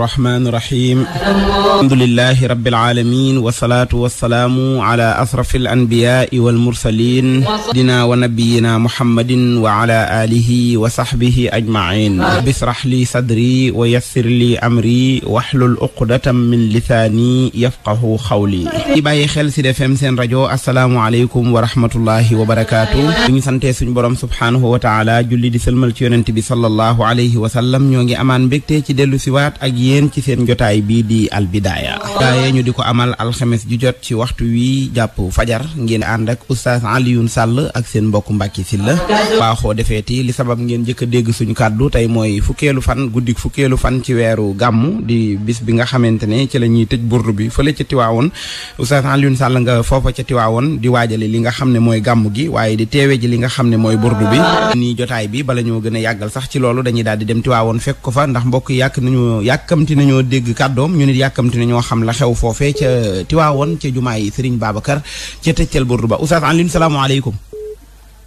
rahmaani rahiim alhamdulilahi rabbil aalamiin wasalaatu wasalaamu ala asrafi al anbiyaai wal mursaliin dinaa wa nabiyina muhammadin wa ala aalihi wa saxbihi ajmaciin rabbi israx li sadri wa yassir li amri waxlul uqdatam min lisaani yafqahu xawli di bàyyi xel si defem seen rajo asalaamualeykum wa rahmatullahi wa barakaatu ñu santee suñ borom subhaanahu wa taala julli di sëlmal ci yonent bi sallallahu alayhi wa sallam ñoo ngi amaan mbégte ci dellu siwaat ak yéen ci seen jotaay bii di albidaaya daaye oh. ñu di ko amal alxames ju jot ci waxtu wi jàpp fajar ngeen ànd ak oustaz Alioune Sall ak seen mbokk Mbàkke Sylla baaxoo defeeti li sabab ngeen jëkk a dégg suñu kàddu tey mooy fukkeelu fan guddik fukkeelu fan ci weeru gàmm di bis bi nga xamante ne ci la ñuy tëj burdu bi fële ca Tiwaawoon oustaz Alioune Sall nga foofa ca Tiwaawoon di waajale li nga xam ne mooy gàmm gi waaye di teewe ji li nga xam ne mooy burdu bi nii jotaay bi bala ñoo gën a yàkkamti nañoo dégg kàddoom ñu nit yàkkamti nañoo xam la xew foofe ca Tiwaawoon ca jumaa yi Serigne Babacar ca tëccal burdu ba Oustaz Alioune salaamaaleykum.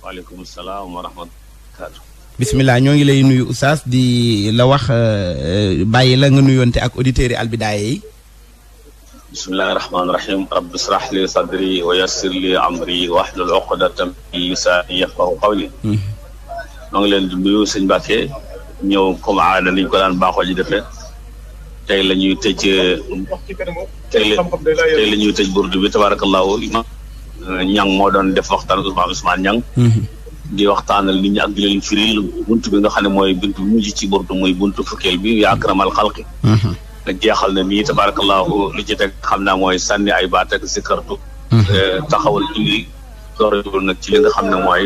waaleykum salaam wa rahmatulah. bismillah ñoo ngi lay nuyu Oustaz di la wax euh, euh, bàyyi la nga te ak auditeurs yi albidaaya yi. bismillahi rahmaani rahim wa yassir amri wahlul uqdatam min lisaani yafqahu qawli maa hmm. ngi leen di nuyu sëñ Mbacke ñëw comme ko daan tey la ñuy tëj euh, tey la tey la ñuy tëj burdu bi tabaarakallaahu imam ñang euh, moo doon def waxtaan Ousmane Ousmane ñang mm-hmm. di waxtaanal nit nu ak di leen firil buntu bi nga xam ne mooy buntu bi mujj ci burdu muy buntu fukkeel bi yaa akramal xalqi mm-hmm. nag jeexal na nii tabaarakallaahu li ci teg xam naa mooy sànni ay baat ak sikartu mm-hmm. euh, taxawal julli door nag ci li xam ne mooy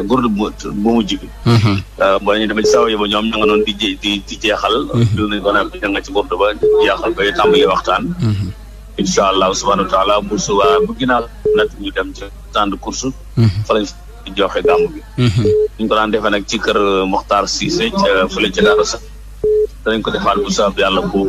gurdu bu bu mujj bi. Mhm. Ah, boo ñu demee ci saw yi ba ñoom ña nga doon di je di di jeexal. dinañ nañ ko naan da nga ci gurdu ba jeexal ba tàmbali waxtaan. Mhm. incha allah subhaanahu a taala bu subaa bu ginnaaw nag ñu dem ci stand course. Mhm. fa lañ joxe gàmm bi. ñu ko daan a nag ci kër Mokhtar Cissé ca fële ca Daara sax. danañ ko defaat bu saabu yàlla bu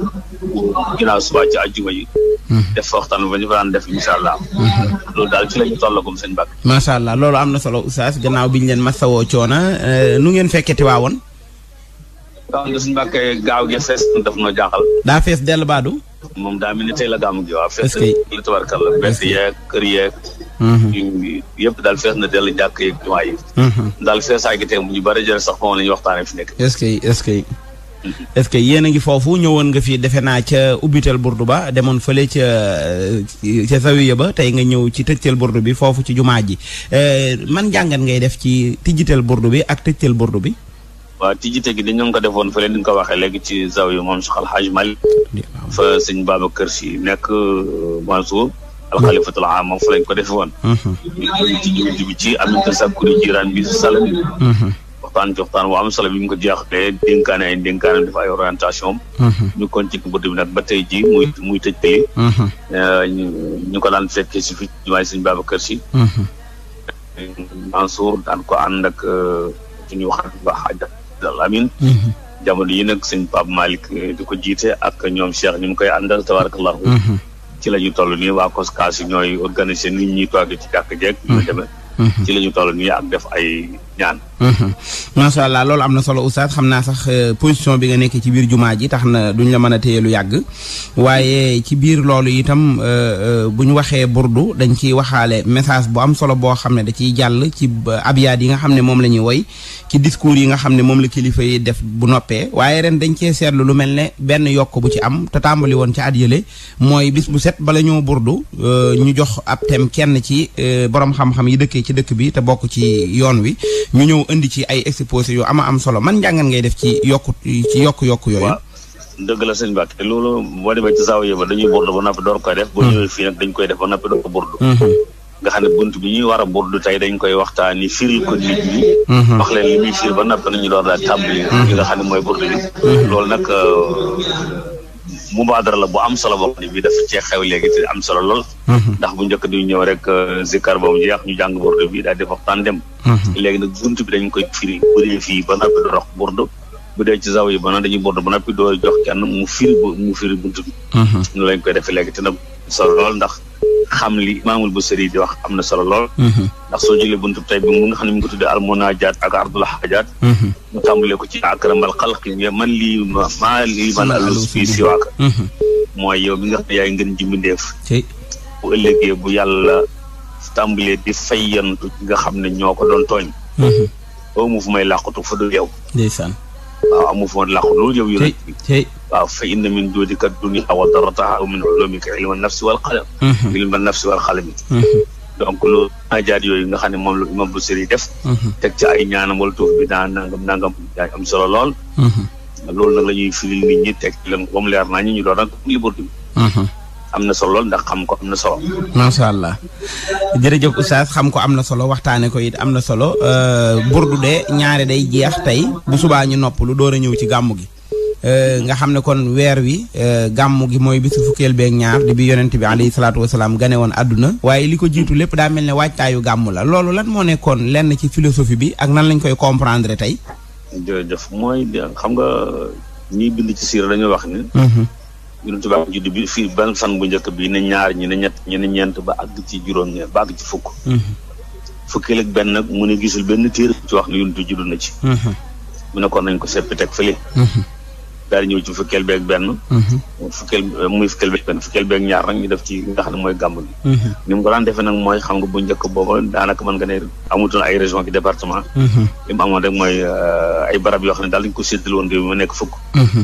bu ginnaaw subaa ci àjjuma yi. Hmm. def fa waxtaan ba ñu fa daan hmm. daal la ñu tollagum sëñ Bakk. macha allah am na solo oustaz gannaaw bi ñu leen masawoo coona euh, nu ngeen fekketi waa woon. waaw nga suñu bàkkee gaaw gi fees daf daa fees dell baadu. moom daa mel ni tey la gàmmu gi waaw. fees la hmm. daal fees na dell jàkk yeeg jumaa yi. daal fees ñu bari jël sax moom la ñuy fi nekk. est-ce est-ce que yéen a ngi foofu ñëwoon nga fi defe naa ca ubbital burdu ba demoon fële ca euh, ca zawiya ba tey nga ñëw ci tëjtal burdu bi foofu ci jumaa ji euh, man jàngat ngay def ci tijjital burdu bi ak tëjtal burdu bi. waaw tijjite gi dañu ko defoon fële ni nga ko waxee léegi ci zawiya moom Cheikh Al Hadj Malick fa sëñ Babacar Sy nekk euh, Mansour. alxalifatul aam moom fa lañ ko defee woon. Mhm. ci am sa ko sakku bi si waxtaan ci waxtaan bu am solo bi mu ko jeexalee dénkaane ay dénkaane def ay orientation mhm. ñu continué mbir bi nag ba tey ji muy muy tëj tey. Mhm. Euh, ñu ko daan fekkee si fii jumaay sëñ Babacar Si. Mhm. Mansour daan ko ànd ak euh, suñu wax ba Hadj Alamine. jamono yi nag sëñ Pape Malick euh, di ko jiite ak ñoom Cheikh ñu mu koy àndal tabarakallahu ci lañu ñu toll nii waa COSCAS ñooy organiser nit ñi toog ci jàkk jeeg. ci la ñu nii ak def ay. ñaan. Mhm. macha allah loolu am na solo oustaz xam naa sax euh, position bi nga nekkee ci biir jumaa ji tax na duñ la mën a téye lu yàgg waaye ci biir loolu itam euh, euh, bu ñu waxee burdu dañ ciy waxaale message bu am solo boo xam ne da ciy jàll ci abyaat yi nga xam ne moom la ñuy woy ci discours yi nga xam ne moom la kilifa yi def bu noppee waaye ren dañ cee seetlu lu mel ne benn yokk bu ci am te tàmbali woon ci at yële mooy bis bu set bala ñoo burdu ñu jox ab thème kenn ci borom xam yi dëkkee ci dëkk bi te bokk ci yoon wi. ñu ñëw indi ci ay exposé yu ama am solo man njàngan ngay def ci yokk-yokk yooyu dëgg la sëñ Mbacke loolu boo demee ci saaw yëba dañuy bordu ba noppi door koy def boo hmm. ñëwee fii nag dañ koy def ba noppi door ko bordu hmm. hmm. nga xam ne bunt bi ñuy war a bordu tey dañ koy waxtaani firil ko nit ñi wax leen li muy fir ba noppi nañu door daal tàmbali li nga xam ne mooy bordu bi loolu nag euh, mubaadara la bu am solo boo xam ne bii dafa cee xew léegi te am solo lool. Mhm. ndax bu njëkk di ñëw rek euh, zikkar boobu jeex ñu jàng bordo bi daal di waxtaan dem. Mhm. léegi nag bunt bi dañ koy firi bu dee fii ba noppi dox bordo bu dee ci zaw yi ba noppi dañuy bordo ba noppi doo jox ken mu firi mu firi bunt bi. ñu mhm. lañ koy defee léegi te nag solo lool ndax. xam li maamul bu sëri di wax am na solo lool mhm. ndax soo jëlee buntu tay bi mu nga xam ne mu ngi ko tuddee almunaajaat ak ardul xaajaat mhm. mu tàmbalee ko ci akramal xalqi man lii maa lii man alus fii siwaaka mhm. mooy yow mi nga xam ne yaay ngeen ji bu ëllëgee bu yàlla tàmbalee di fayyantu ci nga xam ne ñoo ko doon tooñ boo mu fu may làqatu fa du yow a amu foon làq loolu yow yonent bi waaw fa inna min juudika dunya wa darrataha wa min ulumika ilma nafsi wal qalam mm-hmm. ilma nafsi wal qalam mm-hmm. donc loolu ajaat yooyu nga xam ne moom lu imam Busiri def mm-hmm. teg ci ay ñaanam wala tuuf bi daan nangam nangam daa am solo lool loolu nag fi ñuy firil nit ñi teg leen comme leer naa ñu ñu doon nag liberté am na solo ndax xam ko am na solo. mancha allah jërëjëf oustaz xam ko am na solo waxtaane ko it am na solo euh, burdu de ñaare day jeex tey bu subaa ñu nopp lu door a ñëw ci gàmmu gi. Euh, nga xam ne kon weer wi euh, gàmmu gi mooy bi bisu fukkeel beeg ñaar di bi yonent bi alayhi salaatu wasalaam gane woon àdduna waaye li ko jiitu lépp daa mel ne waajtaayu gàmmu la loolu lan moo nekkoon lenn ci philosophie bi ak nan lañ koy comprendre tey. jërëjëf mooy xam nga ñiy bind wax ni. Mhm. yonent baa judd bi fii ban fan bu njëkk bi ne ñaar ñi ne ñett ñi ne ñeent ba àgg ci juróom-ñeent ba àgg ci fukk. fukkeel ak benn nag mu ne gisul benn téere ci wax ne yonent judd na ci. Mhm. mu ne kon nañ ko seppi teg fële. Mhm. daal di ñëw ci fukkeel beeg benn. Mhm. fukkeel euh, muy fukkeel beeg benn fukkeel beeg ñaar nag ñu def ci nga xam ne mooy gàmb gi. Mhm. ni mu ko daan defee nag mooy xam nga bu njëkk booba daanaka mën nga ne amutoon ay région ki département. Mhm. li mu amoon rek mooy euh, ay barab yoo xam ne daal dañ ko séddal woon mu nekk fukk.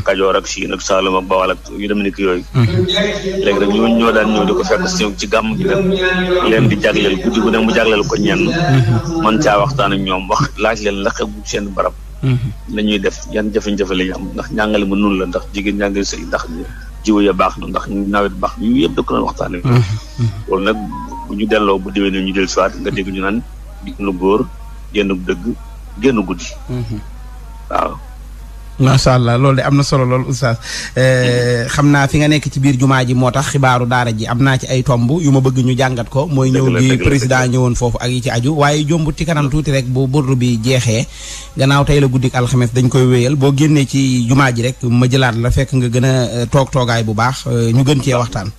Kajoor ak Siin ak Saalum ak Bawal ak yu dem ni ki yooyu. léegi nag ñoo daan ñëw di ko fekk ci gàmb gi nag leen di jagleel guddi gu ne mu jagleel ko ñenn. mën caa waxtaan ak ñoom wax laaj leen la xew seen barab la mm-hmm. ñuy def yan jafe-jafe la ñu am ndax njàngale ma nun la ndax jigéen njàngale sëy ndax jiw ya baax na ndax nawet baax na yooyu yëpp da ko doon waxtaanee. Mm-hmm. Mm-hmm. loolu nag bu ñu delloo bu ne ñu del siwaat nga dégg ñu naan génn góor génn dëgg génn guddi waaw macha allah loolu de am na solo loolu oustaz eh, xam naa fi nga nekk ci biir jumaa ji moo tax xibaaru daara ji am naa ci ay tomb yu ma bëgg ñu jàngat ko mooy ñëw gi président ñëwoon foofu ak yi ci aju waaye jombut ti kanam tuuti rek boo burdu bi jeexee gannaaw tey la guddik alxames dañ koy wéyal boo génnee ci jumaa ji rek ma jëlaat la fekk nga gën a eh, toog toogaay bu baax eh, ñu gën cee waxtaan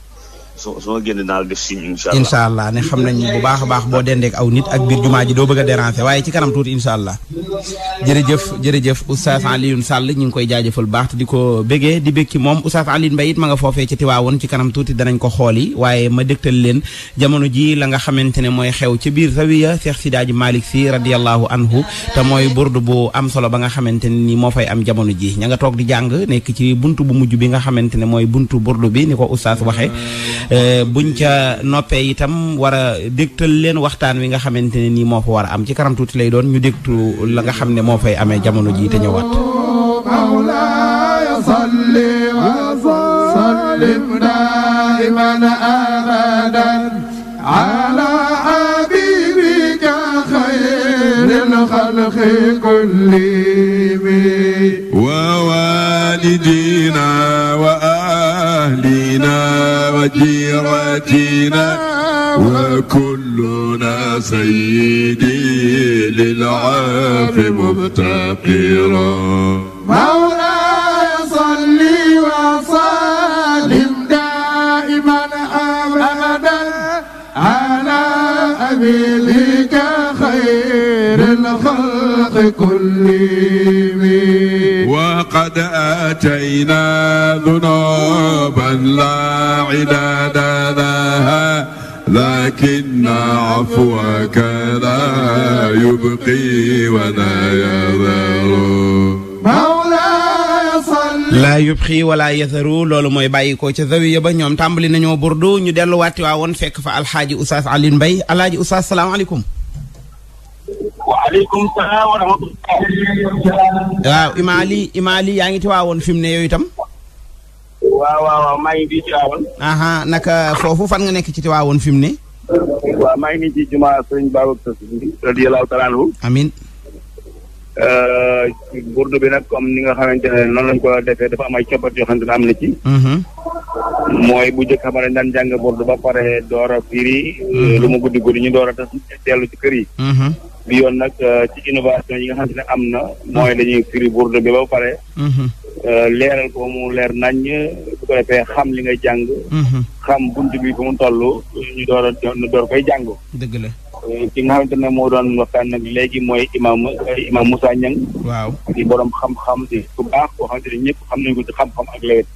su su ma génn naa la def signe allah ne xam nañ bu baax a baax boo dendeek aw nit ak biir jumaa ji doo bëgg a déranger waaye ci kanam tuuti incha allah. jërëjëf jërëjëf Oustaz Alioune Sall ñu ngi koy jaajëfal baax te di ko bégee di bég ci moom Oustaz Alioune Mbaye it ma nga foofee ci Tiwaawoon ci kanam tuuti danañ ko xooli waaye ma dégtal leen jamono ji la nga xamante ne mooy xew ci biir zawiya Cheikh Sidaaji Malick Sy radiyallahu anhu te mooy burdu bu am solo ba nga xamante ne ni moo fay am jamono ji ña nga toog di jàng nekk ci buntu bu mujj bi nga xamante ne mooy buntu burdu bi ni ko Oustaz waxe Eh, buñ ca noppee itam war a dégtal leen waxtaan wi nga xamante ne nii moo fa war a am ci karam tuuti lay doon ñu dégtu la nga xam ne moo fay amee jamono jii te ñëwaat. على حبيبك خير الخلق وجيرتنا وكلنا سيدي للعاف مفتقرا مولاي صلي وسلم دائما ابدا على ابيك خير الخلق كل قد أتينا ذنوبا لا عداد لها لكن عفوك لا يبقي ولا يذر laa yubxi wala yasaru loolu mooy bàyyi ko ca zawiya ba ñoom tàmbali nañoo burdu ñu delluwaati waa woon fekk fa alxaaji Oustaz Alioune Mbaye alxaaji Oustaz salaamaaleykum waaleykum salaam wa rahmatulah. waaw Ima Ali Ima Ali yaa ngi ci waawoon fi mu ne yooyu itam. waaw waaw waaw ngi fii waawoon. aha naka foofu fan nga nekk ci waawoon fi mu ne. waaw maa ngi nii ci jumaa sëriñ Babacar Sy radiyallaahu taala anhu. Euh, burdu bi nag comme ni nga xamante ne noonu lañ ko defee dafa am ay coppat yoo xamante ne am na ci. Mhm. mooy bu njëkk xamal ne daan jàng burdu ba pare door a firi. Mhm. lu mu guddi guddi ñu door a tas ci kër yi. Mhm. bi yoon nag euh, ci innovation yi nga xam ne am na mooy dañuy firi burdu bi ba pare mm-hmm. euh, leeral ko mu leer naññ su ko defee xam li nga jàng mm-hmm. xam bunt bi fu mu toll ñu door a ñu door koy jàng dëgg la Eh, ki nga xamante moo doon waxtaan nag léegi mooy imaam eh, imaam Moussa Niang. waaw di borom xam-xam di ku baax koo xamante ne ñëpp xam nañu ko ci xam-xam ak lewet.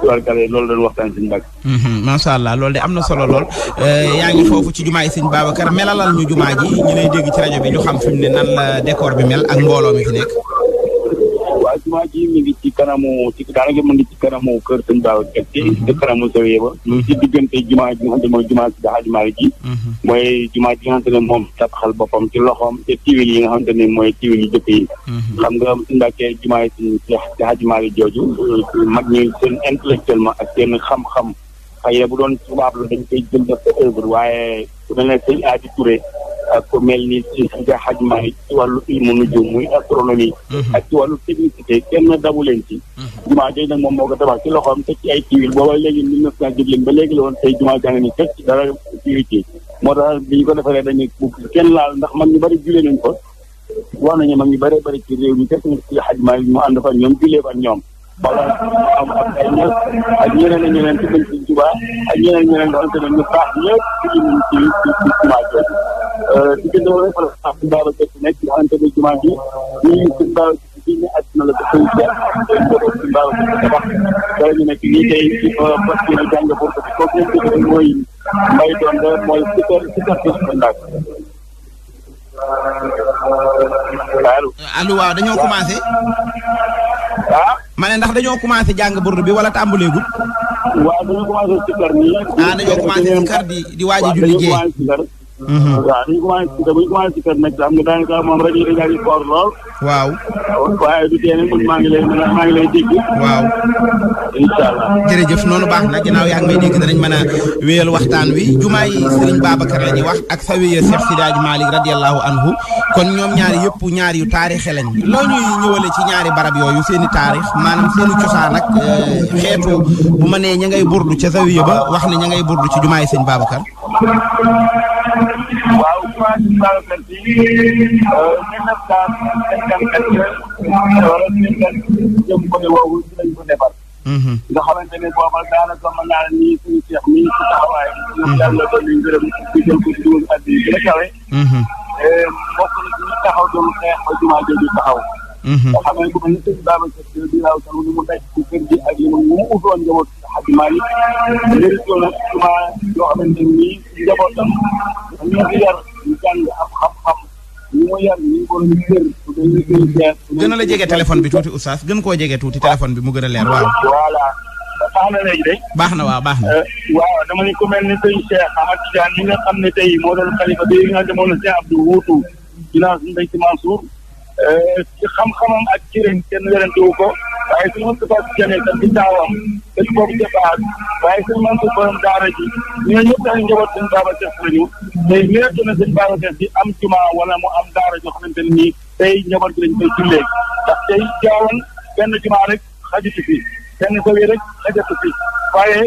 tubarkale mhm. loolu doon waxtaan suñu mbag. Mhm, macha allah loolu de am na solo lool eh, yaa ngi foofu ci jumaa yi sëñ Babacar melalal ñu jumaa ji ñu lay dégg ci rajo bi ñu xam fi ne nan la décor bi mel ak mbooloo mi nekk. jumaa ji mi ngi ci kanamu ci daanaka mu ngi ci kanamu kër sëñ Ba Kekke mhm. ci kanamu Zawiya ba mu ngi ci diggante jumaa ji nga xam ne jumaa mhm. jumaa ji nga xam ne moom tabaxal boppam ci loxoom te tiwil yi nga xam ne mooy tiwil yi jëkk mhm. yi xam nga suñu dàkkee jumaa yi si daxaaj maa jooju mag ñi seen intellectuellement ak seen xam-xam xëy na bu doon tubaab la dañ koy jël def sa œuvre waaye su mel ne sëñ Aadi Touré ku mel ni ci nga xajma ci wàllu ilmu nujum muy astronomie. Mhm. ak ci wàllu technicité kenn dabu leen ci. Mhm. jumaa jooju nag moom moo ko tabax ci loxoom teg ci ay civil booba léegi mille neuf cent jubleen ba léegi la woon tey jumaa jàng ni teg ci dara ci moo tax bi ñu ko defaree dañuy bu kenn laal ndax man ñu bari julee nañ ko wax nañu mag ñu bari bari ci réew mi teg ci xajma yi mu ànd fa ñoom julee fa ñoom. wala am am ay ñëpp ak ñeneen ak ñeneen ci Sëriñ Tuubaa ak ñeneen ak ñeneen doon tamit ñu baax ñëpp ci ñu ci ci ci jumaa jooju di gën a wala par exemple suñu baaba jot nekk nga xamante ne jumaa bi ñii suñu baaba ci ñu àdduna la dafay jeex dañ ko doon suñu baaba ci tabax wala ñu nekk lii tey ci parce que ñu jàng pour ko kooku ñu dëgg mooy mbay doon la mooy super super ndax allo allo waaw dañoo commencé ah mane ndax dañoo commencé jàng burdu bi wala tàmbaleegul. waaw dañoo commencé si kër nii. ah dañoo commencé si kër di di waaj a Mm-hmm. waaw dañu commencé si bu ñu commencé si kër nag yi dañu noonu baax na ginnaaw yaa ngi may dégg danañ mën a waxtaan wi jumaay Serigne Babacar la wax ak sawiya Cheikh Sidaaj Malick radiyallahu anhu kon ñoom ñaari yëpp ñaar yu taarixee lañ loo ñëwale ci ñaari barab yooyu seen i taarix maanaam seen i cosaan ak euh, xeetu bu ma nee ña burdu ca sawiya ba wax ne ña ngay burdu ci jumaay Serigne Babacar. waaw Serigne Babacar Sy mille neuf cent cinquante quatre wala cinquante jëm mm-hmm. côté woowu ci lañ ko defar nga xamante ne booba daanaka mën naa ne nii suñu seex nii ci taxawaay ñu yàlla mm-hmm. ko ñu gërëm di jël ko dugal at bi gën a kawe mm-hmm. eh, bokk na ci taxaw doon xeex ba jumaa jooju taxaw Mm-hmm. nga xam ne ko ni sëñ Babacar di laaw taw li mu daj ci kër gi ak li mu mu utoon njaboot Xaji Maalik léegi yow nag suma yoo xamante ni njabootam ñu ngi yar ñu jàng am xam-xam ñu mu yar ñu ngi ko ñu kër dañuy gën a gën a la jege téléphone bi tuuti oustaz gën koo jege tuuti téléphone bi mu gën a leer waaw voilà baax na léegi de. baax na waaw baax na. Euh, waaw dama ne tey moo doon xalifa bi nga xam wuutu Euh, ci xam-xamam ak cëriñ kenn werante wu ko waaye suñu Moustapha si Diané tam di taawam dañ bokk jëfaat waaye suñu Mansour borom daara ji ñoo ñëpp dañu njaboot seen Babacar lañu tey mérite na seen Babacar ji am juma wala mu am daara joo xamante ne nii tey njaboot gi lañ koy jullee ndax tey jaawoon benn juma rek xajatu fi benn sawee rek xajatu fi waaye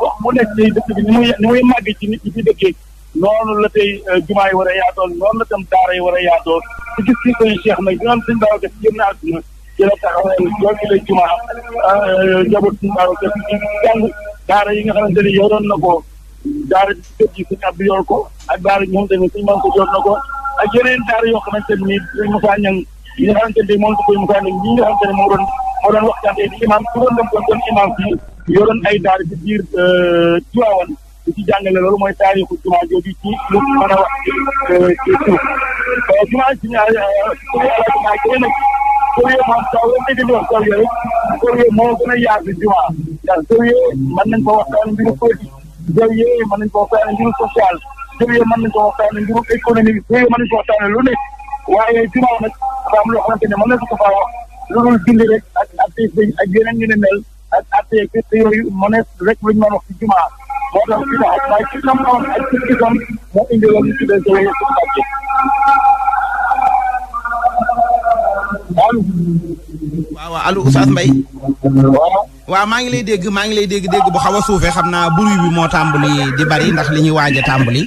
wax bu nekk tey dëkk bi ni muy ni muy màgg ci nit ñi ci dëkkee noonu la tey euh, jumaa yi war a yaatoo noonu la tam daara yi war a yaatoo ci gis ci sëñ Cheikh nag ñu am sëñ Bara Gaye génn àdduna ci la taxawal jooju la jumaa euh, njaboot sëñ daara yi nga xamante ni yoroon na ko daara kër gi sëñ Abdou yor ko ak daara ñoom tamit sëñ Manko yor na ko ak yeneen daara yoo xamante ni sëñ Moussa Niang ñi nga xamante ni moom sëñ Moussa Niang ñi nga xamante ni moo doon moo doon waxtaan di imam ku doon dem kon doon imam fii yoroon ay daara ci biir euh, Tiwaawan di ci jàngale loolu mooy taarixu jumaa jooju ci lu mën a wax ci suuf jumaa ji ñaar kuréel ak jumaa ji nag kuréel moom taw wax taw yooyu kuréel moo a yaatu jumaa ndax kuréel mën nañ ko waxtaan mbiru politique kuréel mën nañ ko waxtaan mbiru social kuréel mën nañ ko waxtaan mbiru économique kuréel mën nañ ko waxtaan lu nekk waaye jumaa nag dafa am loo xamante ne mën ko faa wax loolu julli rek ak ak ak yeneen ñu ne mel ak jumaa moo tax ci taxaw waaye ci xam-xam ak ci gisoon moo indi loolu ci des waaw waaw allo Oustaz Mbaye waaw maa ngi lay dégg maa ngi lay dégg dégg bu xaw a suufee xam naa bruit bi moo tàmbali di bari ndax li ñuy waaj a tàmbali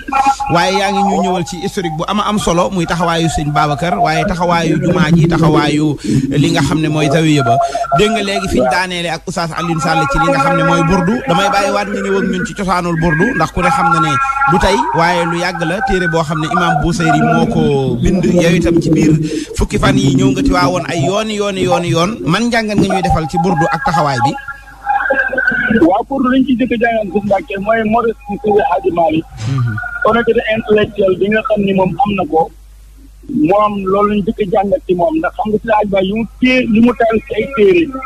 waaye yaa ngi ñu ñëwal ci historique bu ama am solo muy taxawaayu sëñ Babacar waaye taxawaayu jumaa ji taxawaayu li nga xam ne mooy zawiya ba dégg nga léegi fi ñu daaneele ak Oustaz Alioune Sall ci li nga xam ne mooy burdu damay bàyyi waat nga ñëw ak ñun ci cosaanul burdu ndax ku ne xam na ne du tey waaye lu yàgg la téere boo xam ne imaam Busayri moo ko bind yow ay yooni yoon yooni yoon man njàngat nga ñuy defal ci burdu ak taxawaay bi waaw burdu liñ ci jëkk jàngat si Mbàkke mooy modeste Seydi mhm. bi nga xam ni moom am na ko moom loolu lañ jëkk jàngat ci moom ndax xam nga si laaj ba yu mu téye li mu taal ci ay téere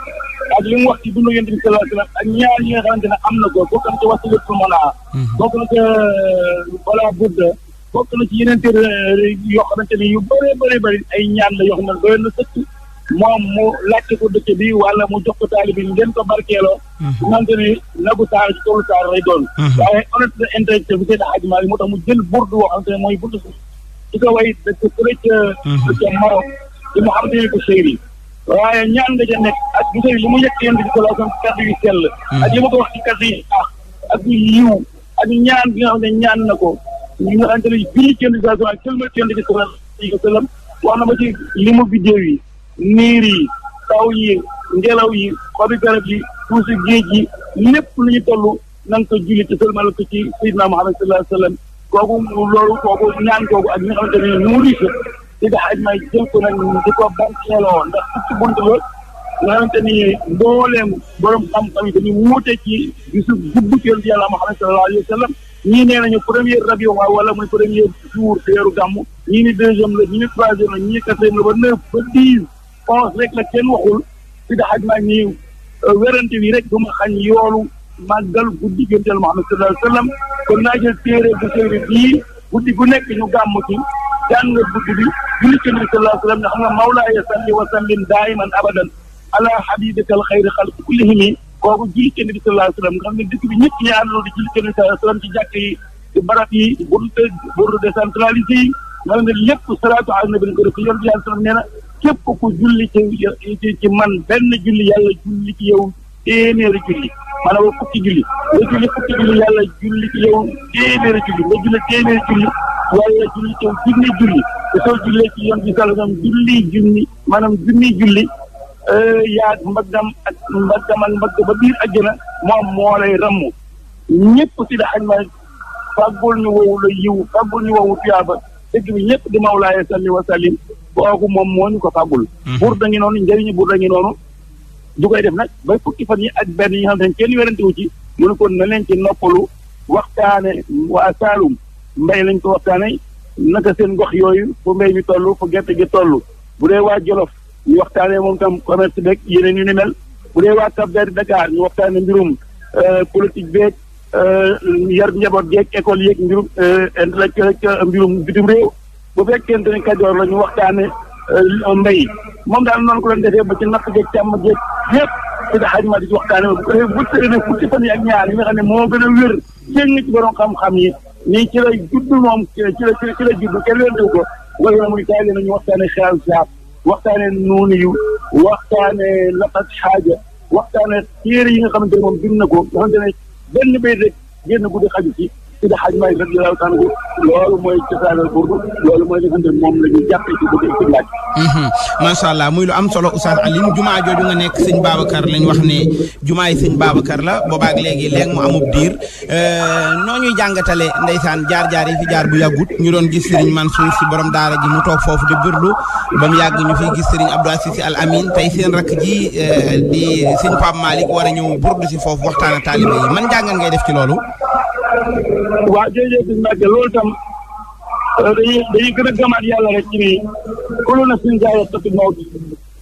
ak li mu wax ci dundu Yonent bi sallallahu alayhi wa sallam ak ñaar yi nga xamante ne am na ko bokk na ci wasilatul munaa mhm. bokk na ci euh, balaa budda bokk na ci yeneen téere euh, yoo xamante yu bëree bëri bëri ay ñaan la yoo xam ne na sëkk moom mu laajte ko dëkk bi wala mu jox ko taali bi ngeen ko barkeeloo. xamante ni nagu saar ci toolu saar lay doon. waaye honnête na intellectuel bi seen Hadj Malick moo tax mu jël burdu woo xamante mooy burdu di ko way dëkk fële ca. ne ko séeri waaye ñaan nga nekk ak bu li mu yëkk yéen di ko laaj ci kàddu yu sell. ak li ma ko wax ci kàddu yu ak yu yiw ñaan bi nga xam ne ñaan na ko ñu nga xamante ne bii kenn du saa ak seulement kenn du ci wax na ma ci li mu biddew yi. niir yi taw yi ngelaw yi xobi garab yi puusi géej yi lépp lu ñu toll na nga ko julli te sëlmal ko ci Seydina Muhammad sallallahu alayhi wa sallam kooku ñaan kooku ak ñi nga xamante ne mu riche may jël ko nag di ko bankeeloo ndax ci bunt la nga xamante ni mbooleem borom xam-xam yi dañu ci gisu gudd ci yonent yàlla Muhammad sallallahu wa sallam ñii nee nañu premier rabi waaw wala muy premier jour weeru gàmm ñii ni deuxième la ñii ni troisième ñii ni quatrième poos rek la kenn waxul si da xaj maa ñi werante wi rek du ma xañ yoolu màggal guddi génteel Muhammad sallallahu alayhi wa sallam kon naa jël téere bu séeri bii guddi gu nekk ñu gàmm ci jàng guddi bi julli ci nabi sallallahu alayhi wa sallam ne xam nga mawlaaya salli wa sallim daayiman abadan ala xabibika al xayri xalq kullihimi kooku julli ci nabi sallallahu alayhi wa sallam nga xam ne dëkk bi ñëpp ñi àndandoo di julli ci nabi sallallahu alayhi wa sallam ci jàkk yi ci barab yi bourte bourte décentralisé yi nga xam ne lépp salaatu ala nabi ko def ko yoon bi yàlla sallam nee na képp ku julli ci ci man benn julli yàlla julli ci yow téeméeri julli maanaam fukki julli nga julli fukki julli yàlla julli ci yow téeméeri julli nga julli téeméeri julli yàlla julli julli julli junni maanaam junni julli euh, ak mbaggam ak mbagg ba biir àjjana moom moo lay ramm ñëpp si da ma fàggul ñu wowu la yiw fàggul ñu wowu tuyaaba dëgg bi ñëpp di mawlaaya salli wa sallim kooku moom moo ñu ko fàggul mhm. buur da ngi noonu njëriñu buur da ngi noonu du koy def nag ba fukki fan yi ak benn yi nga xam ne kenn werante wu ci mu ne na leen ci noppalu waxtaane waa Saalum mbay lañ ko waxtaane naka seen ngox yooyu fu mbay mi toll fu gerte gi tollu bu dee waa Jolof ñu waxtaanee moom tam commerce beeg yeneen yu ni mel bu dee waa Cap Vert Dakar ñu waxtaane mbirum euh, politique beeg euh, yar njaboot geeg école yeeg mbirum euh, intellectuel mbirum bitim réew ba fekkente ni kajoor la ñu waxtaane euh, mbay moom daal noonu ko doon defee ba ci napp jeeg càmm jeeg yëpp ci da ma di ci waxtaane bu ko defee bu tëne yi ak ñaar yi xam ne moo gën a wér seen ci borom xam-xam yi nii ci la judd moom ci la ci la judd kenn leen diw ko wala muy kaay leen ñu waxtaane xeeru saab waxtaane nuuni yu waxtaane lafat xaaja waxtaane téere yi nga xamante ne moom bind na ko nga xamante ne benn bay rek génn guddi xaju ci Seydi Hadji Malick radiyallahu taala anhu loolu mooy loolu mooy li nga xam ne moom la ñu jàppee ci bëgg mhm. macha allah muy lu am solo Oustaz Alioune jumaa jooju nga nekk sëñ Babacar lañ wax ne jumaa yi sëñ Babacar la boobaak léegi léegi mu amub diir euh, noo ñuy jàngatale ndeysaan jaar-jaar yi fi jaar bu yàggut ñu doon gis Serigne Mansour si borom daara ji mu toog foofu di burdu ba mu yàgg ñu fi gis Serigne Abdou Aziz Sy Al Amin tey seen rakk ji euh, di sëñ Pape Malick war a ñëw burdu si foofu waxtaan a taalibe yi man ngay def ci loolu waaw jërëjëf sëñ Mbacke loolu tam euh, dañuy dañuy gën a gëmaat yàlla rek ci ni kullu nafsin zaa'iqatul mawt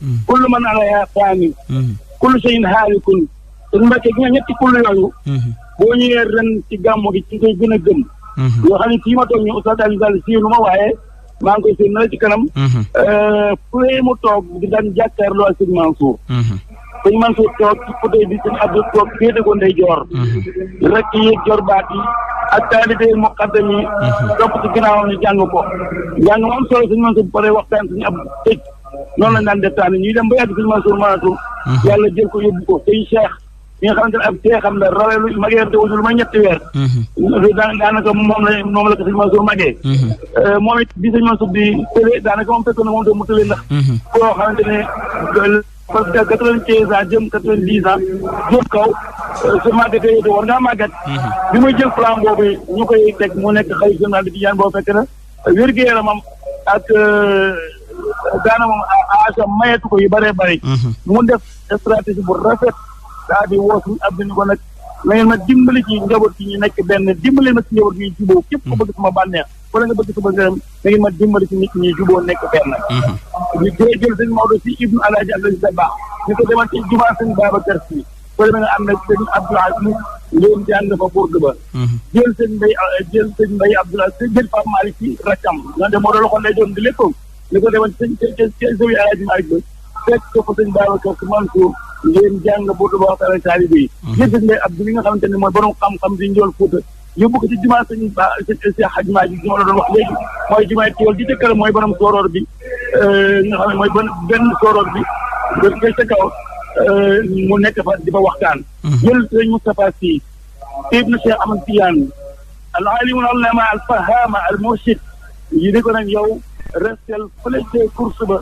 hmm. kullu man alayhaa faan hmm. kullu shay'in haalikun sëñ Mbacke gi nga ñetti kullu yooyu hmm. boo ñëwee ren ci gàmmu gi ci ngay gën a gëm yoo xam ne fii ma toog ñu Oustaz Alioune Sall siiwlu ma waaye maa ngi koy seen na la ci kanam euh, fu mu toog di daan jàkkaarloo ak sëñ Mansour sëñ Mansour toog ci côté bi sëñ Abdou toog féete ko ndeyjoor. Mhm. rek yi jorbaat yi ak taalibe muqaddam yi. Mhm. topp ko. jàng moom solo sëñ Mansour bu paree waxtaan sëñ Abdou tëj noonu lañ daan def taan ñuy dem ba yàgg sëñ Mansour mënatul. Mhm. yàlla jël ko yóbbu ko sëñ Cheikh. ñi nga xamante ne ab seexam la rawelu magee te wujul lu may ñetti weer. daanaka moom la moom la ko sëñ Mansour magee. Euh, moom it bi sëñ Mansour di tële daanaka moom fekkoon na moom itam mu tële ndax. koo xamante ne. parce que quatre-vingt-quinze ans jëm quatre-vingt-dix ans jëm kaw seulement dafay yóbbu war ngaa màggat. Mhm. bi muy jël plan boobu ñu koy teg mu nekk xëy journal bi yan boo fekk na wér-gu-yaramam ak euh, daanaka aasam mayeetu ko yu bëree bëri. Mhm. mu def stratégie bu rafet daal di woo suñu ñu ko nag. na ngeen ma dimbali ci njaboot gi ñu nekk benn dimbali ma ci njaboot gi ñu juboo képp ko hmm. bëgg sama bànneex wala nga bëgg sama gërëm na ngeen ma dimbali ci nit ñi juboo nekk benn ñu hmm. si ibnu alaaji abdoulaye da baax ñu ko demal ci jumaa sëñ Babacar Si ko demee nga am na sëñ ba hmm. jël sëñ Mbay jël sëñ Mbay Abdoul Aziz jël Pape Malick Si rakkam nga dem moo doon loxo lay doon di léppam ñu ko demal ci sëñ sëñ sëñ alaaji Malick ba fekk ko fa sëñ ngeen jàng bu dul waxtaan taalibe yi. Mhm. li nga xamante ne mooy borom xam-xam di njool Fuuta yóbbu ko ci jumaa sëñ ba si xajmaa ji ma la doon wax léegi mooy jumaa Tiwaawan mooy borom sooroor bi euh, nga xam ne mooy benn sooroor bi ba ca euh, mu nekk fa di fa waxtaan. Mhm. jël sëñ Moustapha Sy ibnu Cheikh Ahmad Tidiane al alimul allama al fahama al mursid yi ne ko nag yow restel fële ca course ba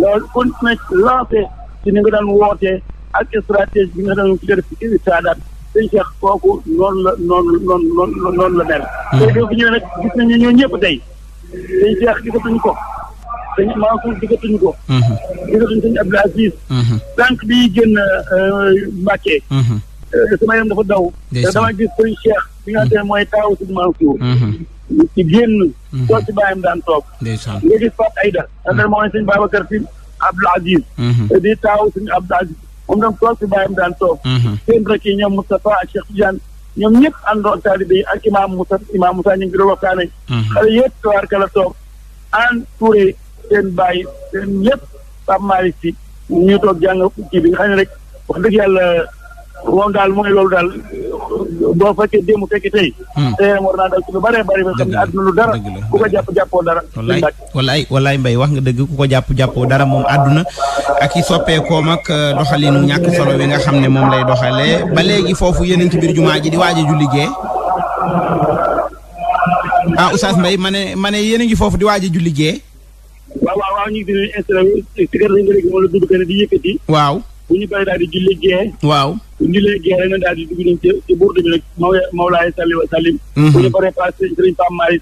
loolu continué lancé ci ni nga daan wootee. ak stratégie bi nga xam ne moom si def ci saadaat la noonu noonu noonu noonu la mel. Hmm. tey boo fi ñëwee nag gis nañu ñoo ñëpp tey sëñ Cheikh gisatuñu ko sëñ Mansour gisatuñu ko. Hmm. gisatuñu sëñ Abdou Aziz. sànq hmm. bi génn euh, Mbàkke. Euh, sama yaram dafa daw. te dama gis sëñ Cheikh bi nga xam mooy taawu sëñ Mansour. ci génn. toog ci bàyyam daan toog. nga gis Fatou Aïda. nga xam ne mooy sëñ Babacar Sy Abdou Aziz. di taawu sëñ Abdou Aziz. moom dam toog fi bàyyam daan toog mhm. seen rek yi ñoom Moustapha ak Cheikh Tidiane ñoom ñëpp àndoon taalibe yi ak imaam Moussa imaam Moussa ñu ngi doon waxtaane mhm. xale yëpp tawaarka la toog an Touré seen bàyyi seen yëpp Pape Malick si ñu toog jàng kii bi nga xam ne rek wax dëgg moom daal mooy loolu daal boo fekkee démb fekki tey. Hmm. tey rek war lu bëree bëri ba xam ne àdduna lu dara. ku ko jàpp jàppoo dara. wallaay wallaay wallaay wax nga dëgg ko jàpp jàppoo dara moom àdduna ak i soppeekoom ak euh, doxalinu ñàkk solo bi nga xam ne moom lay doxalee ba léegi foofu yeneen ci biir jumaa ji di waaj ju liggéey. ah Oustaz Mbaye ma ne ma ne yéen a ngi foofu di waaj ju liggéey. waaw waaw. bu ñu paree daal di julli gee. waaw bu ñu jullee gee rek daal di dugg nañ ci ci burdu bi nag Mawlaay Salli mhm. bu ñu paree paas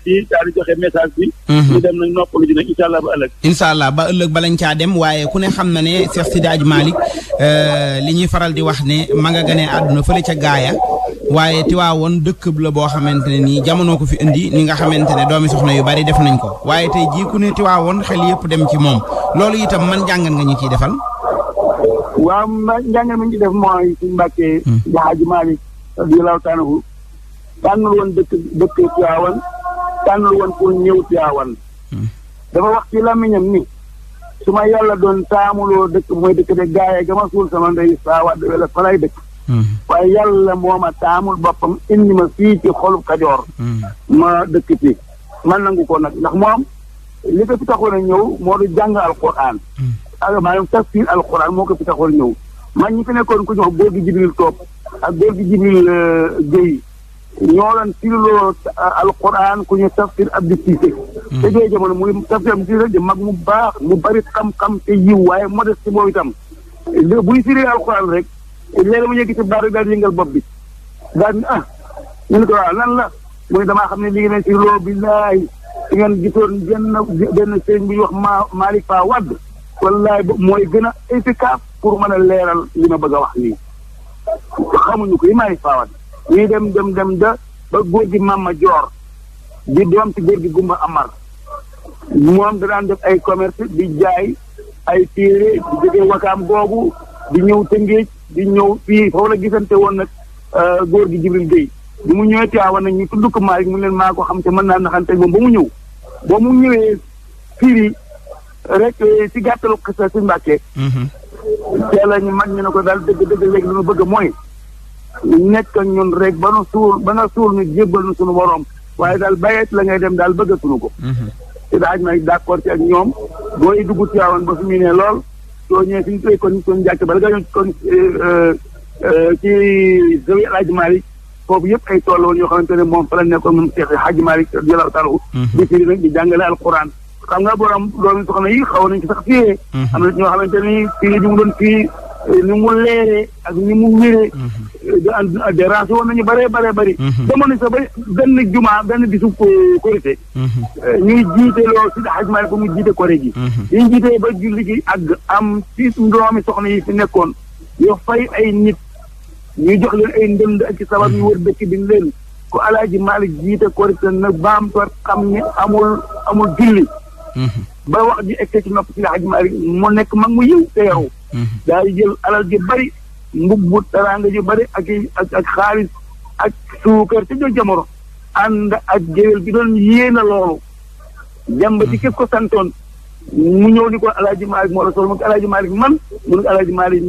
si daal di joxe message bi. Mhm. ñu dem nag noppalu ji nag incha allah ba ëllëg. ba ëllëg balañ caa dem waaye ku ne xam na ne Cheikh Sidi Hadj Malick euh, li ñuy faral di wax ne ma nga gane àdduna fële ca gaaya waaye Tiwaawoon dëkk la boo xamante ne nii jamono ko fi indi ni nga xamante ne doomi soxna yu bari def nañ ko waaye tey jii ku ne Tiwaawoon yëpp dem ci moom loolu man jàngat nga ñu ciy defal waa waaw njàngal mi ñu def mooy suñu mbàkkee. Hmm. Alaaji Maalik radiyallaahu taala anhu tànnul woon dëkk dëkk Tiwaawan tànnul woon pour ñëw Tiwaawan. Hmm. dafa wax ci làmmiñam ni su ma yàlla doon taamuloo dëkk mooy dëkk de gaayee gama suul sama ndey saa wàdd wala fa lay dëkk. Hmm. waaye yàlla moo ma taamul boppam indi ma fii ci xolub Kajoor. ma dëkk ci man nangu ko nag ndax moom li ko fi taxoon a ñëw moo du jàng alquran. maa maanaam tafsir alxuraan moo ko fi taxoon ñëw maa ñu fi nekkoon ku ñu wax góor gi Jibril Toop ak góor gi Jibril euh, Guèye ñoo doon firiloo euh, alxuraan ku ñu tafsir Abdou Cissé. Hmm. te jooju jamono muy tafsir Abdou mag mu baax mu bari xam-xam te yiw waaye modeste ci moom itam buy firee mu yëg ci baar daal yëngal bopp bi daal ni ah ñu ne ko lan la mu damaa xam ne li ngeen firiloo billaahi di ngeen gisoon benn benn sëñ bu wax Ma Malick Fa Wade. wallaay mooy gën a efficace pour mën a leeral li ma bëgg a wax nii xamuñu ko yi may faawat ñuy dem dem dem da ba góor gi Mama Joor di doom ci góor gi Gumba Amar moom da daan def ay commerce di jaay ay téere di jógee wakaam googu di ñëw Tëngéej di ñëw fii foofu la gisante woon nag euh, góor gi Jibril Gueye bi mu ñëwee Tiwaawan nag ñu tudd ko Malick mu leen maa ko xam te mën naa naxante moom ba mu ñëw ba mu ñëwee firi rek si eh, gàttalu sa suñu mbàkkee. Mhm. teel a ñu mag ñu ne ko daal dëgg dëgg léegi li ñu bëgg mooy nekk ak ñun rek ba nu suul ba nga suul ñu jébbal nu suñu borom waaye daal bàyyeet la ngay dem daal bëgg suñu ko. Mhm. te daaj may d' accord ci ak ñoom booy dugg ci waawoon ba fi mu ne lool soo ñëwee fi ñu koy kon ba jàkk bala nga ñëw kon eh, eh, ci zawi Alaaji Maalik foofu yëpp ay tool woon yoo xamante ne moom fa la nekkoon moom Seex Alaaji Maalik radiyallaahu taala mhm. di firi nag di jàngale alquran. xam nga borom doomi soxna yi xaw nañ ci sax fii. Mhm. am ñoo xamante ni fii bi mu doon fii eh, ni mu leeree ak ni mu wéree. Mhm. Eh, de déranger woon nañu bëree bëree bëri. Mhm. demoon nañu sax benn juma benn bisu eh, korité. ñuy jiite loolu si Hajj Maalik ba mu jiite koré gi. ñu jiite ba soxna yi nekkoon fay ay nit ñu jox leen ay ndënd ak ci sabab yu wër ko Alaaji Maalik jiite korité nag baam toog xam amul amul julli. Mm-hmm. ba wax ji egg ci nopp ci laaj Malick nekk mag mu yiw te yow. Mm-hmm. daal di jël alal ji bari mbubbu teraanga ji bari ak ak ak xaalis ak suukar te jël jamono. ànd ak géwél bi doon yéena loolu. jàmb ci mm-hmm. képp ko santoon. mu ñëw ni ko El Hadj Malick moo la sol mu ne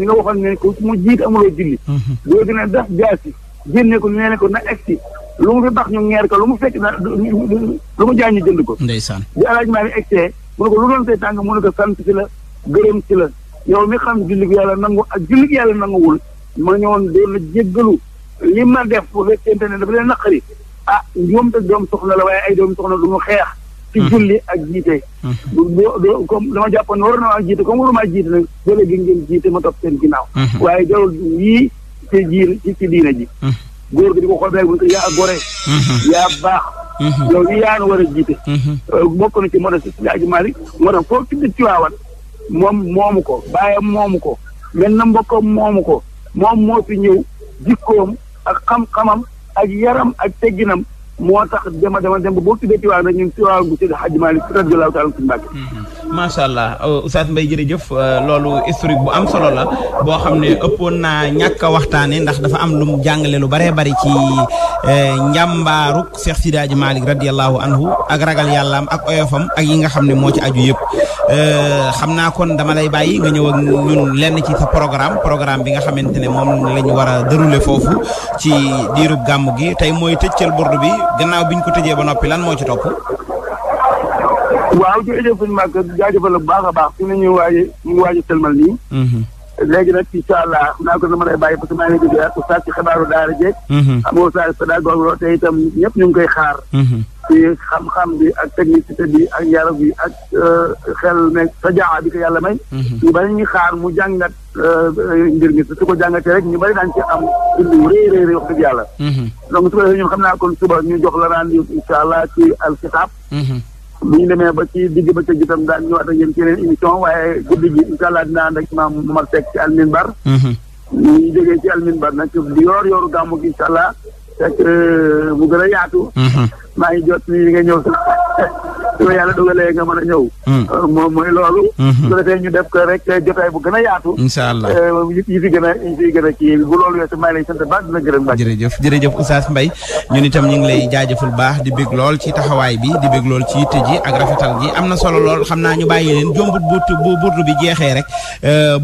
nga waxoon ne ko mu jiit amuloo julli. boo gënee def jaasi génne ko ne ko na egg lu mu fi baax ñu ñeer ko lu mu fekk na lu mu jaay ñu jënd ko. ndeysaan bi El Hadj Malick egsee mu ne ko lu doon say tàng ko sant ci la gërëm ci la yow mi xam jullit yàlla nangu ak jullit yàlla nanguwul ma ñëwoon doon la jéggalu li ma def bu fekkente ne dafa leen naqari ah ñoom te doom soxna la waaye ay doom soxna du ñu xeex. ci mm-hmm. julli ak jiite. boo mm-hmm. comme dama jàppoon ne war na maa jiite comme waruma jiite nag bële gi ngeen jiite ma topp seen ginnaaw. Mm-hmm. waaye jarul yii ci jiir ci diina ji. góor gi di ko xool rek bu ñu ko yaa gore. Mhm. yaa baax. Mhm. yow li yaa war a jiite. Mhm. Euh, bokk na ci moo tax si Aji Malick moo tax foofu ci biir Tiwaawan moom ko bàyyam moomu ko mel na mbokkam moomu ko moom moo fi ñëw jikkoom ak xam-xamam ak yaram ak tegginam. moo tax dema dema dem ba boo tuddee Tiwaawan rek ñun Tiwaawan bu Seydi Hadji Malick mhm. macha allah euh, Oustaz Mbaye jërëjëf euh, loolu historique bu am solo la boo xam ne ëppoon naa ñàkk a waxtaane ndax dafa am lu mu jàngale lu baree bari ci euh, njàmbaaruk Seex Seydi Hadji Malick radiyallaahu anhu ak ragal yàllaam ak oyofam ak yi nga xam ne moo ci aju yëpp xam naa kon dama lay bàyyi nga ñëw ak lenn ci sa programme programme bi nga xamante ne moom la ñu war a dérouler foofu ci diirub gàmm gi tey mooy tëccal burdu bi gannaaw bi ñu ko tëjee ba noppi lan moo ci topp. waaw jërëjëf sëñ Màkka jaajëfal bu baax a baax fi nañu waaje ñu waaje sëlmal nii. Mhm. léegi nag incha allah naa ko dama lay bàyyi parce que maa ngi u déglu ak oustaz ci xabaaru daara jeeg. am mhm. oustaz pédagogue loo te itam ñëpp ñu ngi koy xaar. Mhm. ci xam-xam bi ak technicité bi ak yarab bi ak euh, xel meeg sajaa bi ko yàlla may. Mhm. ñu bari ñu xaar mu jàngat euh, mbir mi su ko jàngatee rek ñu bari daan ci am lu rëy rëy rëy wax dëgg yàlla. Mhm. donc su ko defee ñun xam naa kon suba ñu jox la rendez-vous incha ci alkitaab. Mhm. bu ñu ba ci digg ba ca jotam daan ñëwaat ak yéen ci yeneen émission waaye guddi gi incha allah dinaa ànd ak maam Momar Seck ci alminbar. ñu jógee ci alminbar nag di yor yoru gàmmu gi incha fekk euh, mu gën a yaatu. Mhm. maa ngi jot nii nga ñëw sax su ma yàlla dugalee nga mën a ñëw. Mhm. Euh, moom mooy loolu. Mhm. su defee ñu def ko rek euh, jotaay bu gën a yaatu. incha allah yi fi gën a yi fi gën a kii bu loolu weesu maa ngi lay sant baax dina gërëm baax. jërëjëf jërëjëf Oustaz Mbaye ñun itam ñu ngi lay jaajëful baax di bég lool ci taxawaay bi di bég lool ci yitte ji ak rafetal gi am na solo lool xam naa ñu bàyyi leen jombut bu bu bi jeexee rek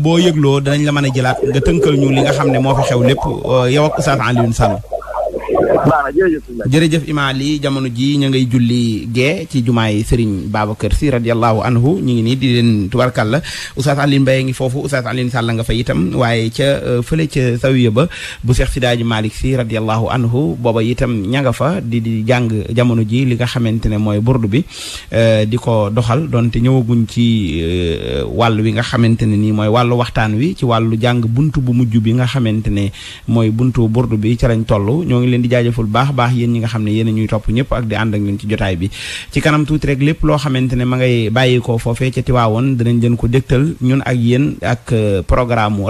boo yëgloo danañ la mën a jëlaat nga tënkal ñu li nga xam ne moo fi xew lépp yow ak Oustaz Alioune Sall jërëjëf imaam lii jamono ji ñu ngay julli gee ci jumaay Serigne Babacar Sy radiallahu anhu ñu ngi nii di leen tubarkalla Oustaz Alioune Mbaye ngi foofu Oustaz Alioune Sall nga fa itam waaye ca euh, fële ca sawiya ba bu Cheikh Sidaaji Malick si radiallahu anhu booba itam ña nga fa di di jàng jamono ji li nga xamante ne mooy burdu bi euh, di ko doxal donte ñëwaguñ ci euh, wàll wi nga xamante ne nii mooy wàllu waxtaan wi ci wàllu jàng buntu bu mujj bi nga xamante ne mooy buntu burdu bi ca lañ toll ñoo ngi leen di jaajëful baax baax yéen ñi nga xam ne yéen a ñuy topp ñëpp ak di ànd ak ñun ci jotaay bi ca Tiwaawoon dinañ leen ko dégtal ñun ak yéen ak euh, programme mu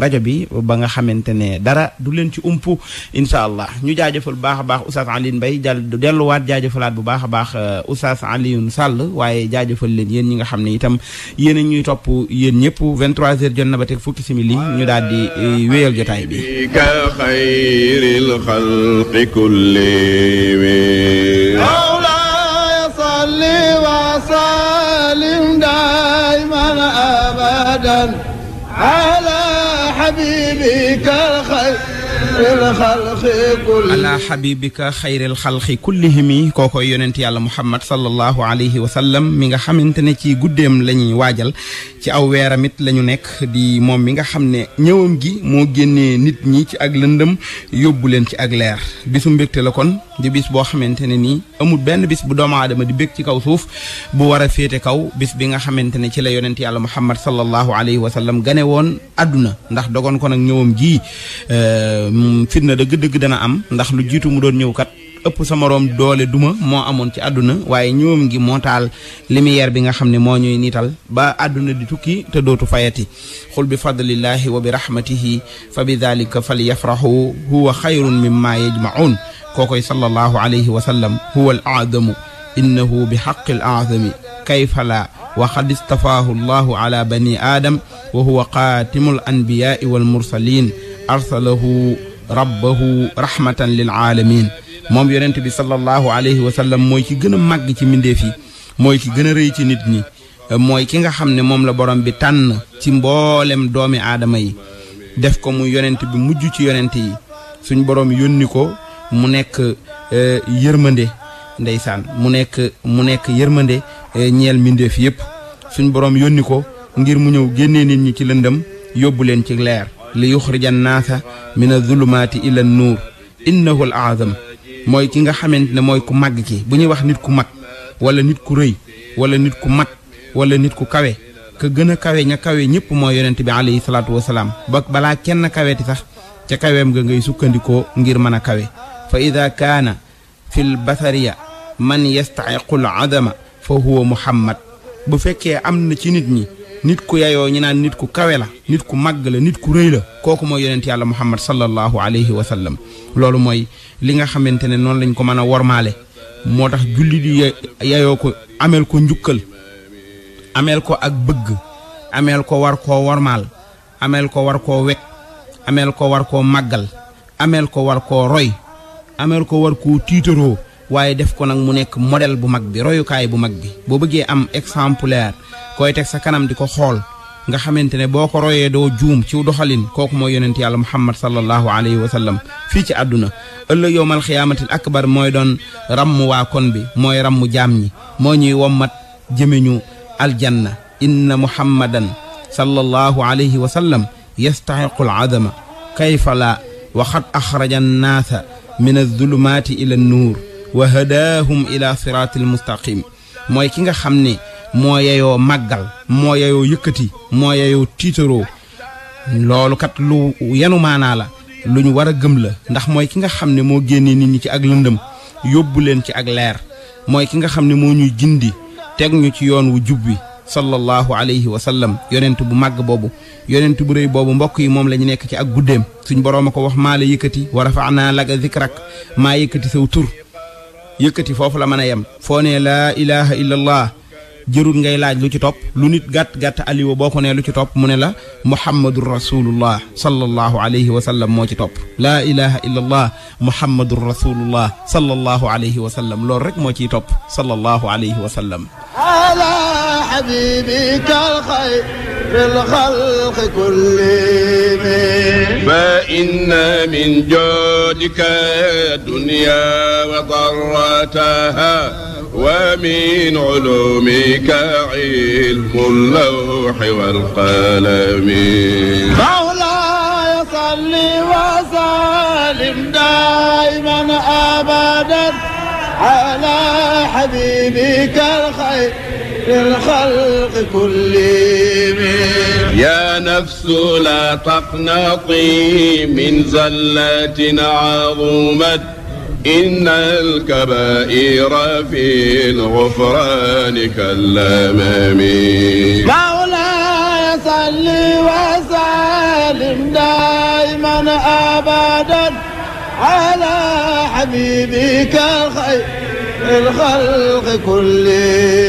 ba nga xamante ne dara du leen ci ump incha allah ñu jaajëful baax a baax Oustaz Alioune Mbaye jàll delluwaat a baax euh, Oustaz Alioune Sall nga xam ne itam yéen ñuy topp yéen ñëpp 23h jot na ba teg fukki simili ñu daal di euh, wéyal jotaay bi كل ويل مولاي صل وسلم دائما ابدا على حبيبك ala xabibika xayril xalqi kullihimi kookoy yonent yàlla muhammad sallallahu alayhi wa sallam mi nga xamante ne ci guddeem la ñuy waajal ci aw weeramit la ñu nekk di moom mi nga xam ne ñëwam gi moo génnee nit ñi ci ak lëndëm yóbbu leen ci ak leer bisu mbégte la kon di bis boo xamante ne nii amul benn bis bu doomu aadama di bég ci kaw suuf bu war a féete kaw bis bi nga xamante ne ci la yonent yàlla muhammad sallallahu alayhi wa sallam gane woon àdduna ndax dogoon ko nag ñëwam gii euh, fitna dëgg-dëgg dana am ndax lu jiitu mu doon ñëw kat ëpp sa moroom doole duma moo amoon ci àdduna waaye ñëwam ngi moo taal bi nga xam ne moo ñuy niital ba àdduna di tukki te dootu fayati xul bi fadlillahi wa bi rahmatihi fa bi dalika fal yafrahu huwa xayrun mimma yajmaun kookoy sallallahu alayhi wa sallam huwa al aadamu innahu bi xaqi al aadami kayfa la wa xad istafaahu allahu ala bani aadam wa huwa xaatimu al anbiyaai wal mursalin arsalahu rabbahu rahmatan lil aalamin moom yonent bi sallallahu alayhi wa sallam mooy ki gën a màgg ci mbindeef yi mooy ki gën a rëy ci nit ñi mooy ki nga xam ne moom la borom bi tànn ci mboolem doomi aadama yi def ko mu yonent bi mujj ci yonent yi suñ borom yónni ko mu nekk e, yërmande ndeysaan mu nekk mu nekk yërmande e, ñeel mbindeef yépp suñ borom yónni ko ngir mu ñëw génnee nit ñi ci lëndam yóbbu leen ci leer li yuxrija annaasa min azulumaati ila nuur innahu al mooy ki nga xamante ne mooy ku màgg ki bu ñuy wax nit ku mag wala nit ku rëy wala nit ku mag wala nit ku kawe ka gën a kawe ña kawe ñëpp mooy yonent bi alayhi salaatu wasalaam ba balaa kenn kaweti sax ca kaweem nga ngay sukkandikoo ngir mën a kawe fa ida kaana fi l basariya man yastaxiqu al adama fa huwa muhammad bu fekkee am na ci nit ñi nit ku yayoo ñi naan nit ku kawe la nit ku màgg la nit ku rëy la kooku mooy yonent yàlla muhammad sallallahu alayhi wa sallam loolu mooy li nga xamante ne noonu lañ ko mën a wormaale moo tax julli di yayoo ko ameel ko njukkal ameel ko ak bëgg ameel ko war koo wormaal ameel ko war koo wekk ameel ko war koo màggal ameel ko war koo roy ameel ko war koo tiitaroo waaye def ko nag mu nekk modèle bu mag bi royukaay bu mag bi boo bëggee am exemplaire koy teg sa kanam di ko xool nga xamante ne boo ko royee doo juum ci doxaliin kooku mooy yonent yàlla muhammad sallallahu alayhi wa sallam fii ci àdduna ëllëg yowmal xiyaamatil akbar mooy doon ramm waa kon bi mooy ramm jaam ñi moo ñuy wommat jëmeñu aljanna inna muhammadan sallallahu alayhi wa sallam yastaxiqu al adama kayfa la wa xad axraja min alzulumaati ila annuur wa hadaahum ila siraatil mustaqim mooy ki nga xam ni moo yeyoo màggal moo yeyoo yëkkati moo yeyoo tiitaroo loolu kat lu yenu maanaa la lu ñu war a gëm la ndax mooy ki nga xam ne moo génnee nit ñi ci ak lëndëm yóbbu leen ci ak leer mooy ki nga xam ne moo ñuy gindi teg ñu ci yoon wu jub wi sallallahu alayhi wa sallam yonent bu màgg boobu yonent bu rëy boobu mbokk yi moom la ñu nekk ci ak guddeem suñ boroom a ko wax maa la yëkkati wa rafaanaa laka zikrak maa yëkkati saw yëkkati foofu la mën a yem foo ne laa ilaha illallah jërul ngay laaj lu ci topp lu nit gàtt-gàtt aliwa boo ko ne lu ci topp mu ne la muhammadun rasulullah sallallahu alayhi wa sallam moo ci topp laa ilaha illallah muhammadun rasulullah sallallahu alayhi wa sallam loolu rek moo ciy topp sallallahu alayhi wa sallam حبيبي كالخير في الخلق كلهم فإن من جودك الدنيا وضرتها ومن علومك علم اللوح والقلم مولاي صل وسلم دائما أبدا على حبيبك الخير للخلق كلهم يا نفس لا تقنطي من زلة عظمت إن الكبائر في الغفران كالأمام مولاي صل وسلم دائما أبدا على حبيبك الخير الخلق كلهم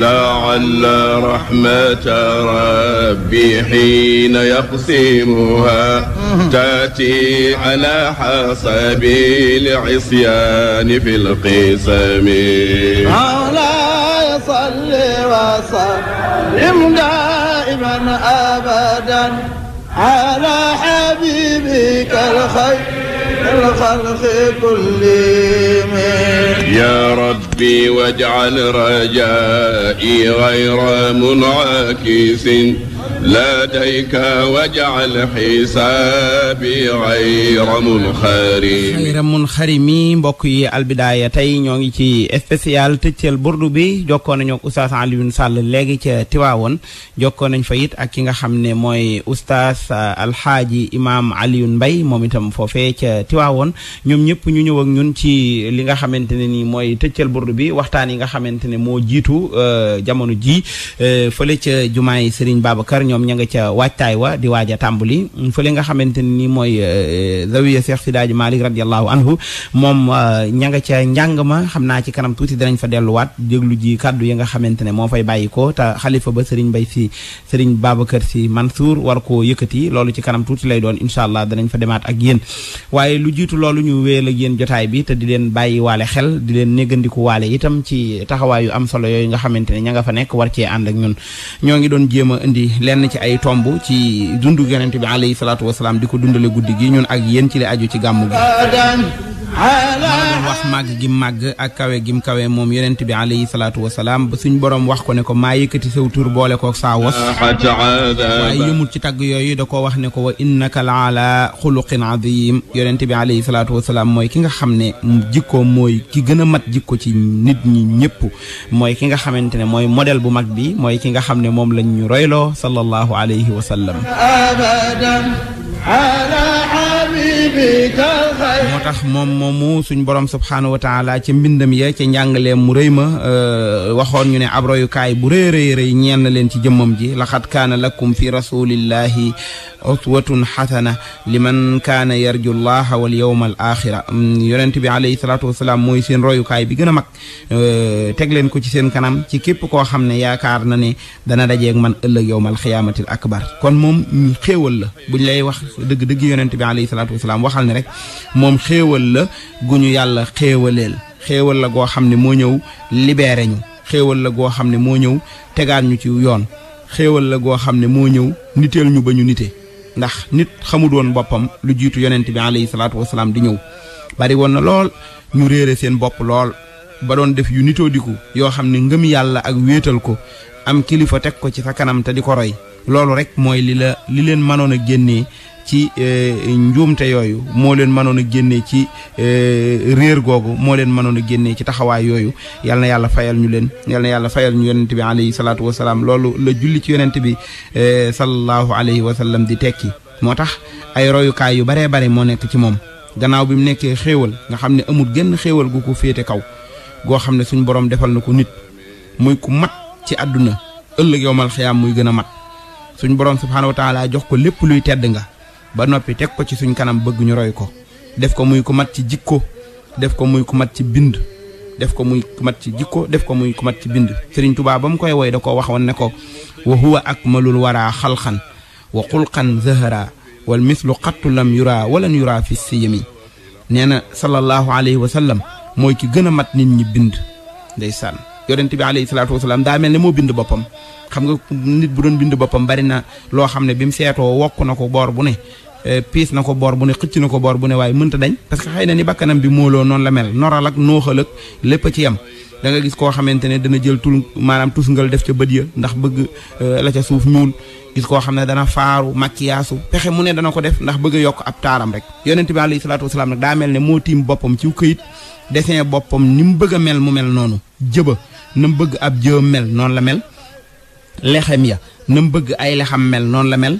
لعل رحمة ربي حين يقسمها تأتي على حصب العصيان في القسم مولاي صل وسلم دائما أبدا على حبيبك الخير الخلق كلهم يا ربي واجعل رجائي غير منعكس لديك واجعل حسابي غير منخرم غير منخرم mbokk yi albidaaya tey ñoo ngi ci spécial tëccel burdu bi jokkoon nañu ak Sall léegi ca Tiwaawoon jokkoon nañ fa it ak ki nga xam ne mooy oustaz alxaaji imaam Alioune Mbaye moom itam foofee ca ñoom ñëpp ñu ñëw ñun ci li nga xamante ne nii mooy tëccel burdu bi waxtaan yi nga xamante ne moo jiitu jamono ji fële ca jumaay Serigne ñoom ña nga ca waajtaay wa di waaj a tàmbali fële nga xamante ni mooy euh, zawiya Seex Sidaaji Maalik radiallahu anhu moom euh, ña nga ca njàng ma xam naa ci kanam tuuti danañ fa delluwaat déglu ji kàddu yi nga xamante ne moo fay bàyyi ko te xalifa ba sëriñ Mbay si baaba Babacar si Mansour war koo yëkkati loolu ci kanam tuuti lay doon incha allah danañ fa demaat ak yéen waaye lu jiitu loolu ñu wéel ak yéen jotaay bi te di leen bàyyi waale xel di leen néggandiku waale itam ci taxawaayu am solo yooyu nga xamante ne ña nga fa nekk war cee ànd ñoo lenn ci ay tomb ci dundu yonent bi alayhi salaatu wasalaam di ko dundale guddi gi ñun ak yéen ci li aju ci gàmm gi maanaam wax màgg gi màgg ak kawe gim kawe moom yonent bi alayhi salaatu wasalaam ba suñ borom wax ko ne ko maa yëkkati saw tur boole ko saa wos waaye ci tagg yooyu da ko wax ne ko wa innaka la ala xuluqin azim yonent bi alayhi salaatu wasalaam mooy ki nga xam ne jikko mooy ki gën a mat jikko ci nit ñi ñëpp mooy ki nga xamante ne mooy modèle bu mag bi mooy ki nga xam ne moom lañ royloo sallallahu alayhi wa sallam moo tax moom moomu suñ borom subhaanahu wa taala ca mbindam ya ca njàngaleem mu rëy ma euh, waxoon ñu ne ab royukaay bu rëy rëy rëy ñeen leen ci jëmmam ji laxat kaana lakum fi rasulillahi uswatun xasana man kaana yarju llaha wal yawma al axira yonent bi alayhi salaatu wasalaam mooy seen royukaay bi gën a mag teg leen ko ci seen kanam ci képp koo xam ne yaakaar na ne dana dajeeg man ëllëg yawmal xiyaamatil akbar kon moom xéewal la buñ lay wax dëgg-dëgg yonent bi alayhi salaatu wasalaam waxal ne rek moom xéewal la gu ñu yàlla xéewaleel xéewal la goo xam ne moo ñëw libéré ñu xéewal la goo xam ne moo ñëw tegaat ñu ci yoon xéewal la goo xam ne moo ñëw niteel ñu ba ñu ndax nit xamul woon boppam lu jiitu yonent bi alayhi salaatu wasalaam di ñëw bari woon na lool ñu réere seen bopp lool ba doon def yu nitoo diku yoo xam ne ngëm yàlla ak wéetal ko am kilifa teg ko ci sa kanam te di ko roy loolu rek mooy li la li leen mënoon a génnee ci e, njuumte yooyu moo leen mënoon a génnee ci e, réer googu moo leen mënoon a génnee ci taxawaay yooyu yal na yàlla fayal ñu leen yal na yàlla fayal ñu yonent bi alayhi salaatu wa salaam loolu la julli ci yonent bi e, sallallahu alayhi wa sallam di tekki moo tax ay royukaay yu baree bare moo nekk ci moom gannaaw bi mu nekkee xéewal nga xam ne amul genn xéewal gu ko féete kaw goo xam ne suñ borom defal na ko nit muy ku mat ci àdduna ëllëg yowmal xiyaam muy gën a mat suñ borom subhaanahu wa taala jox ko lépp luy tedd nga ba noppi teg ko ci suñ kanam bëgg ñu roy ko def ko muy ku mat ci jikko def ko muy ku mat ci bind def ko muy ku mat ci jikko def ko muy ku mat ci bind Sëriñ Tuubaa ba mu koy woy da ko waxoon ne ko wa huwa akmalul wara xalxan wa xulqan zahara wal mislu xattu lam yura walan yura fi siyami nee na sallallahu alayhi wa mooy ki gën a mat nit ñi bind ndeysaan yonent bi alayhi salaatu wasalaam daa mel ne moo bind boppam xam nga nit bu doon bind boppam bari na loo xam ne bi mu seetoo wokk na ko boor bu ne eh, piis na ko boor bu ne xëcc na ko boor bu ne waaye mënta dañ parce que xëy na ni bakkanam bi mooloo noonu la mel noral ak nooxal ak lépp a ci yem gis koo xamante ne dana jël tul maanaam tusngal def ca bët ya ndax bëgg eh, la ca suuf ñuul gis koo xam ne dana faaru makkiyaasu pexe mu ne dana ko def ndax bëgg yokk ab taaram rek yonent bi alayhi salaatu wasalaam nag daa mel ne moo tiim boppam ci këyit dessin boppam ni mu bëgg a mel mu mel noonu jëba na bëgg ab jëm mel noonu la mel lexem ya na mu bëgg ay lexam mel noonu la mel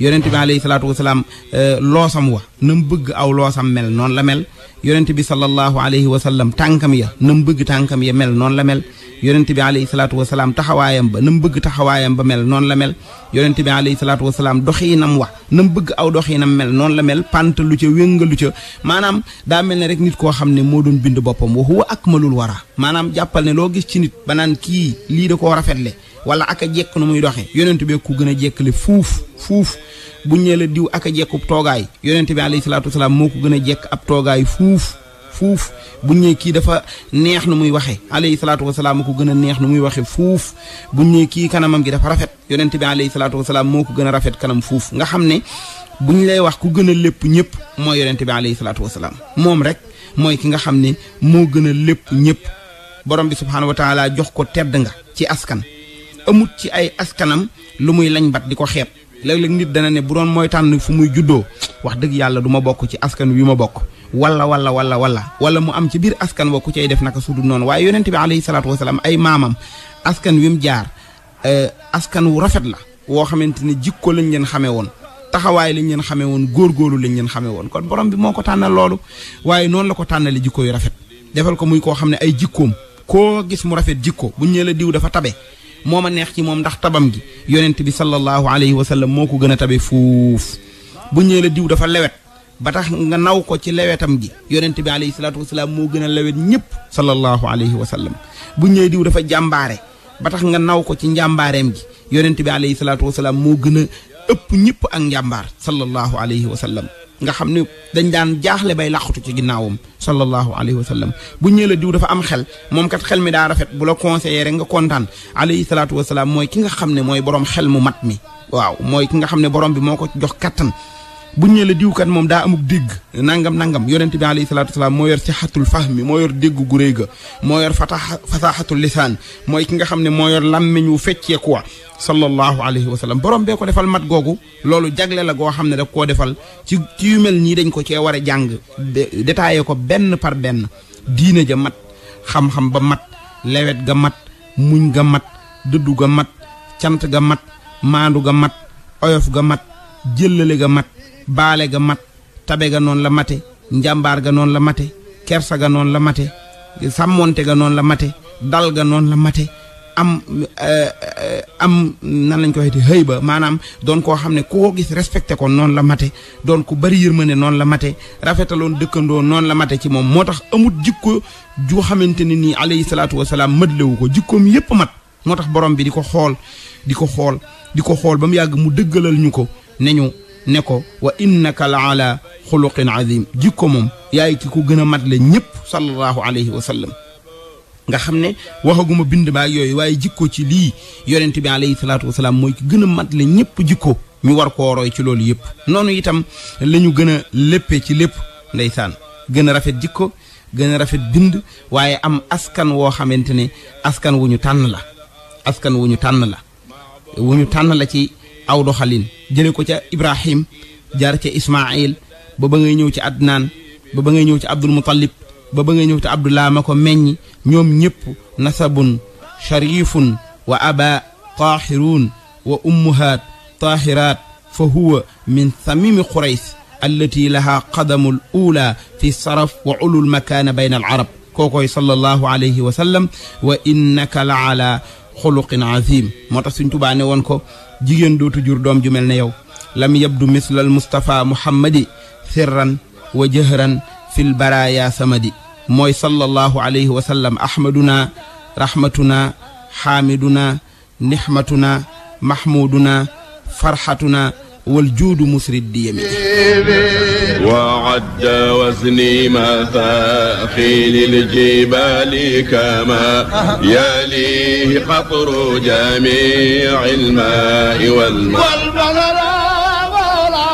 yonent bi alayhi salaatu wasalaam euh, loosam wa na mu bëgg aw loosam mel noonu la mel yonent bi sallallahu alayhi wa sallam tànkam ya na mu bëgg tànkam ya mel noonu la mel yonent bi alayhi salaatu wasalaam taxawaayam ba na mu bëgg taxawaayam ba mel noonu la mel yonent bi alayhi salaatu wasalaam doxiinam wa na mu bëgg aw doxiinam mel noonu la mel pant lu ca wéngalu ca maanaam daa mel ne rek nit koo xam ne moo doon bind boppam wa huwa akmalul wara maanaam jàppal ne loo gis ci nit banaan kii lii da koo rafet le wala ak jekk nu muy doxee yonent bi ku gën a le fuuf fuuf bu ñëwee la diw ak a jekkub toogaay yonent bi aley salaatu wasalaam moo ko gën a jekk ab toogaay fuuf fuuf bu ñëwee kii dafa neex nu muy waxee alayhi salaatu wasalaam moo ko gën a neex nu muy waxee fuuf bu ñëwee kii kanamam gi dafa rafet yonent bi alayhi salaatu wasalaam moo ko gën a rafet kanam fuuf nga xam ne bu ñu lay wax ku gën a lépp ñëpp mooy yonent bi alayhi salaatu wasalaam moom rek mooy ki nga xam ne moo gën a lépp ñëpp borom bi subhaanahu wa taala jox ko tedd nga ci askan amut ci ay askanam lu muy lañ bat di ko xeeb léeg-léeg nit dana ne bu doon mooy tànn fu muy juddoo wax dëgg yàlla du ma bokk ci askan wi ma bokk wala wala wala wala wala mu am ci biir askan wa ku cay def naka suudu noonu waaye yonent bi alayhi salaatu wasalaam ay maamam askan wi mu jaar eh, askan wu rafet la woo xamante ne jikko lañ leen xamee woon taxawaay lañ leen xamee woon góor góoru lañ leen xamee woon kon borom bi moo ko tànnal loolu waaye noonu la ko tànnale jikko yu rafet defal ko muy koo xam ne ay jikkoom koo gis mu rafet jikko bu ñëwee la diw dafa tabe moo ma neex ci moom ndax tabam gi yonent bi sallallahu alayhi wa sallam moo ko gën a tabe fuuf bu ñëwee la diw dafa lewet ba tax nga naw ko ci lewetam gi yonent bi alayhi salaatu wasalaam moo gën a lewet ñëpp sallallahu alayhi wa sallam bu ñëwee diw dafa jàmbaare ba tax nga naw ko ci njàmbaareem gi yonent bi alayhi salaatu wasalaam moo gën a ëpp ñëpp ak njàmbaar sallallahu alayhi wa sallam nga xam ne dañ daan jaaxle bay làqatu ci ginnaawam sallallahu alayhi wa sallam bu ñëwee la diw dafa am xel moom kat xel mi daa rafet bu la conseillé rek nga kontaan alayhi salaatu wa salaam mooy ki nga xam ne mooy borom xel mu mat mi waaw mooy ki nga xam ne borom bi moo ko jox kattan buñ ne la diwkat moom daa amuk dégg nangam nangam yonent bi alayhi salaatu wasalaam moo yor sixatul fahmi moo yor dégg gu réy ga moo yor fataxa fasaaxatul lisaan mooy ki nga xam ne moo yor làmmiñ wu feccee quoi sallallahu alayhi wa sallam borom bee ko defal mat googu loolu jagle la goo xam ne daf koo defal ci ci yu mel nii dañ ko cee war a jàng détaillé ko benn par benn diine ja mat xam-xam ba mat lewet ga mat muñ ga mat dëddu ga mat cant ga mat maandu ga mat oyof ga mat jëllale ga mat baale ga mat tabe ga noonu la mate njàmbaar ga noonu la mate kersa ga noonu la mate sàmmonte ga noonu la mate dal ga noonu la mate am eh, eh, am nan lañ ko waxeeti xëy ba maanaam doon koo xam ne koo gis respecté ko noonu la mate doon ku bari ne noonu la mate rafetaloon dëkkandoo noonu la mate ci moom moo tax amut jikko ju xamante ni nii alayhi salaatu wasalaam mëtlewu ko jikkoom yépp mat moo tax borom bi di ko xool di ko xool di ko xool ba mu yàgg mu dëggalal ñu ko ne ñu ne ko wa innaka la ala xuluqin azim jikko moom yaay ki ku gën a mat la ñëpp sallallahu alayhi wa sallam nga xam ne waxaguma bind baag yooyu waaye jikko ci lii yonent bi alayhi salaatu wasalaam mooy ki gën a mat la ñëpp jikko ñu war koo roy ci loolu yëpp noonu itam la ñu gën a léppee ci lépp ndeysaan gën a rafet jikko gën a rafet bind waaye am askan woo xamante ne askan wu ñu tànn la askan wu ñu tànn la wu ñu tànn la ci aw doxalin jële ko ca ibrahim jaar ca ismail ba ba ngay ñëw ci adnaan ba ba ngay ñëw ci abdul mutalib ba ba ngay ñëw ci abdullah ma ko meññ ñoom ñëpp nasabun sharifun wa aba tahiruun wa ummuhaat tahiraat fa huwa min samimi qurays allati laha qadamul ula fi saraf wa ulul makaana bayna al arab kookoy sallallahu alayhi wa sallam wa innaka la ala xuluqin azim moo tax suñ tubaa ne woon ko jigéen dootu jur doom ju mel ne yow lam yabdu mislal mustapha muhammadi sirran wa jëhran fil baraya samadi mooy sallallahu alayhi wa sallam ahmaduna rahmatuna xaamiduna nihmatuna mahmuduna farhatuna wal juudu musri diyami وعد وزني مثاقي للجبال كما يليه قطر جميع الماء والماء والبذر ولا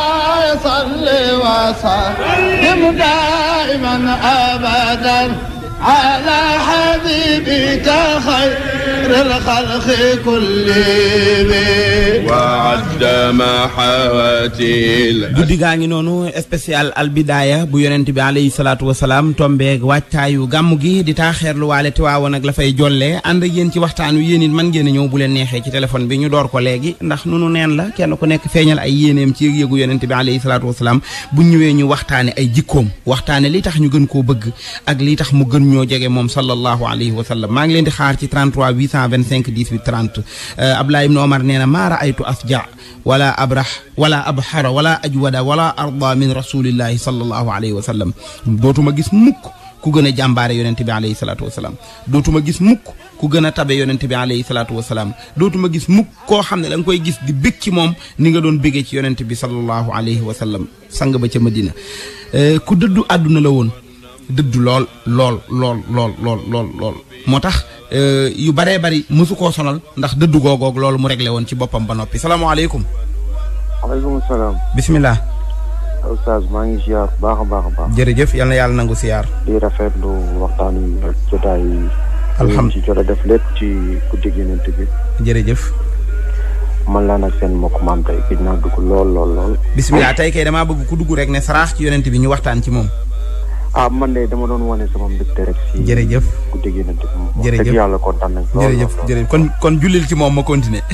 يصلي وسلم دائما أبدا على حبيبك خير ذكر الخلق كلهم وعد محاواتي guddi gaa ngi noonu spécial albidaaya bu yonent bi alayhi salaatu wasalaam tombeeg waajtaayu gàmm gi di taaxeerlu waale tiwaawoon ak la fay jolle ànd ak yéen ci waxtaan wi yéen it man ngeen a ñëw bu leen neexee ci téléphone bi ñu door ko léegi ndax nunu neen la kenn ku nekk feeñal ay yéeneem ci yëg-yëgu yonent bi alayhi salaatu wasalaam bu ñëwee ñu waxtaane ay jikkoom waxtaane li tax ñu gën koo bëgg ak li tax mu gën ñoo jege moom sallallahu alayhi wa sallam maa ngi leen di xaar ci 33 800 825 18 30 Abdullah ibn Omar nee na maa raaytu afja wala abrah wala abxara wala ajwada wala arda min rasulillahi sallallahu alayhi wa sallam dootuma gis mukk ku gën a jàmbaare yonent bi alayhi salaatu wasalaam dootuma gis mukk ku gën a tabe yonent bi alayhi salaatu wasalaam dootuma gis mukk koo xam ne da nga koy gis di ci moom ni nga doon bégee ci yonent bi sallallahu alayhi wa sallam sang ba ca Madina euh, ku dëddu àdduna la woon dëdd lool lool lool lool lool lool lool moo tax euh, yu baree bari mësu koo sonal ndax dëddu googoog loolu mu regle woon ci boppam ba noppi salaamaaleykum. aleykum salaam. bisimilah. Oustaz maa ngi ziar baax a baax a baax. jërëjëf yal yàlla nangu ziar. di rafetlu waxtaan yi ak jotaay yi. alhamdulilah ci jot a def lépp ci guddi Yonent bi. jërëjëf. man laa nag seen mbokk maam tey gis naa dugg lool lool lool. bisimilah tey kay damaa bëgg ku dugg rek ne saraax ci Yonent bi ñu waxtaan ci moom. ah man de dama doon wane sama jërëjëf guddi gi nañ ci. jërëjëf yàlla kontaan nañ. jërëjëf jërëjëf kon kon jullil ci moom ma continuer.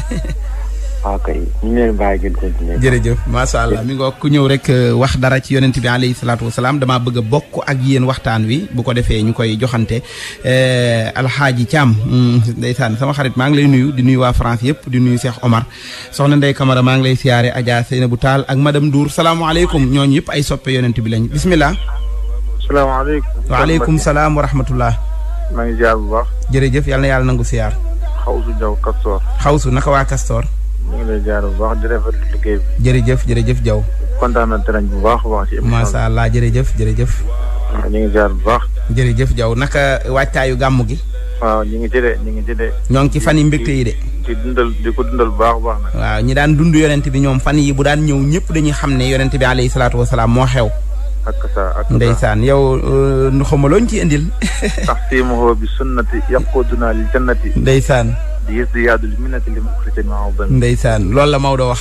waaw ah, kay ñu jërëjëf macha allah mi nga ku ñëw rek euh, wax dara ci yonent bi alayhi salaatu wa salaam damaa bëgg a bokk ak yéen waxtaan wi bu ko defee ñu koy joxante. Euh, alxaaji Thiam mm, ndeysaan sama xarit maa ngi lay nuyu di nuyu waa France yëpp di nuyu Cheikh Omar soxna Ndeye Camara maa ngi lay siyaare Adja bu taal ak ma madame Dour salaamualeykum ñooñu yëpp ay soppe yonent bi lañ bismillah salaamaaleykum. waaleykum salaam wa rahmatullah. maa ngi ziar bu baax. jërëjëf yal na yàlla nangu siyaar. xawsu jaw kastoor. xawsu naka waa kastoor. ñu ngi lay bu baax di rafetlu jërëjëf jërëjëf jaw kontaan na terañ bu baax a macha allah jërëjëf jërëjëf. ñu ngi ziar bu baax. jërëjëf jaw naka waajtaayu gàmm gi. waaw ñu ngi ci de ñu ngi ci ñoo ngi ci fan yi mbégte yi de. di dundal di ko dundal ñi daan dund yonent bi ñoom fan yi bu daan ñëw ñëpp dañuy xam ne yonent bi alayhi salaatu wasalaam moo xew ak sa ak sa ndeysaan yow nu euh, xama looñ ci indil tax siimahoo bi sunnati yaquduna lil jannati ndeysaan di yës di yaadul minati li ndeysaan loolu la Maodo wax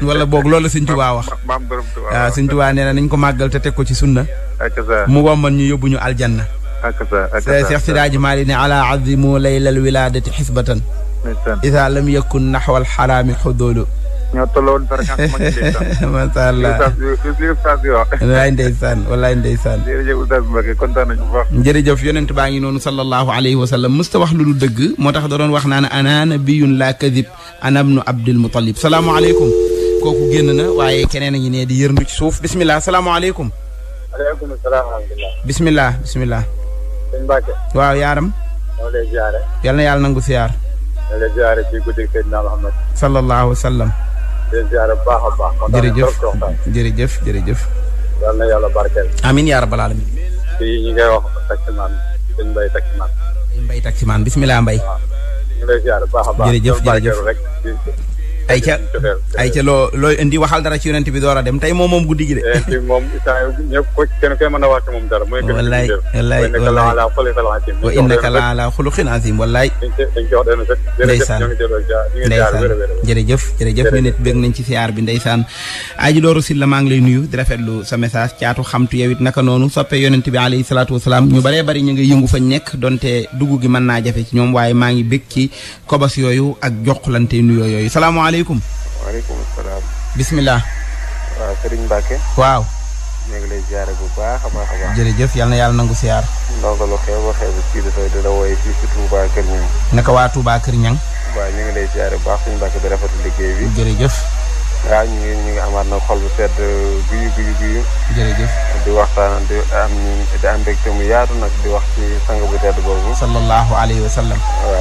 wala boog loolu la Sëñ Tuubaa wax maam borom Tuubaa ah, waaw Sëñ Tuubaa nee na nañ ko màggal te ko ci sunna mu womman ñu yóbbu ñu aljanna ak sa ak sa Seex Sidaaji Maalik ne ala azimu laylal wilaadati xisbatan isa lam yakun naxwa alxaraami xudoolu ñoo tolloon fréquence mag ndeysaan. macha allah li ustaas bi wax. walaay ndeysaan walaay ndeysaan. jërëjëf ustaas Mbacke kontaan nañu bu baax. jërëjëf yonent baa ngi noonu sallallahu alayhi wa sallam mësta wax lu dul dëgg moo tax da doon wax naan ana nabiyun laa kadib ana ibnu Abdul Muttalib salaamaaleykum. kooku génn na waaye keneen a ngi ne di yërndu ci suuf bisimilah salaamaaleykum. aleykum salaam wa rahmatulah. bisimilah bisimilah. sëñ Mbacke. waaw yaaram. maa ngi lay ziare. yal na yàlla nangu siyaar. maa ngi lay ziare ci guddi Seydina Muhammad. sallallahu wa sallam. di ziare bu baax a baax. jërëjëf jërëjëf jërëjëf. yal na yàlla barkeel. amiin yaa rabbal alamin. fii ñi ngay wax taximaan sëñ Mbaye taximaan. mbay taximaan bisimilah Mbaye. waaw ñu ngi lay bu baax a baax. jërëjëf jërëjëf ay ca ay ca loo looy indi waxal dara ci yonent bi door dem tey moom moom guddi gi de. yonent eh, bi moom isaay ñëpp ko kenn koy mën la ala xuluqin azim wallaay. ndeysaan ndeysaan jërëjëf jërëjëf ñu nit bëgg nañ ci siyaar bi ndeysaan. aji dooru si la maa ngi lay nuyu di rafetlu sa message caatu xam yow it naka noonu soppe yonent bi alayhi salaatu wasalaam ñu baree bari ñu ngi yëngu fañ nekk donte dugg gi mën naa jafe ci ñoom waaye maa ngi bëgg ci kobas yooyu ak joxlante nuyoo yooyu salaamaaleykum asalaamaaleykum. waaleykum salaam. bisimilah. waaw Serigne Mbacke. waaw. ñu ngi bu baax a baax a baax. jërëjëf yal na yàlla nangu siyaar. ndongo lu xew a xew kii dafay dala wooye fii ci Touba Kër Niang. waa ñu ngi lay ziare bu baax Serigne Mbacke bi rafetlu liggéey bi. jërëjëf. waaw ñu ngi na xol bu sedd guyu guyu guyu. jërëjëf. di waxtaan di am di am mu yaatu nag di wax ci sang bu tedd boobu. sallallahu alayhi wa sallam.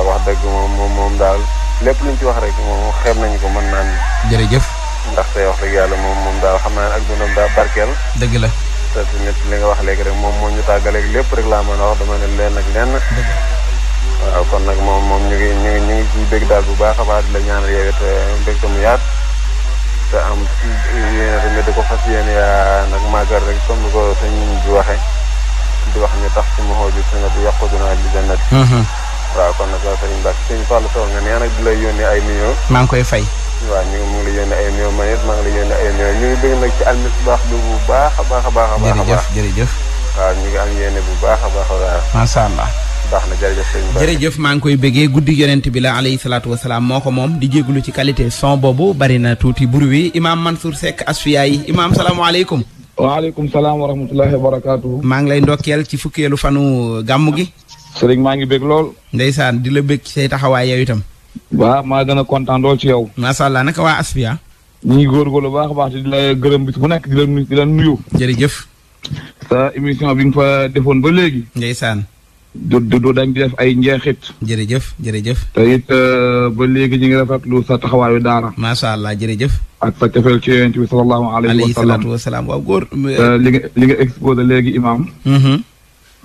wax dëgg moom moom moom daal. lépp luñ ci wax rek moom xeeb nañu ko mën naan jërëjëf ndaxte wax dëgg yàlla moom moom daal xam naa ne ak dundam daal barkeel dëgg la te tamit li nga wax léegi rek moom moo ñu tàggaleeg lépp rek laa mën a wax dama ne leen ak lenn waaw kon nag moom moom ñu ngi ñu ngi ñu daal bu baax a baax di la ñaanal yow it eh, bég mu yaat am yéen tamit di ko fas yéen yaa eh, nag màggal rek comme ni ko sëñ bi waxee di wax ñu tax ci ma xool bi sëñ bi yàqu dinaa ji jannat waaw kon nag sëriñ Mbacke sëriñ Fallou Sow nga nee nag lay yónnee ay nuyoo. maa ngi koy fay. ñu ngi mu ay nuyoo man it maa ay nuyoo ñu ngi dégg nag bu baax a baax a baax baax jërëjëf jërëjëf waaw ñu ngi yéene bu baax a baax a baax macha allah baax na jërëjëf sëñ Ba jërëjëf maa ngi koy bëggee guddi yonent bi la alayhi salaatu wasalaam moo ko moom di jégalu ci qualité son boobu bari na tuuti buru wi imaam Mansour Seck asfiya yi imaam salaamaaleykum waaleykum salaam wa rahmatullahi wa barakaatu maa ngi lay ndokkeel ci fukkeelu fanu gàmm gi sëriñ maa ngi bég lool. ndeysaan di la bég ci say taxawaay yow itam. waaw maa gën a kontaan ci yow. macha allah naka waa Asfiya. ñu ngi góorgóorlu baax a baax di la gërëm bu nekk di la di la jërëjëf. sa émission bi fa defoon ba léegi. ndeysaan. saan du du dañ di def ay njeexit. jërëjëf jërëjëf. te it euh, ba léegi ñu ngi rafetlu sa taxawaayu daara. macha allah jërëjëf. ak sa cofeel ci yonent bi sallallahu alayhi wa sallam. wa salaam waaw góor. Euh, li nga li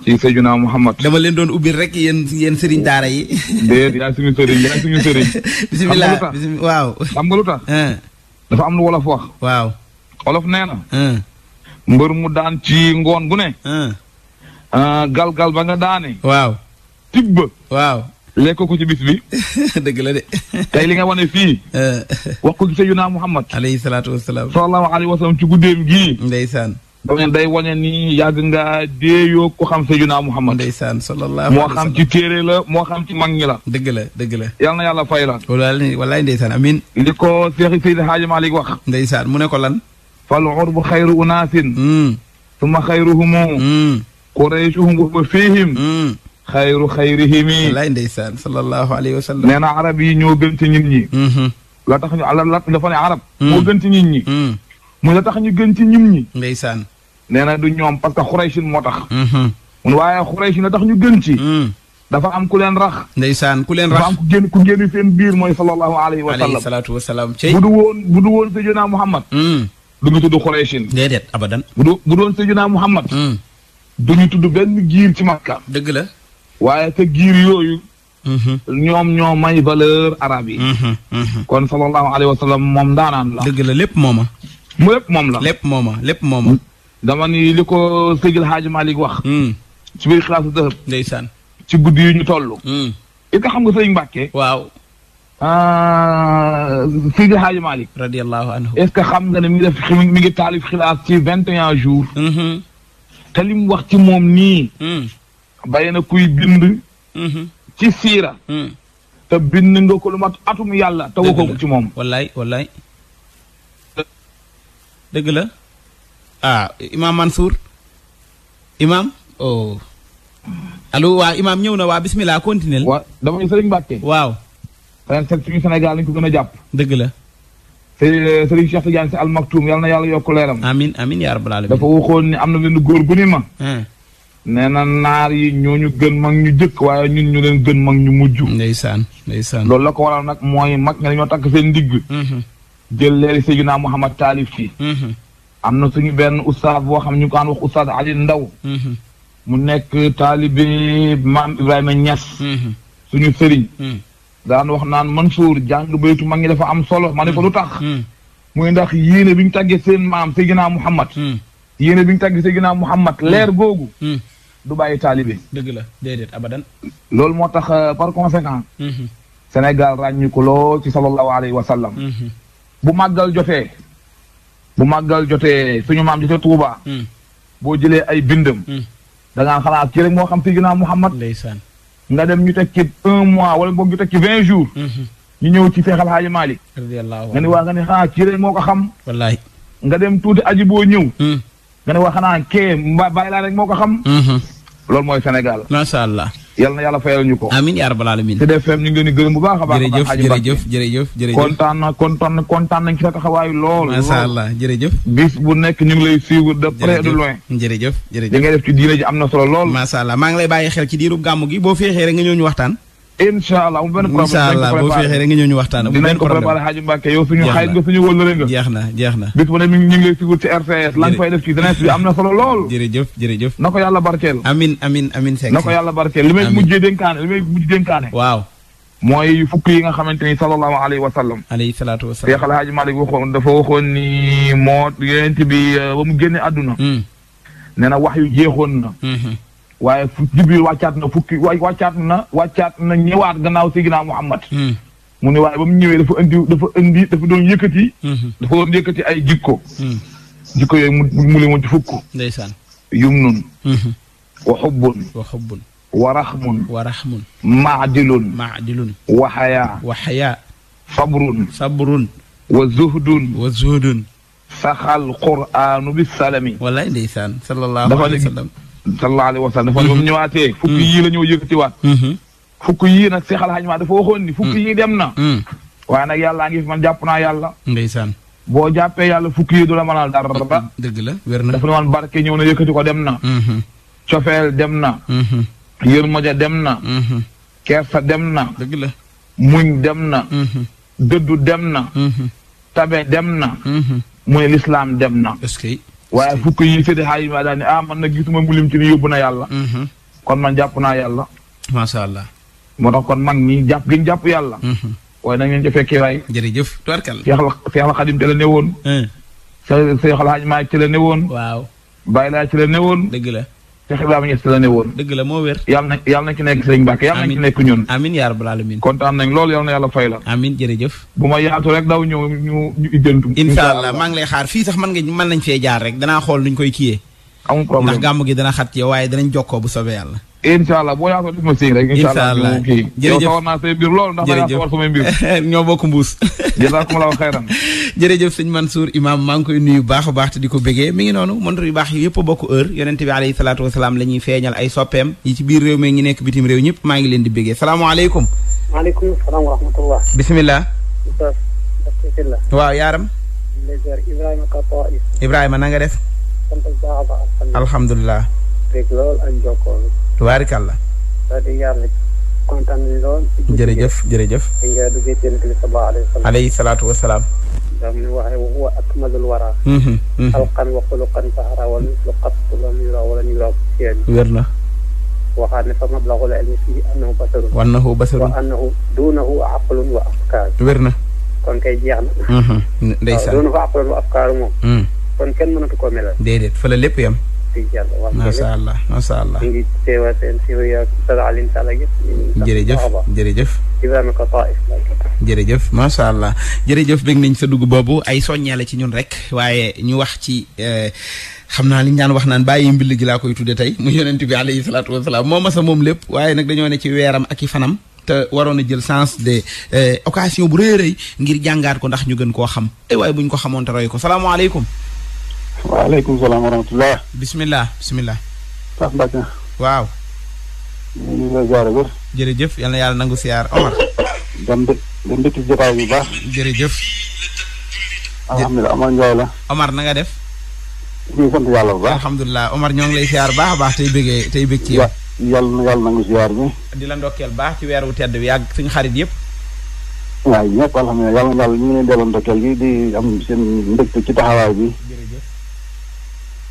ci Seydina Muhammad dama leen doon ubbi rek yéen yéen sëriñ daara yi. déet yaa suñu sëriñ yaa suñu sëriñ. bisimilah waaw xam nga lu tax am lu wolof wax. waaw wolof nee na. mbër mu daan ci ngoon gu ne. Ah, galgal ba nga daane. waaw tibb. waaw lekkoo ko ci bis bi. dëgg la de. tey li nga wane fii. wax ko ci Seydina Muhammad. alayhi salaatu wa salaam. sallallahu alayhi ci guddeem gii. ndeysaan. dane day wane ni yàgg nga déeyoo ku xam sayyidina Muhammad ndeysaan sallallahu moo xam ci téere la moo xam ci mag ñi la dëgg la dëgg la yal na yàlla fay la wallaay ndeysaan amin li ko Seex Seydi Haaji Malik wax ndeysaan mu ne ko lan fal urbu xayru unaasin hmm. suma xayruhumu hmm. quraychuhum wa fiihim hmm. xayru xayrihimi wallaay ndeysaan sallallahu alayhi wa sallam nee na arab yi ñoo gën ci nit ñi la tax ñu ala ne arab moo gën ci ñi mu la tax ñu gën ci ñu ñi. ndeysaan. nee na du ñoom parce que xuraysin moo tax. Mm-hmm. mun waaye xuraysin na tax ñu gën ci. Mm. dafa am ku leen rax. ndeysaan ku leen rax dafa am ku génn ku génn seen biir mooy sallallahu alayhi wa sallam. alayhi salaatu wa salaam. bu du woon bu du woon Sayyidina Muhammad. Mm. du ñu tudd xuraysin. déedéet abadan. bu du bu doon Sayyidina Muhammad. Mm. du ñu tudd benn giir ci Makka. dëgg la. waaye te giir yooyu. Mm-hmm. ñoom ñoo may valeur arabe yi. Mm-hmm. kon sallallahu alayhi wa sallam moom daanaan la. dëgg la lépp mooma. mu lépp moom la lépp mooma lépp mooma dama ni li ko Seydil Hadji Malick wax hmm. ci biir xilaasu dëhëb san ci guddi yu ñu toll it hmm. nga xam nga sëriñ Mbàkke waaw ah, Seydil Hadji Malick radiallahu anhu est-ce que xam nga ne mi ngi def mi ngi taalif xilaas ci vingt et un jours hmm. wax ci moom nii bari na kuy bind ci siira te bind nga ko mat atum yàlla te waxoo ko ci moom wallaay dëgg la ah imaam Mansour imaam oh allo waa imaam ñëw na waa bismillah continuel waaw dama ñu sëriñ Mbàkke waaw ren seet suñu Sénégal ko gën a jàpp dëgg la sëriñ euh, Cheikh Tidiane al almaktum yal na yàlla yokk leeram amin amin yaa rabbal alamin dafa waxoon ni am na benn góor gu ni ma nee na naar yi ñu gën mag ñu jëkk waaye ñun ñu leen gën mag ñu mujj ndeysaan ndeysaan loolu la ko waral nag mooy mag ña dañoo takk seen ndigg mhm. jël leeri Seydina Mouhamad taalif ci mhm. am na suñu benn oustaz boo xam ñu ko daan wax oustaz Ali Ndaw mhm. mu nekk taalibe maam Ibrahima Niass mhm. suñu sëriñ daan wax naan Mansour jàng baytu mag ñi dafa am solo ma ne ko lu tax muy ndax yéene bi ñu tàggee seen maam Seydina Mouhamad yéene bi ñu tàggee Seydina Mouhamad leer googu du bàyyi taalibe dëgg la déedéet abadan loolu moo tax euh, par conséquent Sénégal ràññi ko lool ci sallallahu alayhi wa sallam bu màggal jotee bu màggal jotee suñu maam jotee Touba. Hmm. boo jëlee ay bindam. Hmm. dangaa ngaa xalaat ci rek moo xam Seydina Muhammad. ndeysaan nga dem ñu teg ci un mois wala boog ñu teg ci vingt jours. Hmm. ñu ñëw ci Seex Al Haaji Maalik. nga ne waa nga ne moo ko xam. wallaay nga dem tuuti aji boo ñëw. nga ne waa xanaa kee mbaa bàyyi laa rek moo ko xam. loolu mooy Sénégal. macha allah. yal na yàlla fayal ñu ko. amiin yaa rabbal aalamiin. Sud FM a baax. jërëjëf jërëjëf jërëjëf jërëjëf kontaan na kontaan kontaan nañ ci lool. macha allah jërëjëf. bis bu nekk ñu lay suivre de près de loin. jërëjëf jërëjëf li ci diine ji na solo lool. macha allah maa ngi lay bàyyi xel ci diirub gàmm gi boo féexee rek nga ñëw ñu waxtaan incha allah mu benn problème incha allah boo feexee rek nga waxtaan amul ko préparé Hadji Mbacke yow suñu xarit nga suñu na jeex na bis bu ne ñu ngi lay sigur ci na solo lool jërëjëf jërëjëf na ko yàlla barkeel amin amin amin Seck na ko yàlla barkeel li may mujjee dénkaane li may mujj dénkaane waaw mooy fukk yi nga xamante ni sallallahu alayhi wa sallam alayhi salaatu wa salaam Seex El Hadji Malick waxoon dafa waxoon ni moo yonent bi eh, ba mu génne àdduna hmm. nee na wax yu jeexoon na hmm, hmm. waaye Jibril wàccaat na fukki wàccaat na wàccaat na ñëwaat gannaaw Seydina Muhammad hmm. mu ne waaye ba mu ñëwee dafa indi dafa indi dafa doon yëkkati. Hmm. dafa doon yëkkati ay jikko. Hmm. jikko yooyu mu mu leen ci fukk. ndeysaan yumnun. wa xubbun. wa xubbun. wa raxmun. wa raxmun. maadilun. maadilun. wa xayaa. wa xayaa. sabrun. sabrun. wa zuhdun. wa zuhdun. saxal quraanu bi salami. walaay ndeysaan sallallahu alayhi wa sallam. sallallahu alayhi wa sallam mhm. ñëwaatee fukki mhm. yii la ñoo yëkkatiwaat mhm. fukki yii nag Seex Alxaaj Maalik dafa waxoon ni fukki mm. yii dem na mm. waaye nag yàllaa ngi fi man jàpp naa yàlla ndeysaan boo jàppee yàlla fukki yii du la mënal dara mm-hmm. dëgg la wér na dafa ne woon barke ñëw na yëkkati ko dem na mm-hmm. cofeel dem na mm-hmm. yërmaja dem na kersa dem na dëgg la muñ dem na dëddu dem na tabe dem na mu lislaam dem na waaye fukk yi séddi xaay ah, man na gisuma mu lim ci ni yóbbu na yàlla. Mm-hmm. kon man jàpp naa yàlla. macha allah. moo tax kon mag ñi jàpp gi jàpp yàlla. Mm-hmm. waaye nañ leen ca fekkee waay. jërëjëf tubarkal. Seex la Seex la Xadim te la ne woon. Seex Seex Alxaaj ci la ne woon. Eh. waaw. Baay laa ci la ne woon. dëgg la. Cheikh Ibrahima Niass la ne woon. dëgg la moo wér. yàlla na yàlla na ci nekk Sëriñ Mbàkke. yàlla na ci nekk ñun. amiin yaa rabbal aalamiin. kontaan nañ loolu yàlla na yàlla fay la. amiin jërëjëf. bu ma yaatu rek daw ñëw ñu ñu jëntu. incha allah maa ngi lay xaar fii sax man nga man nañ fee jaar rek dana xool nuñ koy kiyee. amul problème ndax gàmm gi dana xat yow waaye danañ jokkoo bu soobee yàlla incha allah boo yaatoo def ma signe rek. incha allah jërëjëf lool ndax ma yaa war sama mbir. ñoo bokk mbuus. jazakumullahu xayran. jërëjëf sëñ Mansour Imaam maa ngi koy nuyu baax a baax te di ko bégee mi ngi noonu montre yu baax yi yëpp a bokk heure yonente bi alayhi salaatu wasalaam la ñuy feeñal ay soppeem yi ci biir réew mi ngi nekk bitim réew ñëpp maa ngi leen di bégee salaamaaleykum. maaleykum salaam wa rahmatullah. bisimilah. waaw yaaram. Ibrahima Kapa. Ibrahima na nga def. sant bu baax a baax. tubaarikàlla. wax dëgg yàlla jërëjëf jërëjëf. di nga duggee salaam. da mhm, mu waxee wa huwa akmalul wara. xalqan wa xuluqan fahara wal mislu qattu lam yura wala yura wér na. waxaat ne fa mablagul ilmi fii annahu basarun. wa annahu basarun mhm, wa wa afkaar. wa afkaar moom. Mhm. kon kenn mënatu la lépp yam Tijaan. macha allah macha allah ñu ngi teewaat jërëjëf jërëjëf Ibrahima ko macha allah jërëjëf bëgg nañ sa dugg boobu ay soññee la ci ñun rek waaye ñu wax ci eh, xam naa li ñu wax naan bàyyi mbill gi laa koy tudde tey mu yonent bi alayhi salaatu wasalaam moo ma sa moom lépp waaye nag dañoo ne ci weeram ak i fanam te waroon a jël sens de eh, occasion bu rëy rëy ngir jàngaat ko ndax ñu gën koo xam ay eh, waaye buñ ko xamoon te roy ko salaamaaleykum waaleykum salaam wa rahmatulah. bisimilah bisimilah. Pape waaw. ñu ngi lay yal na yàlla nangu siyaar Omar. dem dë dem dëkk jotaay bu baax. jërëjëf. alhamdulilah la. Omar na nga def. ñu ngi sant yàlla bu baax. alhamdulilah Omar ñoo ngi lay siyaar baax a baax tey bëggee tey bëgg ci yow. yàlla na yàlla nangu siyaar bi. di la ndokkeel baax ci weer wu tedd bi yàgg suñu xarit yëpp. waaw ñëpp alhamdulilah na yàlla ñu ngi leen delloo ndokkeel gi di am seen mbégte ci taxawaay bi. jërëjëf.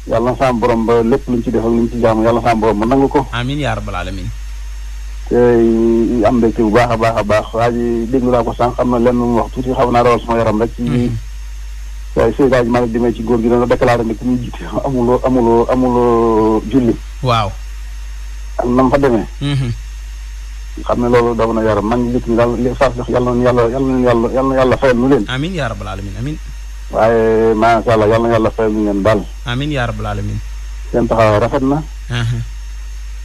yàlla na saa borom ba lépp luñ ci defal luñ ci jaamu yàlla na saa borom ba nangu ko. amiin yaa rabbal alamin. te am mbégte bu baax a baax a baax waa ji déglu naa ko sànq na lenn mu wax tuuti xaw naa rawal sama yaram rek. ci hmm. waaye Seydou Hadj Malick ci góor gi dana déclaré ne ku muy jiite amuloo amuloo amuloo julli. waaw. na mu fa demee. Hmm. xam ne loolu daw na yaram man nit ñi daal li saas jox yàlla na yàlla yàlla na yàlla yàlla na yàlla fayal nu leen. amiin yaa rabbal alamin amiin. waaye macha allah yal yàlla fay mu ngeen baal. amiin yaa rabbal aalamiin. seen taxawaay rafet na.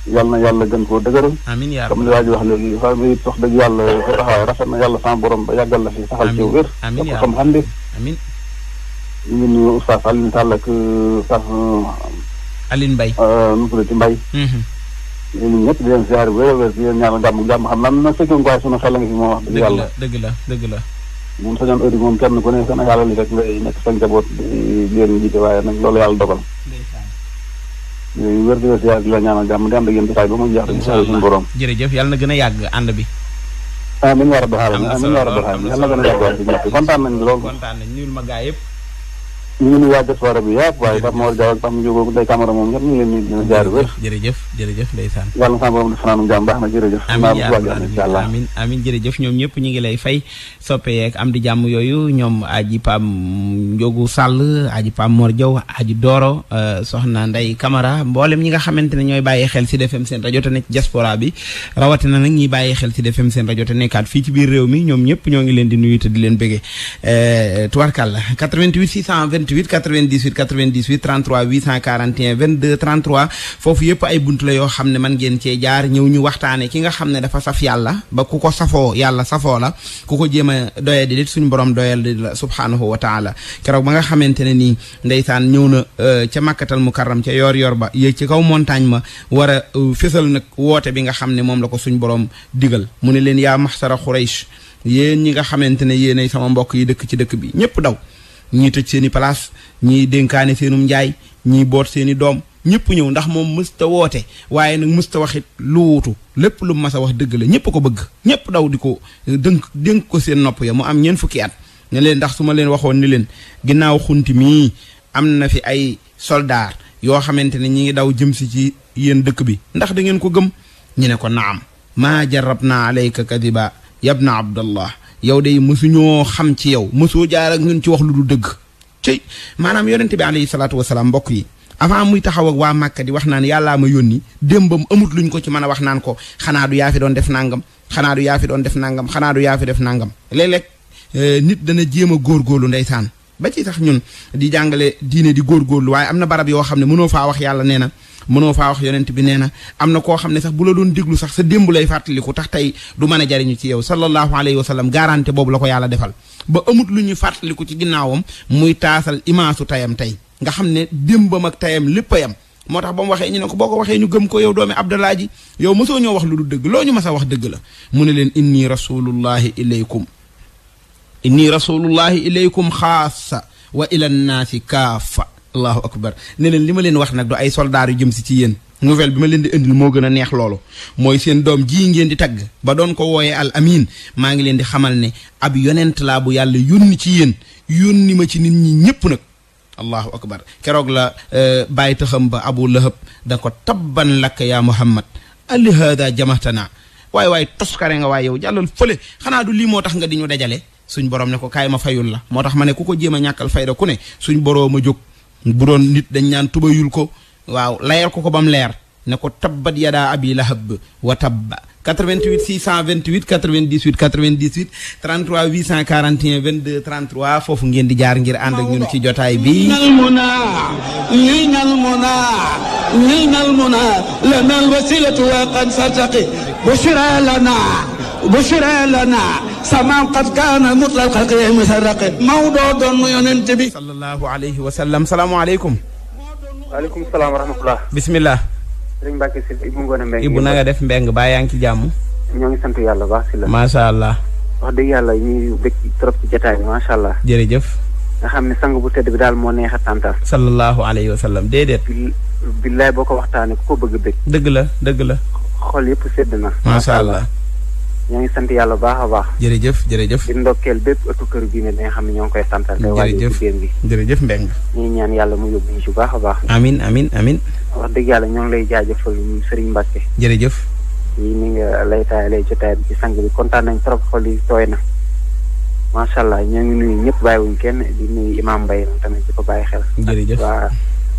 yal na yàlla gën koo dëgëral. amiin yaa rabbal aalamiin comme li wax wax dëgg yàlla sa taxawaay rafet na yàlla sama borom ba yàggal la fi saxal ci wér. amiin yaa rabbal aalamiin amiin ñu ngi nuyu Oustaz Alioune Sall ak euh, Oustaz. Euh, euh, nu mu ci mhm. di leen ziar wér-wér di leen ñaanal jàmm jàmm moom wax dëgg yàlla dëgg la dëgg la. moom sañoon heure moom kenn ku ne Sénégal yi rek ngay nekk sa njaboot di leen waaye nag loolu yàlla dogal. yooyu wér di wér si di la ñaanal jàmm di ànd ak yéen jotaay ba mu jeex. incha allah suñu borom. jërëjëf yàlla na gën a yàgg ànd bi. amiin war a doxal amiin war a doxal yàlla na gën a yàgg kontaan nañ lool kontaan nañu ma gaa yëpp ñu ngi nuyu waa diaspora bi yëpp waaye Pape moom ñëpp ñu ngi leen nuyu dina jaar wér. jërëjëf jërëjëf ndeysaan. yàlla na sama borom def fanaanum jàmm baax na jërëjëf. amiin amiin jërëjëf ñoom ñëpp ñu ngi lay fay soppe yeeg am di jàmm yooyu ñoom aji paam Ndiogo Sall aji Pape Mor Diaw aji Doro euh, soxna Ndeye Camara mboolem ñi nga xamante ne ñooy bàyyi xel ci DFM seen rajoto te nekk diaspora bi rawatina nag ñiy bàyyi xel ci DFM seen rajo te nekkaat fii ci biir réew mi ñoom ñëpp ñoo ngi leen di nuyu te di leen bëgge tubarkàlla 88 28 98 98 33 841 22 33 foofu yëpp ay bunt la yoo xam ne man ngeen cee jaar ñëw ñu waxtaane ki nga xam ne dafa saf yàlla ba ku ko safoo yàlla safoo la ku ko jéem a doyal di suñu borom doyal di la subhaanahu wa taala keroog ba nga xamante ne nii ndeysaan ñëw na euh, ca màkkatal mukarram ca yoor yoor ba yéeg ci kaw montagne ma war a euh, fésal nag woote bi nga xam ne moom la ko suñu borom digal mu ne leen yaa maxsara xuraysh yéen ñi nga xamante ne yéenay sama mbokk yi dëkk ci dëkk bi ñëpp daw ñii tëj seen i place ñii dénkaane seenum njaay ñii boot seen i doom ñëpp ñëw ndax moom mësta woote waaye nag mësta waxit lu wuutu lépp lu mas a wax dëgg la ñëpp ko bëgg ñëpp daw di ko dënk dénk ko seen nopp ya mu am ñeen fukki at ne ndax su ma leen waxoon ni leen ginnaaw xunti mii am na fi ay soldaar yoo xamante ne ñi ngi daw jëm si ci yéen dëkk bi ndax da ngeen ko gëm ñu ne ko am maa jarab naa alayka kadiba yabna abdallah yow day mësuñoo xam ci yow mësoo jaar ak ci wax lu du dëgg cey maanaam yonente bi alayhi salaatu wasalaam mbokk yi avant muy taxaw waa Màkka di wax naan yàllaa ma yónni démbam amut luñ ko ci mën a wax naan ko xanaa du yaa fi doon def nangam xanaa du yaa fi doon def nangam xanaa du yaa fi def nangam léeg euh, nit dana jéem a góorgóorlu ndeysaan ba ci tax ñun di jàngale diine di góorgóorlu waaye am na barab yoo xam ne mënoo faa wax yàlla nee na mënoo faa wax yonent bi nee na am na koo xam ne sax bu la doon déglu sax sa démb lay fàttaliku tax tey du mën a jariñu ci yow sallallahu alayhi wa sallam garantie boobu la ko yàlla defal ba amut lu ñuy fàttaliku ci ginnaawam muy taasal imaasu tayam tey nga xam ne démbam ak tayam lépp a yam moo tax ba mu waxee ñu ne ko boo ko waxee ñu gëm ko yow doomi Abdallah ji yow mosoo ñoo wax lu du dëgg loo ñu mas a wax dëgg la mu ne leen inni rasulullahi ilaykum inni rasulullahi ilaykum xaasa wa ila nnaasi kaafa allahu akbar ne leen li ma leen wax nag du ay soldaar yu jëm si ci yéen nouvelle bi ma leen di indil moo gën a neex loolu mooy seen doom jii ngeen di tagg ba doon ko wooyee al amin maa ngi leen di xamal ne ab yonent laa bu yàlla yónni ci yéen yónni ma ci nit ñi ñëpp nag allahu akbar keroog la euh, bàyyi taxam ba abu lahab da ko tabban lakk yaa muhammad ali hada jamahtana waaye waaye toskare nga waaye yow jàllal fële xanaa du lii moo tax nga di ñu dajale suñ borom ne kaay ma fayul la moo tax ma ne ku ko jéem a ñàkkal fayda ku ne suñ borom a jóg bu doon nit dañ ñaan tubayul ko waaw layal ko ko ba mu leer ne ko tabbat yadaa abi lahab wa tabba 88 628 98 98 33 841 22 33 foofu ngeen di jaar ngir ànd ak ñun ci jotaay bi nal muna ñuy nal muna ñuy nal muna lana bushra lana sa maam qad kaana mutlal xalqi misarraqi Maodo doon nu yonent bi. sallallahu alayhi wa sallam salaamaaleykum. waaleykum salaam wa rahmatulah. bisimilah. sëriñ Mbacke si Ibou def mbeng baa yaa ngi ci jàmm. ñoo ngi sant yàlla baax si la. macha allah. wax dëgg yàlla ñuy bëgg trop ci jotaay bi macha allah. jërëjëf. nga xam ne sang bu tedd bi daal moo neex a tàntar. sallallahu alayhi wa sallam déedéet. boo ko waxtaanee ku ko bëgg a bëgg. dëgg la dëgg la. xool yëpp sedd na. macha allah. ñoo ngi sant yàlla bu baax a baax. jërëjëf jërëjëf. di ndokkeel bépp ëttu kër gi ne nga xam ne ñoo ngi koy santal. tey waa ji jigéen bi jërëjëf Mbeng. ñuy ñaan yàlla mu yóbbu ñu ci baax a baax. amin amin amin wax dëgg yàlla ñoo ngi lay jaajëfal Serigne Mbacke. jërëjëf. yi ni nga lay taayalee jotaay bi ci sang kontaan nañ trop xol yi na. macha allah ñoo ngi nuyu ñëpp bàyyiwuñ kenn di nuyu Imam Mbaye tamit di ko bàyyi xel. jërëjëf waa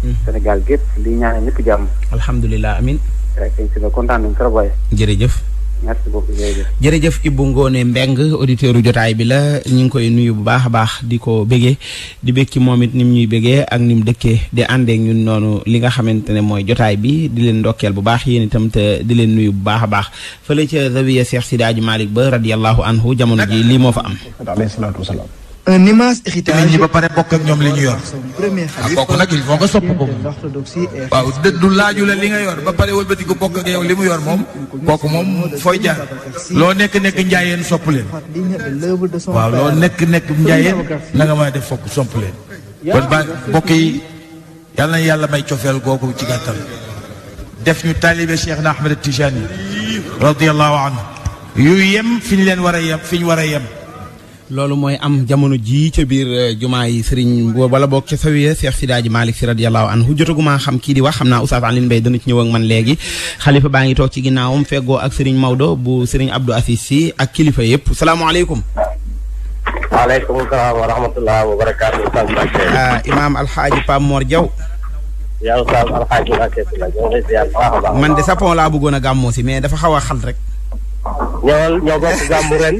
hmm. Sénégal gépp di ñaan ñëpp jàmm. alhamdulilah amin rek si nga jërëjëf merci jërëjëf Ibou ngoonee mbeng auditeur u jotaay bi la ñu ngi koy nuyu bu baax a baax di ko bëggee di bég ci moom it ni mu ñuy bëggee ak ni mu dëkkee di àndeek ñun noonu li nga xamante ne mooy jotaay bi di leen ndokkeel bu baax yéen itam te di leen nuyu bu baax a baax fële ca zawiya Cheikh si Hadji Malick ba radiyallahu anhu jamono ji lii moo fa am. alayhi salaatu un immense héritage nit ba pare bokk ak ñoom li ñu yor. premier xalifa ah, kooku nag il faut nga sopp ko. waaw du laaju la li nga yor ba pare wëlbati ko bokk ak yow li mu yor moom kooku moom fooy jaar. loo nekk nekk njaayeen sopp leen. waaw loo nekk nekk njaayeen la nga mën def fokk sopp leen. kon ba mbokk yi yal na yàlla may cofeel googu ci gàttal. def ñu taalibe Cheikh na Ahmed Tijani radiyallahu anhu yu yem fi ñu leen war a yem fi ñu war a yem. loolu mooy am jamono jii ca biir eh, yi sëriñ wala boog ca sawiya Cheikh Sidaaji Malick si radiyallahu anhu jotagumaa xam kii di wax xam naa Oustaz Alioune Mbaye dana ci ñëw ak man léegi xalifa baa ngi toog ci ginnaawam feggoo ak sëriñ Maodo bu sëriñ Abdou Assis si ak kilifa yëpp salaamaaleykum waaleykum salaam wa rahmatulah alxaaji Pape Mor man de sapon laa bëggoon a gàmmoo si mais dafa xaw a xal rek ñëwal ñoo bokk gàmm ren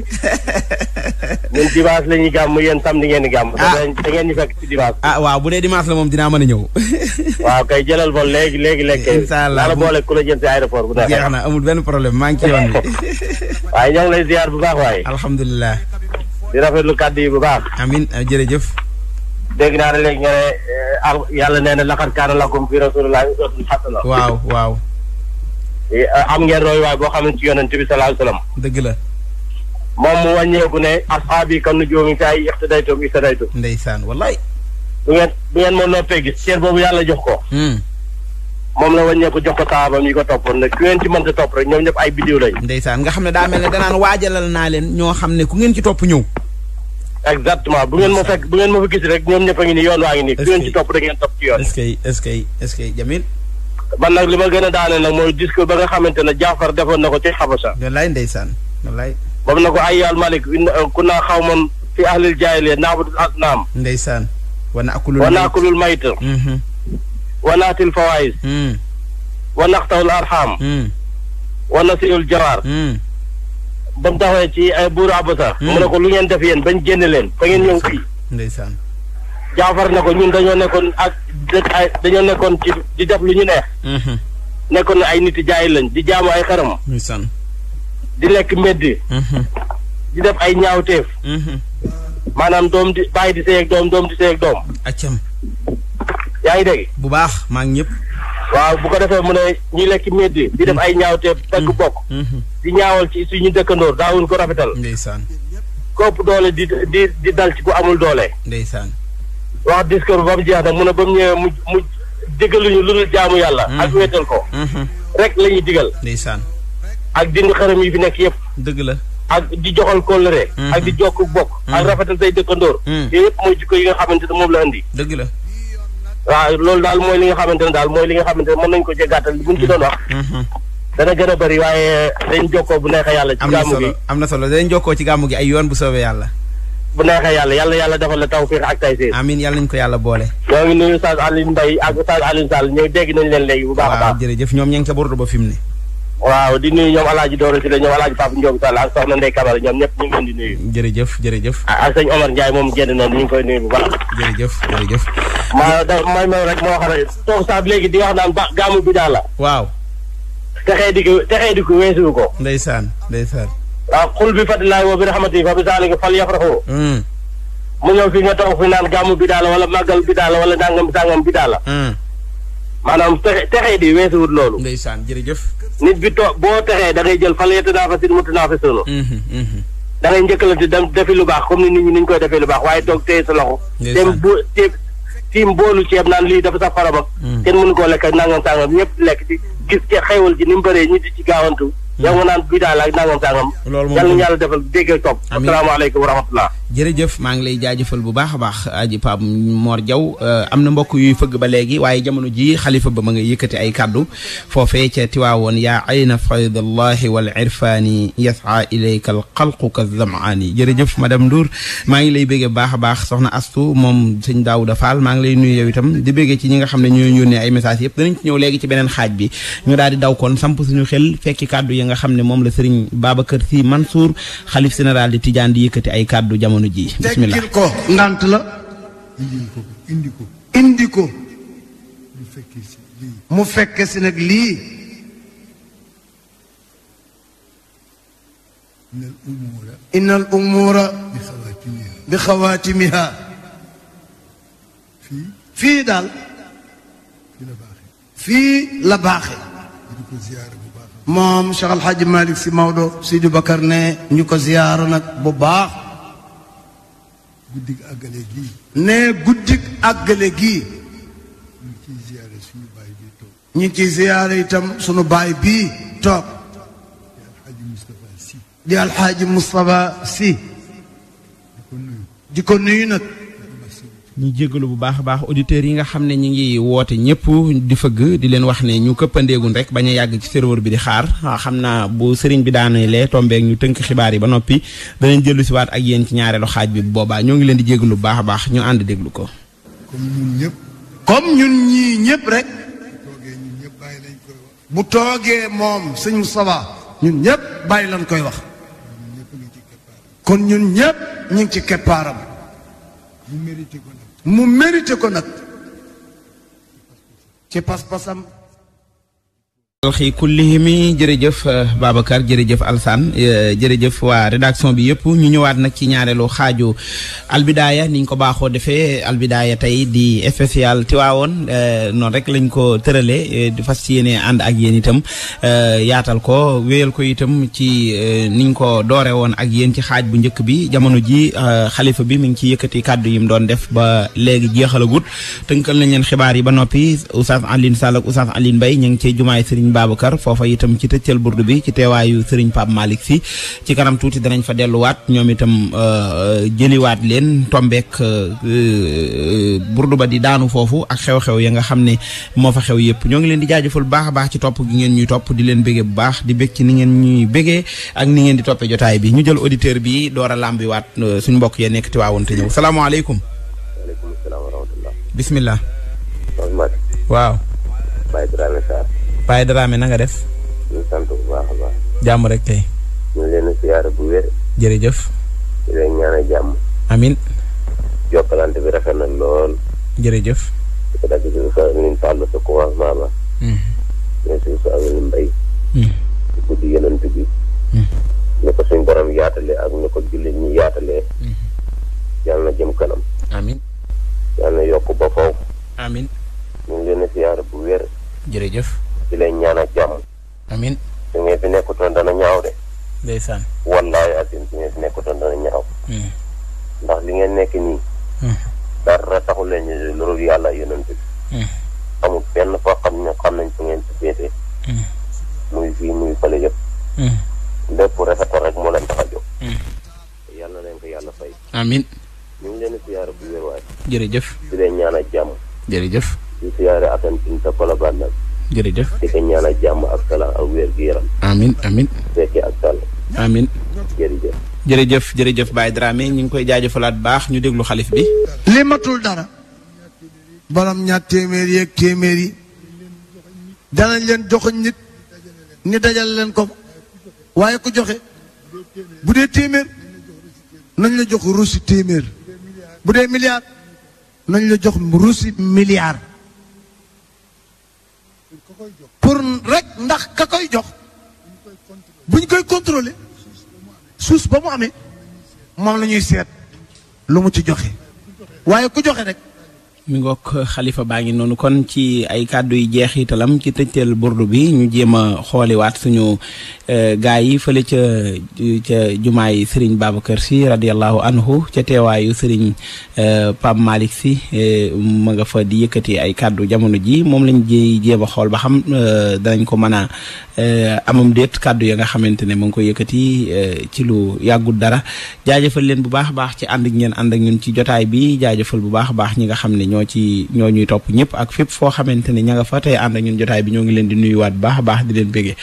ñun dimanche la ñuy gàmm yéen samedi ngeen di gàmm. ah da ngeen ñu fekk ci dimanche. ah waaw bu dee dimanche la moom dinaa mën a ñëw. waaw kay jëlal vol léegi léegi lekk. incha allah boole ku la jëm si aéroport bu neexee. jeex na amul benn problème maa ngi ci yoon bi. waaye ñoo ngi lay ziar bu baax waaye. alhamdulilah. di rafetlu kàddu bu baax. amin ah, jërëjëf. dégg naa ne léegi nga ne eh, yàlla nee na laqad kaana lakum fi rasulillahi uswatun hasana. waaw waaw. Eh, am ngeen roy waay boo xam ne ci yonent bi sallallahu alayhi wa sallam. dëgg la. moom mu wàññeeku ne asxaabi kan nu jóomi ci ay ixtidaytu bi istadaytu. ndeysaan wallaay. bu ngeen bu ngeen ma noppee gis seet boobu yàlla jox ko. Hmm. moom la wàññeeku jox ko saabam yi ko toppoon nag ku ngeen ci mënta topp rek ñoom ñëpp ay biddiw lañ. ndeysaan nga xam ne daa danaan waajalal naa ñoo xam ne ku ngeen ci topp ñëw. exactement bu ngeen ma fekk bu ngeen ma fa gis rek ñoom a ngi ni yoon waa ngi nii. ku ngeen ci topp da topp ci yoon. est-ce que ban nag li ma gën a daane nag mooy disque ba nga xamante ne Jaafar defoon na ko ci xabasa. wallaay ndeysaan wallaay. boobu na ko ay yàlla Malick uh, ku naa xaw man fi ahlil jaahiliyya naabudu asnaam. ndeysaan. wa naakulul mayt wa naakulul mayt. Mm-hmm. wa naatil fawaayis. Mm. wa mm. wa nasiyul jaraar. Mm. ba mu taxawee ci ay uh, buuru abasa. mu ne ko lu ngeen def yéen bañ génne leen fa ngeen ñëw fii. jaafar na ko ñun dañoo nekkoon ak dañoo nekkoon ci di def lu ñu neex. Mhm. nekkoon na ay nit jaay lañ di jaamu ay xaram. di lekk mbedd. Mhm. di def ay ñaawteef. Mhm. maanaam doom di bàyyi di seey ak doom di seey doom. acam yaa ngi dégg. bu baax maa ñëpp. waaw bu ko defee mu ne ñuy lekk mbedd. di def ay ñaawteef dagg bokk. di ñaawal ci suñu dëkkandoor daawuñ ko rafetal. ndeysaan. kopp doole di di di dal ci ku amul doole. ndeysaan. wax discours ba mu jeex nag mu ne ba mu ñëwee mu mu digaluñu lu dul jaamu yàlla. Mm-hmm. ak wéetal ko. Mm-hmm. rek la ñuy digal. ndeysaan. ak dindi xaram yi fi nekk yëpp. dëgg la. ak di joxal kóllëre. Mm-hmm. ak di jokk bokk. ak rafetal say dëkkandoor. yooyu yëpp mooy jikko yi nga xamante ne moom la andi. dëgg la. waaw loolu daal mooy li nga xamante ne daal mooy li nga xamante ne mën nañ ko jégaatal buñ ci doon wax. dana gën a bëri waaye dañ jokkoo bu neexee yàlla. ci gàmmu gi am na solo am na solo dañ jokkoo ci gàmmu gi ay yoon bu soobee yàlla. bu neexee yàlla yàlla yàlla defal la tawfiq ak tayseer. amiin yàlla nañu ko yàlla boole. ñoo ngi nuyu Oustaz Alioune Mbaye ak Oustaz Alioune Sall ñëw dégg nañ leen léegi bu baax a baax. waaw jërëjëf ñoom ña ngi ca bordo ba fi mu ne. waaw di nuyu ñoom Alaaji Dooro si la ñoom Alaaji Pape Ndiogou Sall ak soxna Ndeye Kamara ñoom ñëpp ñu ngi nuyu. jërëjëf jërëjëf. ak sëñ Omar Ndiaye moom génn na ñu ngi koy nuyu bu baax. jërëjëf jërëjëf. maa da may may rek moo xam ne toog saab léegi di wax naan ba gàmmu bi daal la. waaw. texee di ko texee di ko weesu ko. ndeysaan ndeysaan. waaw xul bi fadlillaahi wa bi rahmatihi fa bi zaalika falyafrahu hmm. mu ñëw fi nga toog fi naan gàmmu bi daal wala màggal bi daal wala nangam sangam bi daal. Hmm. maanaam texe texe di weesuwut loolu. ndeysaan jërëjëf. nit bi too boo texee da ngay jël fal yatanaafasil mutanaafisun hmm, da ngay njëkkalante dem defi lu baax comme nit ñi ni koy defee lu baax waaye toog téye sa loxo. dem boo ceeb tiim boolu ceeb naan lii dafa sax faram ak. kenn mënu koo lekk ak nangam sangam ñëpp lekk di gis ca xéwal ji ni mu bëree ñi di ci gaawantu. yow ma naan kuy daal ak nangam sangam. loolu moom yàlla na yàlla defal dégg ak topp. amiin asalaamaaleykum wa rahmatulah. jërëjëf maa ngi lay jaajëfal bu baax a baax aji Pape Mor Diaw euh, am na mbokk yuy fëgg ba léegi waaye jamono ji xalifa ba ma nga yëkkati ay kàddu foofee ca tiwaawoon yaa ayna faydallahi wal irfaani yas'a ilayka al xalqu ka zamaani jërëjëf madame Ndour maa ngi lay béggee baax a baax soxna astu moom sëñ Daawuda Fall maa ngi lay nuyu itam di béggee ci ñi nga xam ne ñooy yónnee ay message yëpp ci ñëw léegi ci beneen xaaj bi ñu daal di daw koon samp suñu xel fekki kàddu yi nga xam ne moom la sëriñ Babacar Sy Mansour xalif général di Tidiane di yëkkati ay kàddu jamono jamono jii bismillah tekkil ko ngant la indi ko mu fekke si nag lii inna al umuura bi si Maodo Sidi Bakar ko ziyaara nag bu baax guddig àggale gii. nee guddig àggale gii. ñu ngi ciy ziyaare suñu baay bii toog. ñu ngi ciy ziyaare itam suñu baay bii toog. di alxaaji Moustapha Sy. di di ko nuyu ñu jégalu bu baax a baax auditeurs yi nga xam ne ñu ngi woote ñëpp di fëgg di leen wax ne ñu këppandeegun rek ba a yàgg ci serveur bi di xaar ah, xam naa bu sëriñ bi daanelee tombeek ñu tënk xibaar yi ba noppi danañ jëllu si waat ak yéen ci ñaareelu xaaj bi bu boobaa ñoo ngi leen di jégalu bu baax a baax ñu ànd déglu ko. ñëpp. comme ñun ñëpp rek. bu toogee moom sëñ Moustapha ñun ñëpp bàyyi lañ koy wax. kon ñun ñëpp ñu ngi ci keppaaram. mu mérité ko nag ci pas-pasam xalqi kullihimi jërëjëf euh, Babacar jërëjëf Alsaan euh, jërëjëf waa rédaction bi yëpp ñu ñëwaat nag ci ñaareelu xaaju albidaaya ni ñu ko baaxoo defee albidaaya tey di spécial Tiwaawoon euh, noonu rek lañ ko tëralee di fas yéene ànd ak yéen itam yaatal ko wéyal ko yitam ci niñ ko doore woon ak yéen ci xaaj bu njëkk bi jamono ji xalifa bi mi ngi ci yëkkati kàddu yi mu doon def ba léegi jeexalagut tënkal nañ xibaar yi ba noppi Oustaz Alioune Sall ak Oustaz Alioune Mbaye ci jumaay Serigne Babacar foofa itam ci tëccal burdu bi ci teewaayu Serigne Pape Malick si ci kanam tuuti danañ fa delluwaat ñoom itam euh, euh, jëliwaat leen tombeek euh, burdu ba di daanu foofu ak xew-xew ya nga xam ne moo fa xew yëpp ñoo ngi leen di jaajëfal bu baax a baax ci topp gi ngeen ñuy topp di leen bége bu baax di bég ci ni ngeen ñuy bégee ak ni ngeen di toppee jotaay bi ñu jël auditeur bi door a waat suñu mbokk yee nekk Tiwaawoon te ñëw salaamaaleykum. waaleykum salaam waaw. Paye Dramé na nga def. sant bu baax a baax. jàmm rek tey. ñu leen siyaare bu wér. jërëjëf. di leen jàmm. amin jokkalante bi rafet na lool. jërëjëf. di ko dagg si sa liñ hmm. hmm. hmm. ko suñ borom yaatalee ak ni ko jullit ñi yaatalee. yàlla na jëm kanam. amin yàlla na yokk ba faw amin ñu ngi leen siyaare bu wér. jërëjëf. di leen ñaanal jàmm. amiin su ngeen fi nekkutoon dana ñaaw de. ndeysaan wallaahi asim su ngeen fi nekkutoon dana ñaaw. Hmm. ndax li ngeen nekk nii. Hmm. dara taxul leen ñu loolu yàlla yonent bi. Hmm. amul benn foo xam ne xam nañ fu ngeen fi féete. muy fii muy fële yëpp. lépp rafetoo rek moo leen tax a jóg. yàlla leen ko yàlla fay. amiin ñu ngi leen di siyaare bu wér waay. jërëjëf di leen ñaanal jàmm. jërëjëf. di siyaare Assane Binta Colobane nag. jërëjëf di ko ñaanal jàmm ak salaam ak gu yaram. amiin amiin. fekkee ak tal. amiin. jërëjëf. jërëjëf jërëjëf Baye Dramé ñu ngi koy jaajëfalaat baax ñu déglu xalif bi. li matul dara. borom ñaar téeméer yeeg téeméer yi. danañ leen jox nit. ñu dajal leen ko. waaye ku joxe. bu dee téeméer. nañ la jox ruusi téeméer. bu dee milliard. nañ la jox ruusi milliar pour rek ndax ka koy jox buñ koy contrôler suus ba mu amee moom la ñuy seet lu mu ci joxe waaye ku joxe rek mi ngoog xalifa baa ngi noonu kon ci ay kàddu yu jeexitalam ci tëjteel burdu bi ñu jéem a xooliwaat suñu eh, gaa yi fële ca ca jumaay Serigne Babacar Sy radiallahu anhu ca teewaayu sëriñ eh, Pape Malick si eh, ma nga fa di yëkkati ay kàddu jamono ji moom lañ jéem a xool ba xam danañ ko mën a Eh, amam déet kaddu ya nga xamante ne mu ngi ko yëkkati eh, ci lu yàggul dara jaajëfal leen bu baax a baax ci ànd ak ngeen ànd ak ñun ci jotaay bi jaajëfal bu baax a baax ñi nga xam ne ñoo ci ñoo ñuy topp ñëpp ak fépp foo xamante ne ña nga fa tey ànd ak ñun jotaay bi ñoo ngi leen di nuyuwaat bu baax a baax di leen bégee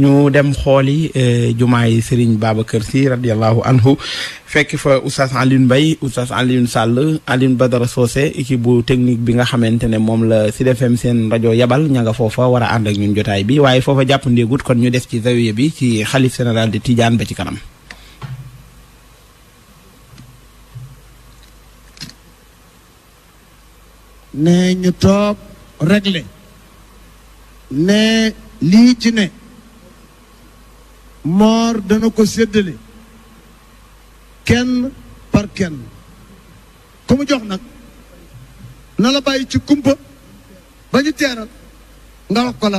ñu dem xooli eh, jumaay Serigne Babacar Sy radiyallahu anhu fekk fa oustaz Alioune Mbaye oustaz Alioune Sall Alioune Badara Socé équipe bu technique bi nga xamante ne moom la si FM seen rajo yabal ña nga foofa war a ànd ñun jotaay bi waaye foofa jàpp jàppandeegut kon ñu def ci zawiya bi ci xalif général de Tidiane ba ci kanam ne ñu toog réglé ne lii ci ne moor dana ko séddale kenn par kenn ku jox nag na bàyyi ci kumpa ba ñu teeral nga wax ko la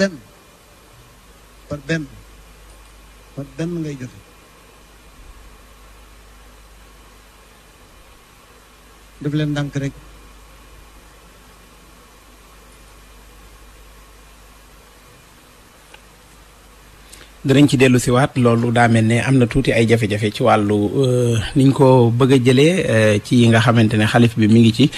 benn par benn par benn ngay jote def leen ndànk rek danañ ci dellu waat loolu daa mel ne am na tuuti ay jafe-jafe ci wàllu euh, niñ ko bëgg a jëlee euh, ci yi nga xamante ne xalif bi mi ngi ci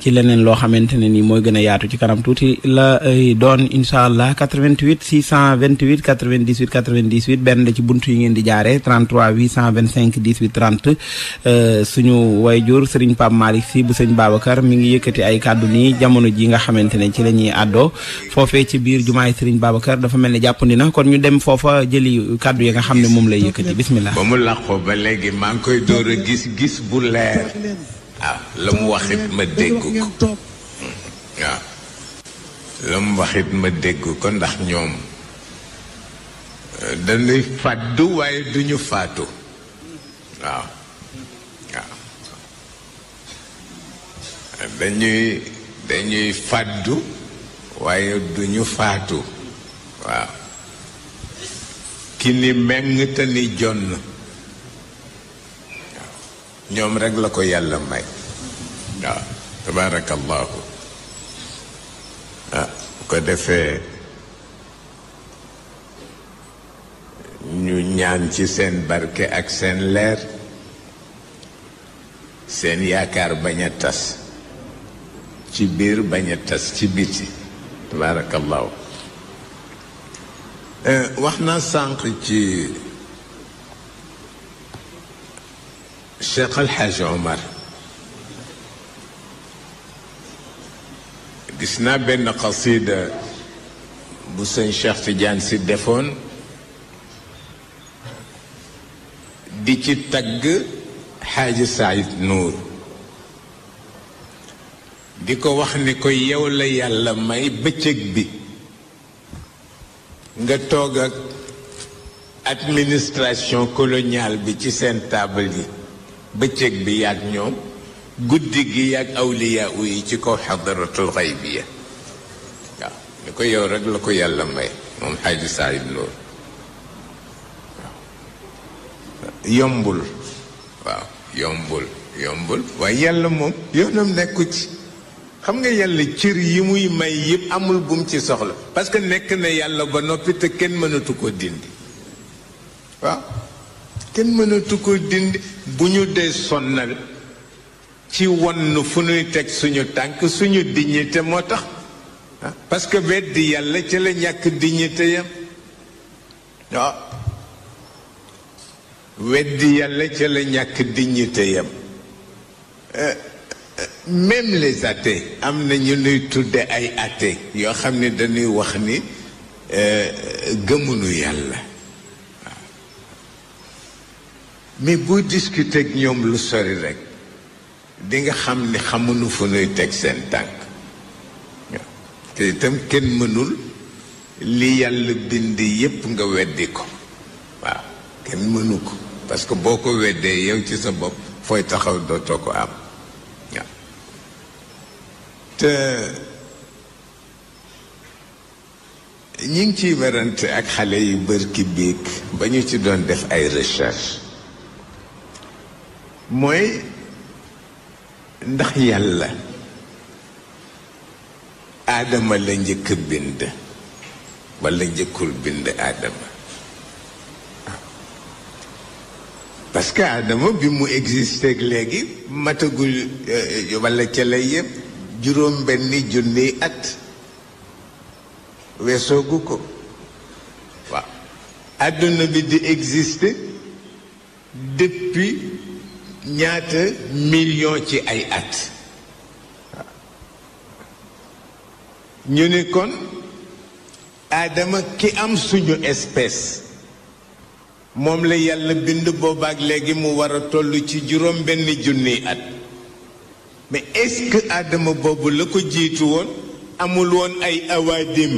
ci leneen loo xamante ne nii mooy gën a yaatu ci kanam tuuti la doon incha allah 88 628 98 98 benn la ci buntu yi ngeen di jaare 33 825 18 30 suñu wayjur sëriñ Pape Malick si bu sëñ Babacar mi ngi yëkkati ay kàddu nii jamono ji nga xamante ne ci la ñuy àddoo foofee ci biir jumaay sëriñ Babacar dafa mel ne jàppandi na a jëli kàddu yi nga xam ne moom lay yëkkati bismillah ba mu làqoo ba léegi maa ngi koy door a gis gis bu leer waaw ah, la mu waxit ma dégg ko ah, ma dégg ko ndax ñoom eh, dañuy fàddu waaye duñu faatu waaw ah, waaw dañuy dañuy fàddu waaye duñu faatu waaw ci li meng te ni jonn ñoom rekk la ko yàlla may waaw tabaarakallaahu ah ko defee ñu ñaan ci seen barke ak seen leer seen yaakaar bañ a tas ci biir bañ a tas ci biti tabaarakallaahu Eh, wax naa sànq ci Cheikh Al Omar gis naa benn xasida bu sëñ Cheikh Tidiane si defoon di ci tagg xaaji Saïd Nour di ko wax ni ko yow la yàlla may bëccëg bi nga toog ak administration coloniale bi ci seen taabal yi bëccëg bi yàgg ñoom guddi gi yàgg awliya yi ci kaw xadaratul xaybiya waaw ni ko yow rek la ko yàlla may moom xaaji Saïd yombul waaw yombul yombul waaye yàlla moom yoonam nekku ci xam nga yàlla cër yi muy may yëpp amul bum ci soxla parce que nekk na yàlla ba noppi te kenn mënatu koo dindi waaw kenn mënatu ko dindi bu ñu dee sonnal ci wonn fu ñuy teg suñu tànk suñu dignité moo tax ah parce que weddi yàlla ci la ñàkk dignité yam waaw yàlla ci la ñàkk dignité yam eh. même les athées am na ñu nuy tudde ay ate yoo xam ne dañuy wax ni euh, gëmunu yàlla waaw mais boo discuter ak ñoom lu sori rek di nga xam ni xamuñu fu nuy teg seen tànk te itam kenn mënul li yàlla bind yépp nga weddi ko waaw kenn mënu ko parce que boo ko weddee yow ci sa bopp fooy taxaw dootoo ko am te ñi ngi ciy werante ak xale yu bërki biig ba ñu ci doon def ay recherche mooy ndax yàlla aadama la njëkk bind walla njëkkul bind aadama parce que aadama bi mu existé léegi matagul euh, wala ca lay yëpp juróom benni junniy at weesoogu ko waaw àdduna bi di exister depuis ñaata miliyon ci ay at ñu ni kon aadama ki am suñu espèce moom la yàlla bind boobaak léegi mu war a toll ci juróom benn junniy at mais est-ce que Adama boobu la ko jiitu woon amul woon ay awaadim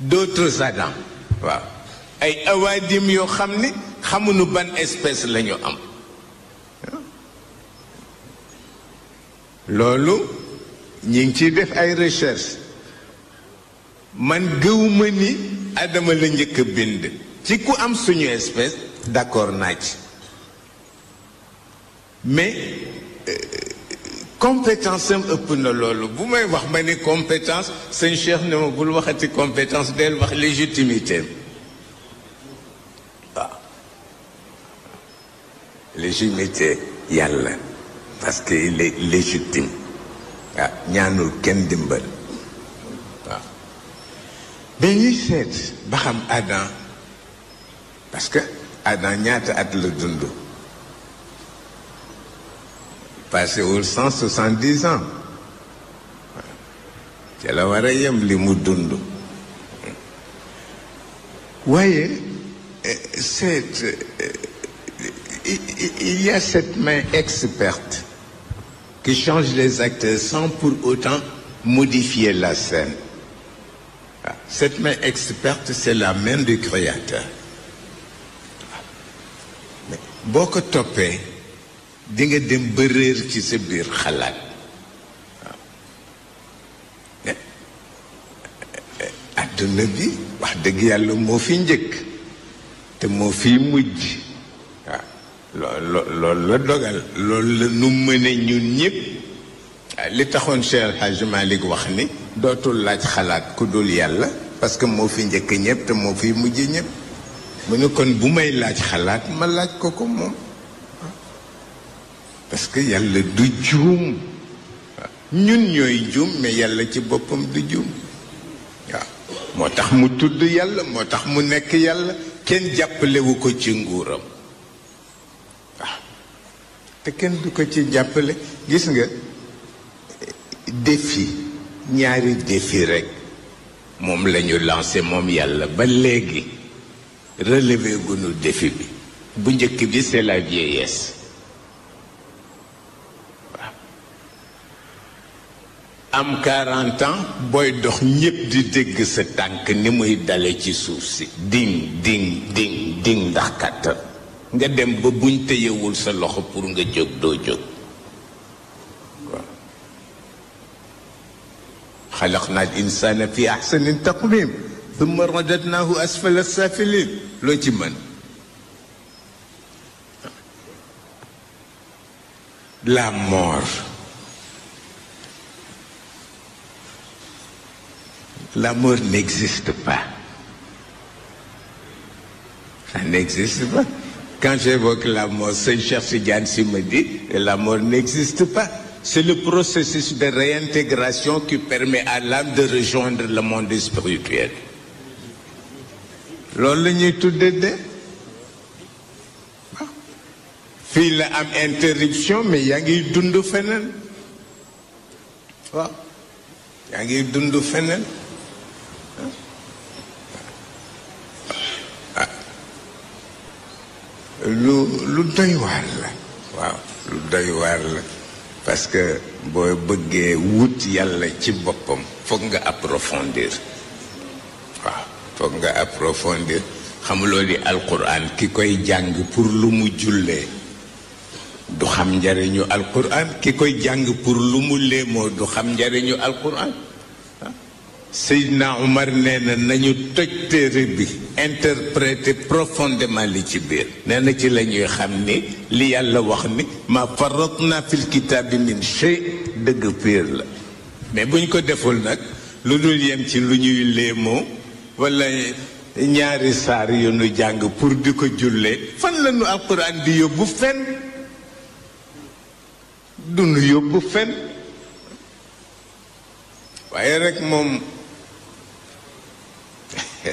d'autres Adam waaw ay awaadim yoo xam ne xamuñu ban espèce la ñu am loolu ñi ngi ciy def ay recherche man gëwuma ni Adama la njëkk a bind ci ku am suñu espèce d'accord naa ci mais compétence sam ëpp na loolu bu may wax ma ni compétence sëñ Cheikh ne ma bul waxati compétence del wax légitimité waaw ah. légitimité yàlla parce que il est légitime waaw ah, ñaanul kenn dimbal waaw ah. dañuy seet ba xam Adam parce que Adam ñaata at la dund passé wul cent soixante dix ans ca la war a yem li mu dund waaye c'est eh, eh, il y a cette main experte qui change les acteurs sans pour autant modifier la scène ah, cette main experte c'est la main du créateur boo ko toppe dinga dem ba réer ci sa biir xalaat waaw bi wax dëgg yàlla moo fi njëkk te moo fi mujj waaw lool la dogal loolu la nu mëne ñun ñëpp li taxoon Cheikh El Hadj wax ni dootul laaj xalaat ku dul yàlla parce que moo fi njëkk ñëpp te moo fi mujj ñëpp mu ne kon bu may laaj xalaat ma laaj ko ko moom parce que yàlla du juum ñun ñooy juum mais yàlla ci boppam du juum waaw moo tax mu tudd yàlla moo tax mu nekk yàlla kenn jàppalewu ko ci nguuram waaw te kenn du ko ci jàppale gis nga défi ñaari défi rekk moom lañu lancé moom yàlla ba léegi relevé gunu defi bi bu njëkk bi c'est la vieillesse am 40 booy dox ñépp di dégg sa tànk ni muy dale ci suuf si ding ding ding ding ndax kàttan nga dem ba buñ téyewul sa loxo pour nga jóg doo jóg xalaqna al insana fi ahsani taqwim thumma radadnahu asfala safilin loo ci mën la mort la mort n'existe pas. Ça n'existe pas. Quand j'évoque la mort, ce cher Gansi me dit la n'existe pas. C'est le processus de réintégration qui permet à l'âme de rejoindre le monde spirituel. loolu la ñuy tudde de ah. fii la am interruption mais yaa ngi dund feneen ah. yaa ngi dund feneen Ah. lu lu doy la waaw lu doy la parce que boo bëggee wut yàlla ci boppam foog nga approfondir waaw foog nga approfondir xamuloo di alquran ki koy jàng pour lu mu jullee du xam njariñu alquran ki koy jàng pour lu mu léemoo du xam njariñu alquran Seydina Omar nee na nañu toj téere bi interpréter profondément li ci biir nee ci la xam ni li yàlla wax ni ma faratna fil kitaabi min shay dëgg piir la mais bu ñu ko deful nag lu dul yem ci lu ñuy léemoo wala ñaari saar yu nu jàng pour di ko jullee fan la nu alquran di yóbbu fen du nu yóbbu fen waaye rek moom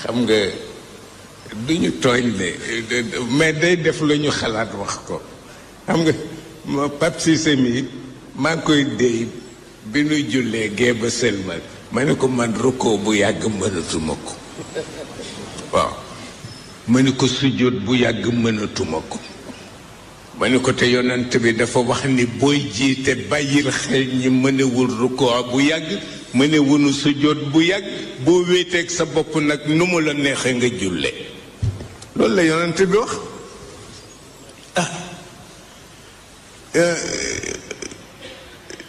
xam nga duñu tooñ de mais day def lañu xalaat wax ko xam nga ma Pape Cissé maa ngi koy déy bi nu jullee gee ba sëlmal ma ne ko man rukkoo bu yàgg mënatuma ko waaw ma ne ko sujjóot bu yàgg mënatuma ko ma ne ko te yonent bi dafa wax ni booy jiite bàyyil xel ñi mënewul rukkoo bu yàgg mënewunu sujjóot bu yàgg boo wéeteeg sa bopp nag nu mu la neexee nga julle loolu la yonent bi wax ah. euh,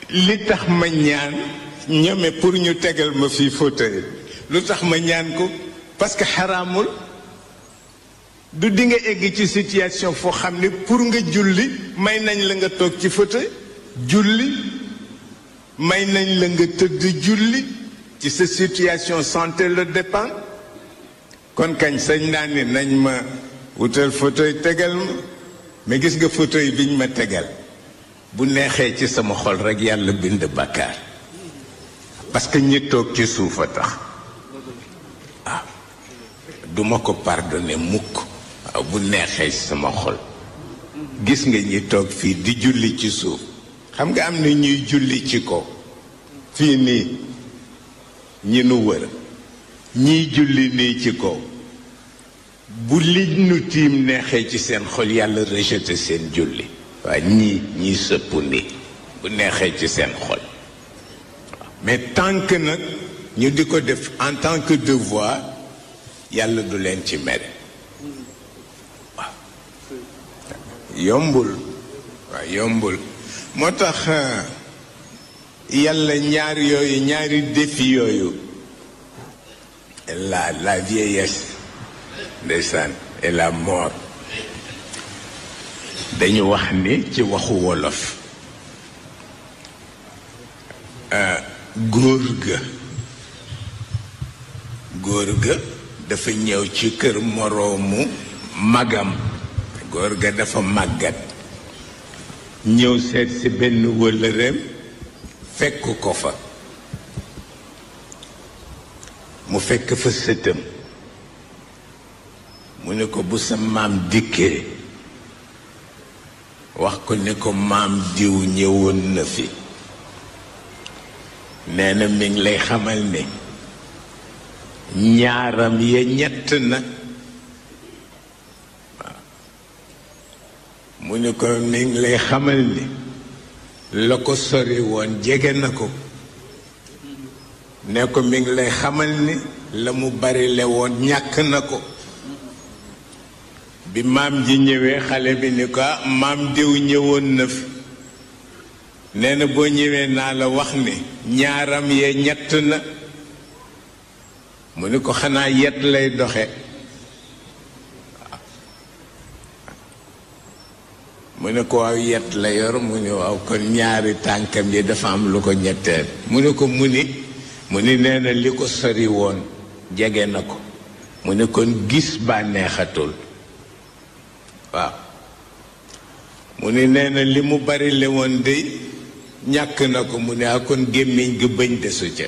li tax ma ñaan ñeme pour ñu tegal ma fii fauteuil lu tax ma ñaan ko parce xaraamul du dinga egg ci situation foo xam ne pour nga julli may nañ la nga toog ci fauteuil julli may nañ la nga tëdd julli ci sa situation santé la dépend kon kañ sañ naa ni nañ ma wutal fauteuil tegal ma mais gis nga fauteuil biñ ma tegal bu neexee ci sama xol rekk yàlla bind bàkkaar parce que ñi toog ci suuf a tax waaw ah, duma ko pardonner mukk bu neexee sama xol gis nga ñi toog fii di julli ci suuf xam nga am na ñuy julli ci ko fii nii ñi nu wër ñiy julli nii ci ko bu li nu tiim neexee ci seen xol yàlla rejeté seen julli waa ñii ñiy sëpp nii bu neexee ci seen xol mais tànk nag ñu di ko def en tant que devoir yàlla du leen ci mere yombul waaw yombul moo tax euh, yàlla ñaar yooyu ñaari défi yooyu la la vieillesse ndeysaan et la mort dañu wax ni ci waxu wolof euh, góor ga góor ga dafa ñëw ci kër moroomu magam góor ga dafa màggat ñëw seet ci benn wëllëreem fekk ko fa mu fekk fa sëtam mu ne ko bu sa maam dikkee wax ko ne ko maam diw ñëwoon na fi nee na mi ngi lay xamal ne ñaaram ya ñett na mu ne ko mi ngi lay xamal ni la ko sori woon jege na ko ne ko mi ngi lay xamal ni la mu bari le woon ñàkk na ko bi maam ji ñëwee xale bi ni ko ah, maam diw ñëwoon nëf fi nee na boo ñëwee naa la wax ni ñaaram yee ñett na mu ne ko xanaa yet lay doxe mu ne ko waaw yett la yor mu ne waaw kon ñaari tànkam yi dafa am lu ko ñetteel mu ne ko mu ni mu ni nee na li ko sori woon jege na ko mu ne kon gis bànneexatul waaw mu ni nee na li mu bari le woon dey ñàkk na ko mu ne a ah, kon gémmiñ gi bëñ desu ca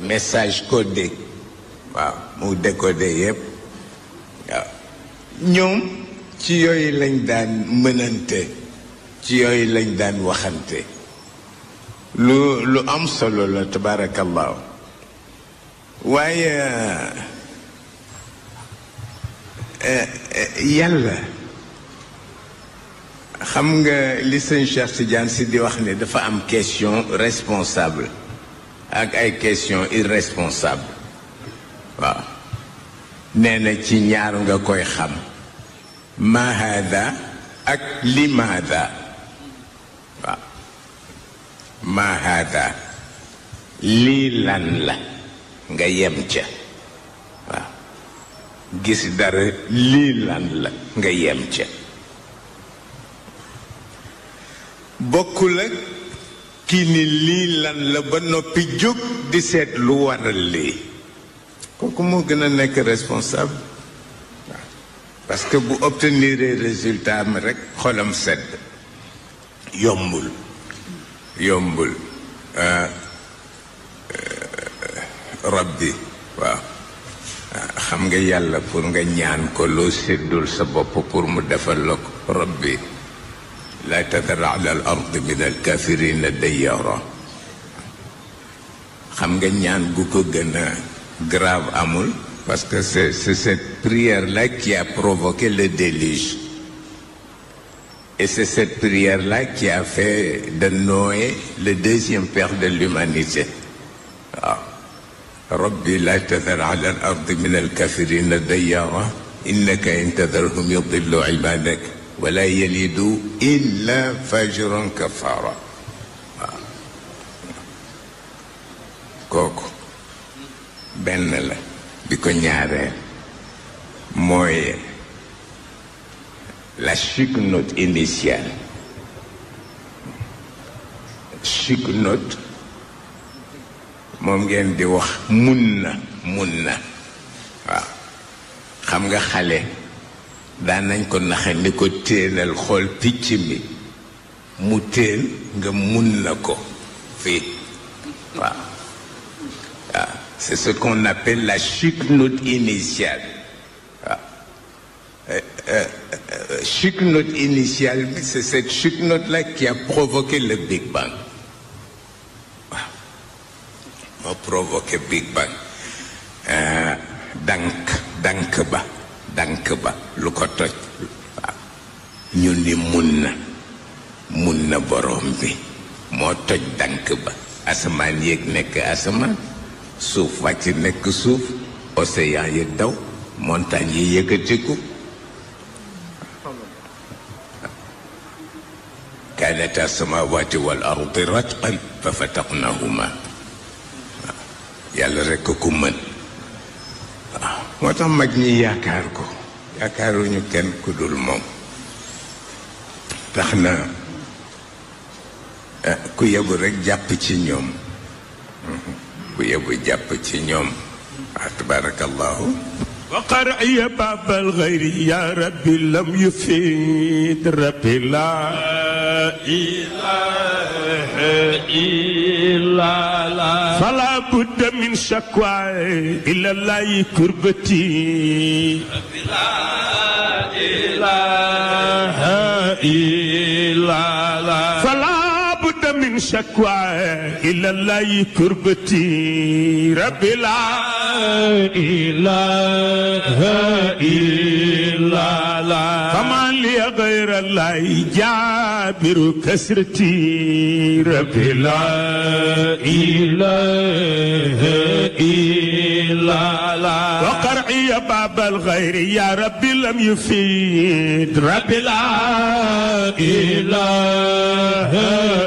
message codé waaw mu décodé yépp waaw ñoom ci yooyu lañ daan mënante ci yooyu lañ daan waxante lu lu am solo la tabaarakallaahu waaye eh, eh, yàlla xam nga li sëñ Cheikh si di wax ni dafa am question responsable ak ay question irresponsable waaw nee na ci ñaar nga koy xam ma hada ak limaada waaw ma hada lii lan la nga yem ca waaw gis dara lii lan la nga yem ca bokk la kii ni lii lan la ba noppi jóg di seet lu waral lii kooku moo gën a nekk responsable parce que bu obtenir résultat mi rek xolam sedd yombul yombul ah. eh, eh, rabbi ah, xam nga yàlla pour nga ñaan ko loo sa bopp pour mu defal la ko rabbi laa tadar ala al ard min al kafirina dayyara xam nga ñaan gu ko gën a grave amul Parce que c'est cette prière-là qui a provoqué le déluge. Et c'est cette prière-là qui a fait de Noé le deuxième père de l'humanité. ربي لا تذر على الأرض من الكافرين ديارا إنك إن تذرهم يضلوا عبادك ولا يلدوا إلا فجرا كفارا kooku benn la bi ko ñaareel mooy la note initiale note moom ngeen di wax mun na mun na waaw xam nga xale daan nañ ko naxe ni ko téenal xool picc mi mu téel nga mun na ko fii waaw C'est ce qu'on appelle la chicnote initiale. Ah. Euh, euh, euh, chicnote initiale, c'est cette chicnote-là qui a provoqué le Big Bang. moo ah. provoqué Big Bang. dank dank ba dank ba lu ko toj. Ah. ñu ni mun na mun na borom bi moo toj dank ba asamaan yéeg nekk asamaan. suuf wàcc nekk suuf océan yi daw montagne yi yëkkatiku kaanata samawati wal ardi ratqan fa fataqnahuma yàlla rekk ku mën moo tax mag ñi yaakaar ko yaakaaruñu kenn ku dul moom tax na eh, ku yebu rekk jàpp ci ñoom bu yebu jàpp ci ñoom tabarakallahu waqar ya baabal xayri ya rabbi lam yufid rabbi la ilaha illa la fala budda min shakwa ila llahi kurbati la ilaha illa la من شكوى إلا الله كربتي ربي لا إله إلا الله فما لي غير الله جابر كسرتي ربي لا إله إلا الله الداعي باب الغير يا ربي لم يفيد ربي لا إله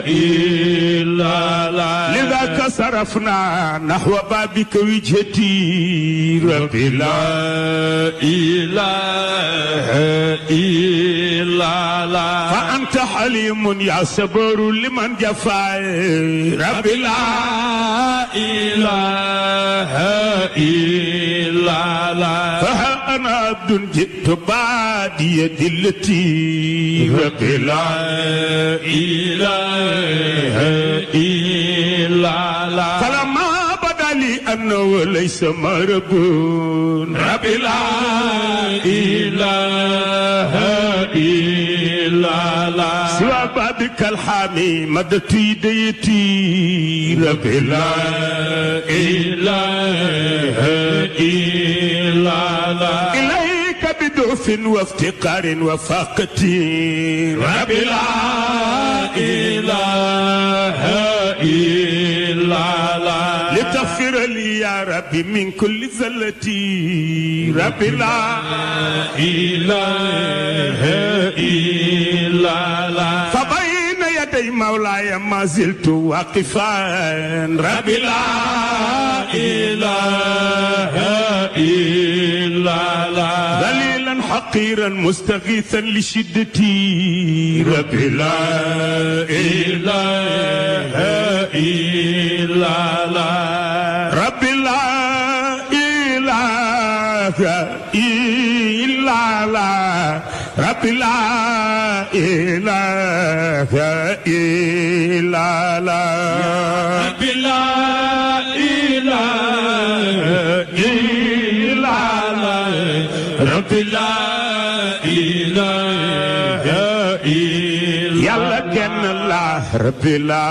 إلا لا لذاك صرفنا نحو بابك وجهتي ربي لا إله إلا لا أنت حليم يا صبر لمن جفا رب لا إله إلا الله فها أنا عبد جئت بعد يد التي رب لا إله إلا الله فلما بدا لي أنه ليس مربون رب لا إله إلا العلا سوى بابك الحامي مدت يديتي رب لا إله إلا الله خوف وافتقار وفقر رب لا إله إلا الله لتغفر لي يا ربي من كل زلتي رب لا إله إلا الله فبين يدي مولاي ما زلت واقفا رب لا إله إلا الله حقيرا مستغيثا لشدتي ربي لا إله إلا لا ربي لا إله إلا لا ربي لا إله إلا لا ربي لا لا إله إلا يلا كن الله رب لا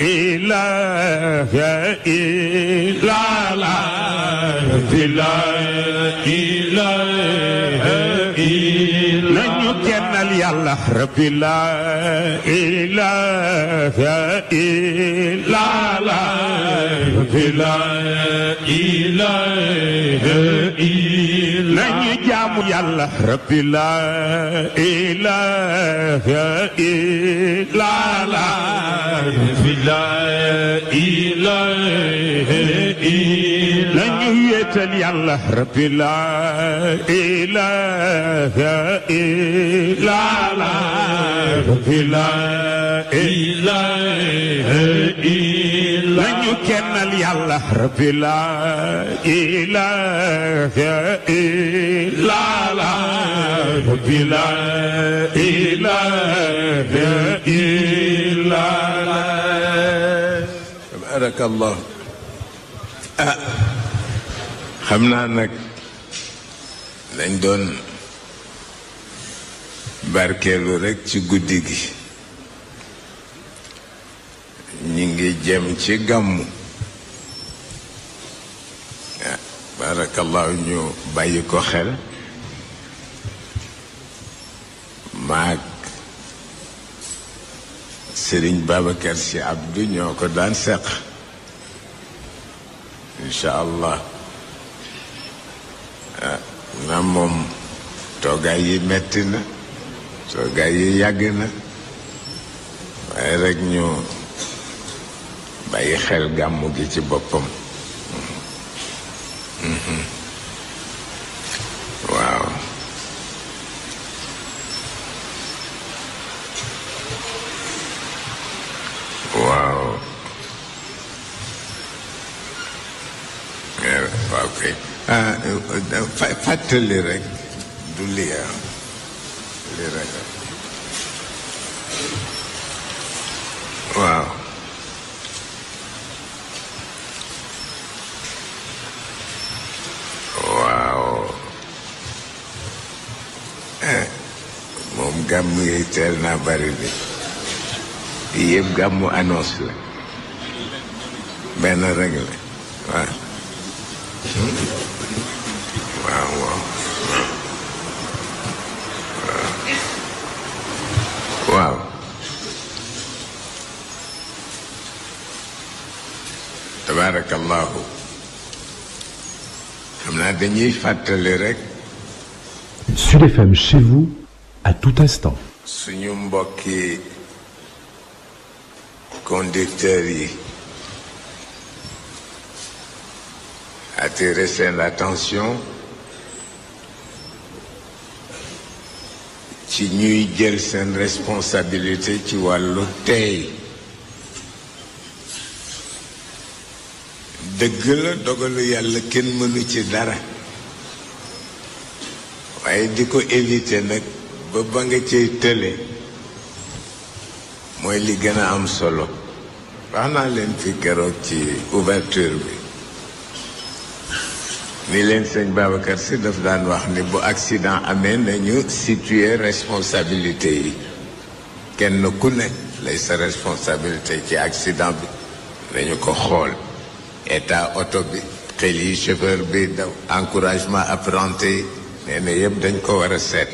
إله إلا لا رب لا إله إلا نحن كن يلا رب لا إله إلا لا رب لا إله إلا nañu jaamu yàlla rabbi la ilaha illa la rabbi la ilaha illa nañu wéetal yàlla rabbi la ilaha illa la rabbi la ilaha ñu la rabbi la ilaha illa la tabarakallah ah xam naa nag lañ doon barkeelu rek ci guddi gi ñu ngi jëm ci gàmmu ah, barakallahu ñu bàyyi ko xel maag Sëriñ Babacar Si Abdu ñoo ko daan seq incha allah ah, na moom toogaay yi metti na toogaay yi yàgg na waaye rek ñu bàyyi xel gàmmu gi ci boppam mhm. waaw waaw eh, waaw kay ah, eh, fàttali rek du liya li rek waaw waaw eh, moom gàmmu yi teel naa bari de yëpp gàmmu annonce la benn rek la waaw waaw waaw waaw tabaarakallaahu xam naa dañuy fàttali rek. Sud FM chez vous à tout instant. suñu mbokki conducteurs yi. attirer seen attention ci ñuy jël seen responsabilité ci wàllu tey. dëgg la dogalu yàlla kenn mënu ci dara waaye di ko éviter nag ba ba nga cay tële mooy li gën a am solo wax naa leen fi keroog ci ouverture bi ni leen sëñ Babacar si daf daan wax ni bu accident amee nañu situer responsabilité yi kenn ku nekk lay sa responsabilité ci accident bi dañu ko xool état oto bi xel yi chauffeur bi daw encouragement apprenti yi nee na yëpp dañ ko war a seet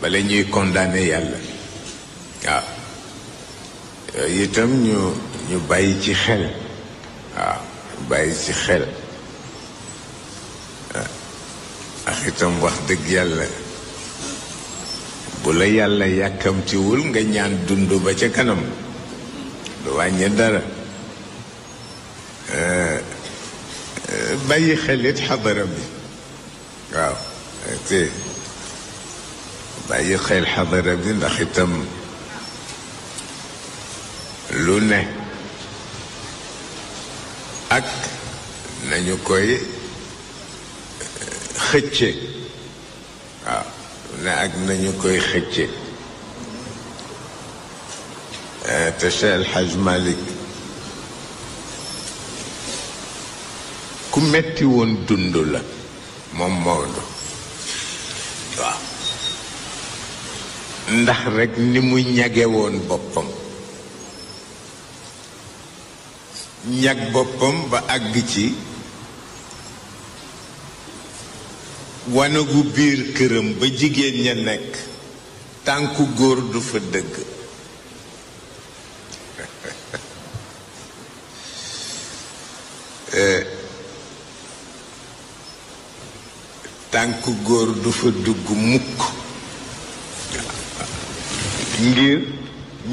bala ñuy condamné yàlla waaw itam ñu ñu bàyyi ci xel waaw bàyyi ci xel ah. ak itam wax dëgg yàlla bu la yàlla yàkkamtiwul nga ñaan dund ba ca kanam du wàññi dara bàyyi xelit xadara bi waaw te bàyyi xel yi bi ndax itam lu ne ak koy eh, xëcce waaw lu ne ak nañu koy xëcce eh, te Cheikh El Hadj Malick ku metti woon dund la moom Maodo waaw ndax rekk ni mu ñage woon boppam ñag boppam ba àgg ci wanagu biir këram ba jigéen ña nekk tànku góor du fa dëgg eh. tànk góor du fa dugg mukk ngir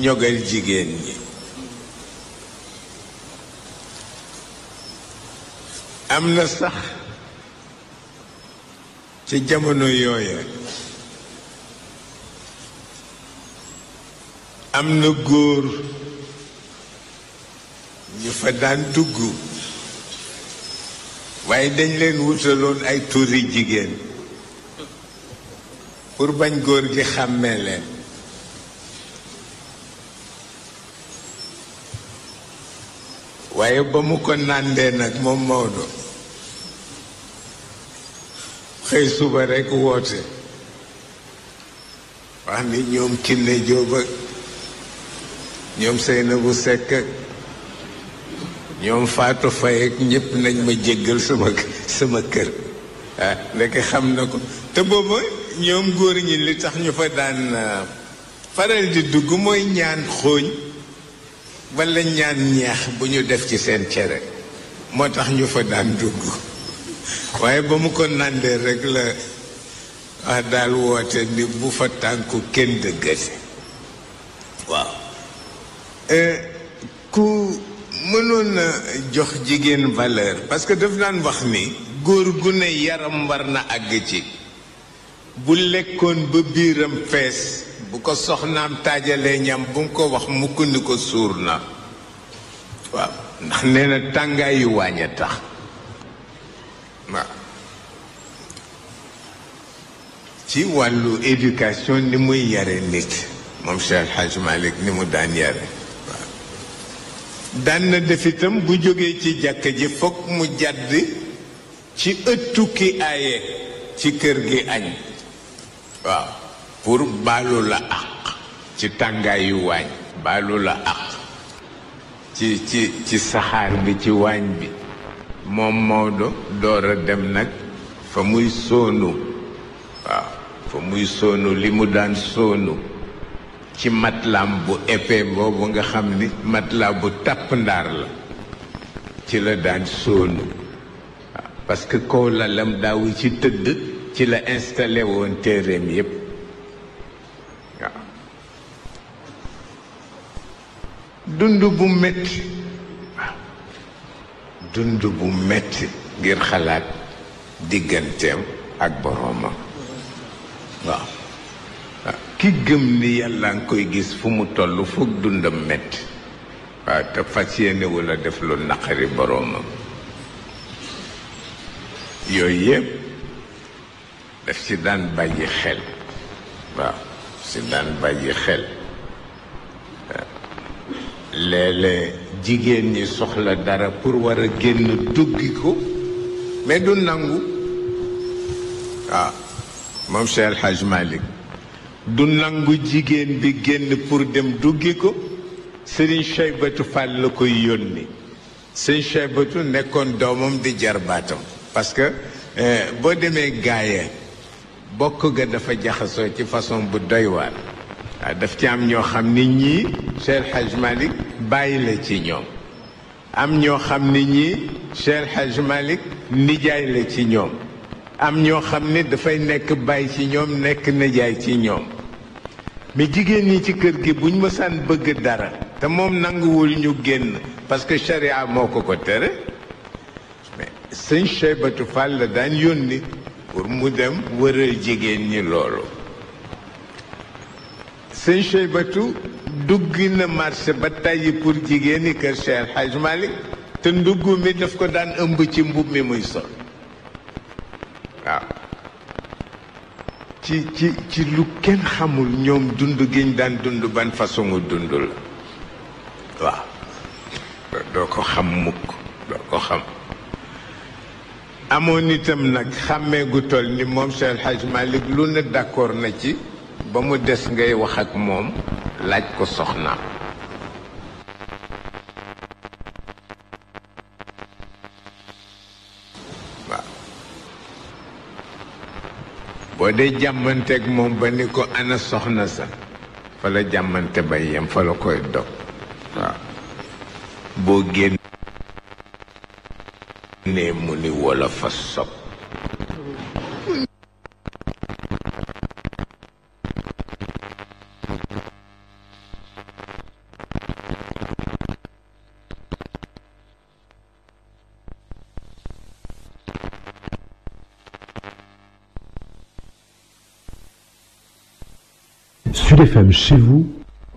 ñogal jigéen ñi am na sax ca jamono yooya am na góor ñu fa daan dugg waaye dañ leen wutaloon ay turi jigéen pour bañ góor gi xàmmee leen waaye ba mu ko nàndee nag moom Maodo xëy suba rekk woote wax ni ñoom Kiné Jóob ak ñoom Seynabou Seck ak ñoom faatu fay ak ñëpp nañ ma jéggal sama sama kër ah xam na ko te booba ñoom góor ñi li tax ñu fa daan ah, faral di dugg mooy ñaan xooñ walla ñaan ñeex bu ñu def ci seen cere moo tax ñu fa daan dugg waaye ba mu ko nàndee rek la wax ah, daal woote ni bu fa tànku kenn dëggate waaw eh, ku mënoon na jox jigéen valeur parce que daf daan wax ni góor gu ne yaram war na àgg ci bu lekkoon ba biiram fees bu ko soxnaam taajalee ñam bu mu ko wax mukk ni ko suur na waaw ndax nee na tàngaay tax ci wàllu éducation ni muy yare nit moom Cheikh El Hadj ni mu daan yare daan na def itam bu jógee ci jàkka ji fokk mu jàdd ci ëttu ki aaye ci kër gi añ waaw pour baalu la ci tàngaayu waañ baalu la àq ci ci ci saxaar bi ci waañ bi moom Maodo door a dem nag fa muy soonu waaw fa muy soonu li mu daan soonu ci matlam bu épais boobu nga xam ni matla bu tàpp ndaar la ci la daan sóonu parce que kaw lalam daawu ci tëdd ci la installé woon téeréem yépp waaw dund bu metti dund bu metti ngir xalaat digganteem ak boroomam waaw ki gëm ni yàlla nga koy gis fu mu toll foog dundam metti waaw te fas yéene wala def lu naqari boroomam yooyu yëpp daf ci daan bàyyi xel waaw ci jigéen ñi soxla dara pour war a génn duggi ko mais du nangu waaw ah, moom Cheikh El Hadj du nangu jigéen bi génn pour dem duggi ko sëriñ Cheybatu Fall la koy yónni sëriñ Cheybatu nekkoon doomam di jarbaatam parce que eh, boo demee gaayee bokk ga dafa jaxasoo ci façon bu doy waar waaw ah, daf ci am ñoo xam ni ñii Cheikh Hadj bàyyi la ci ñoom am ñoo xam ni ñii Cheikh Hadj nijaay la ci ñoom am ñoo xam ni dafay nekk bàyyi ci ñoom nekk nijaay ci ñoom mais jigéen ñi ci kër gi buñ mësaan bëgg dara te moom nanguwul ñu génn parce que charia moo ko ko tere mais sëñ Cheybatu daan yónni pour mu dem wëral jigéen ñi loolu sëñ Cheybatu duggi na marché ba tàyyi pour jigéen ñi kër Cheikh Hadj Malick te ndugg mi daf ko daan ëmb ci mbub mi muy sol waaw ci ci ci lu kenn xamul ñoom dund giñ daan dund ban façon dund la waaw doo ko xam mukk doo ko xam amoon itam nag xàmmee gu toll ni moom Seex El Hadj Malick lu ne d'accord na ci ba mu des ngay wax ak moom laaj ko soxna boo dee jàmbanteeg moom ba ni ko ana soxna sa fa la jàmbante ba yem fa la koy dog waaw boo génnee mu ni wala fa sopp BFM chez vous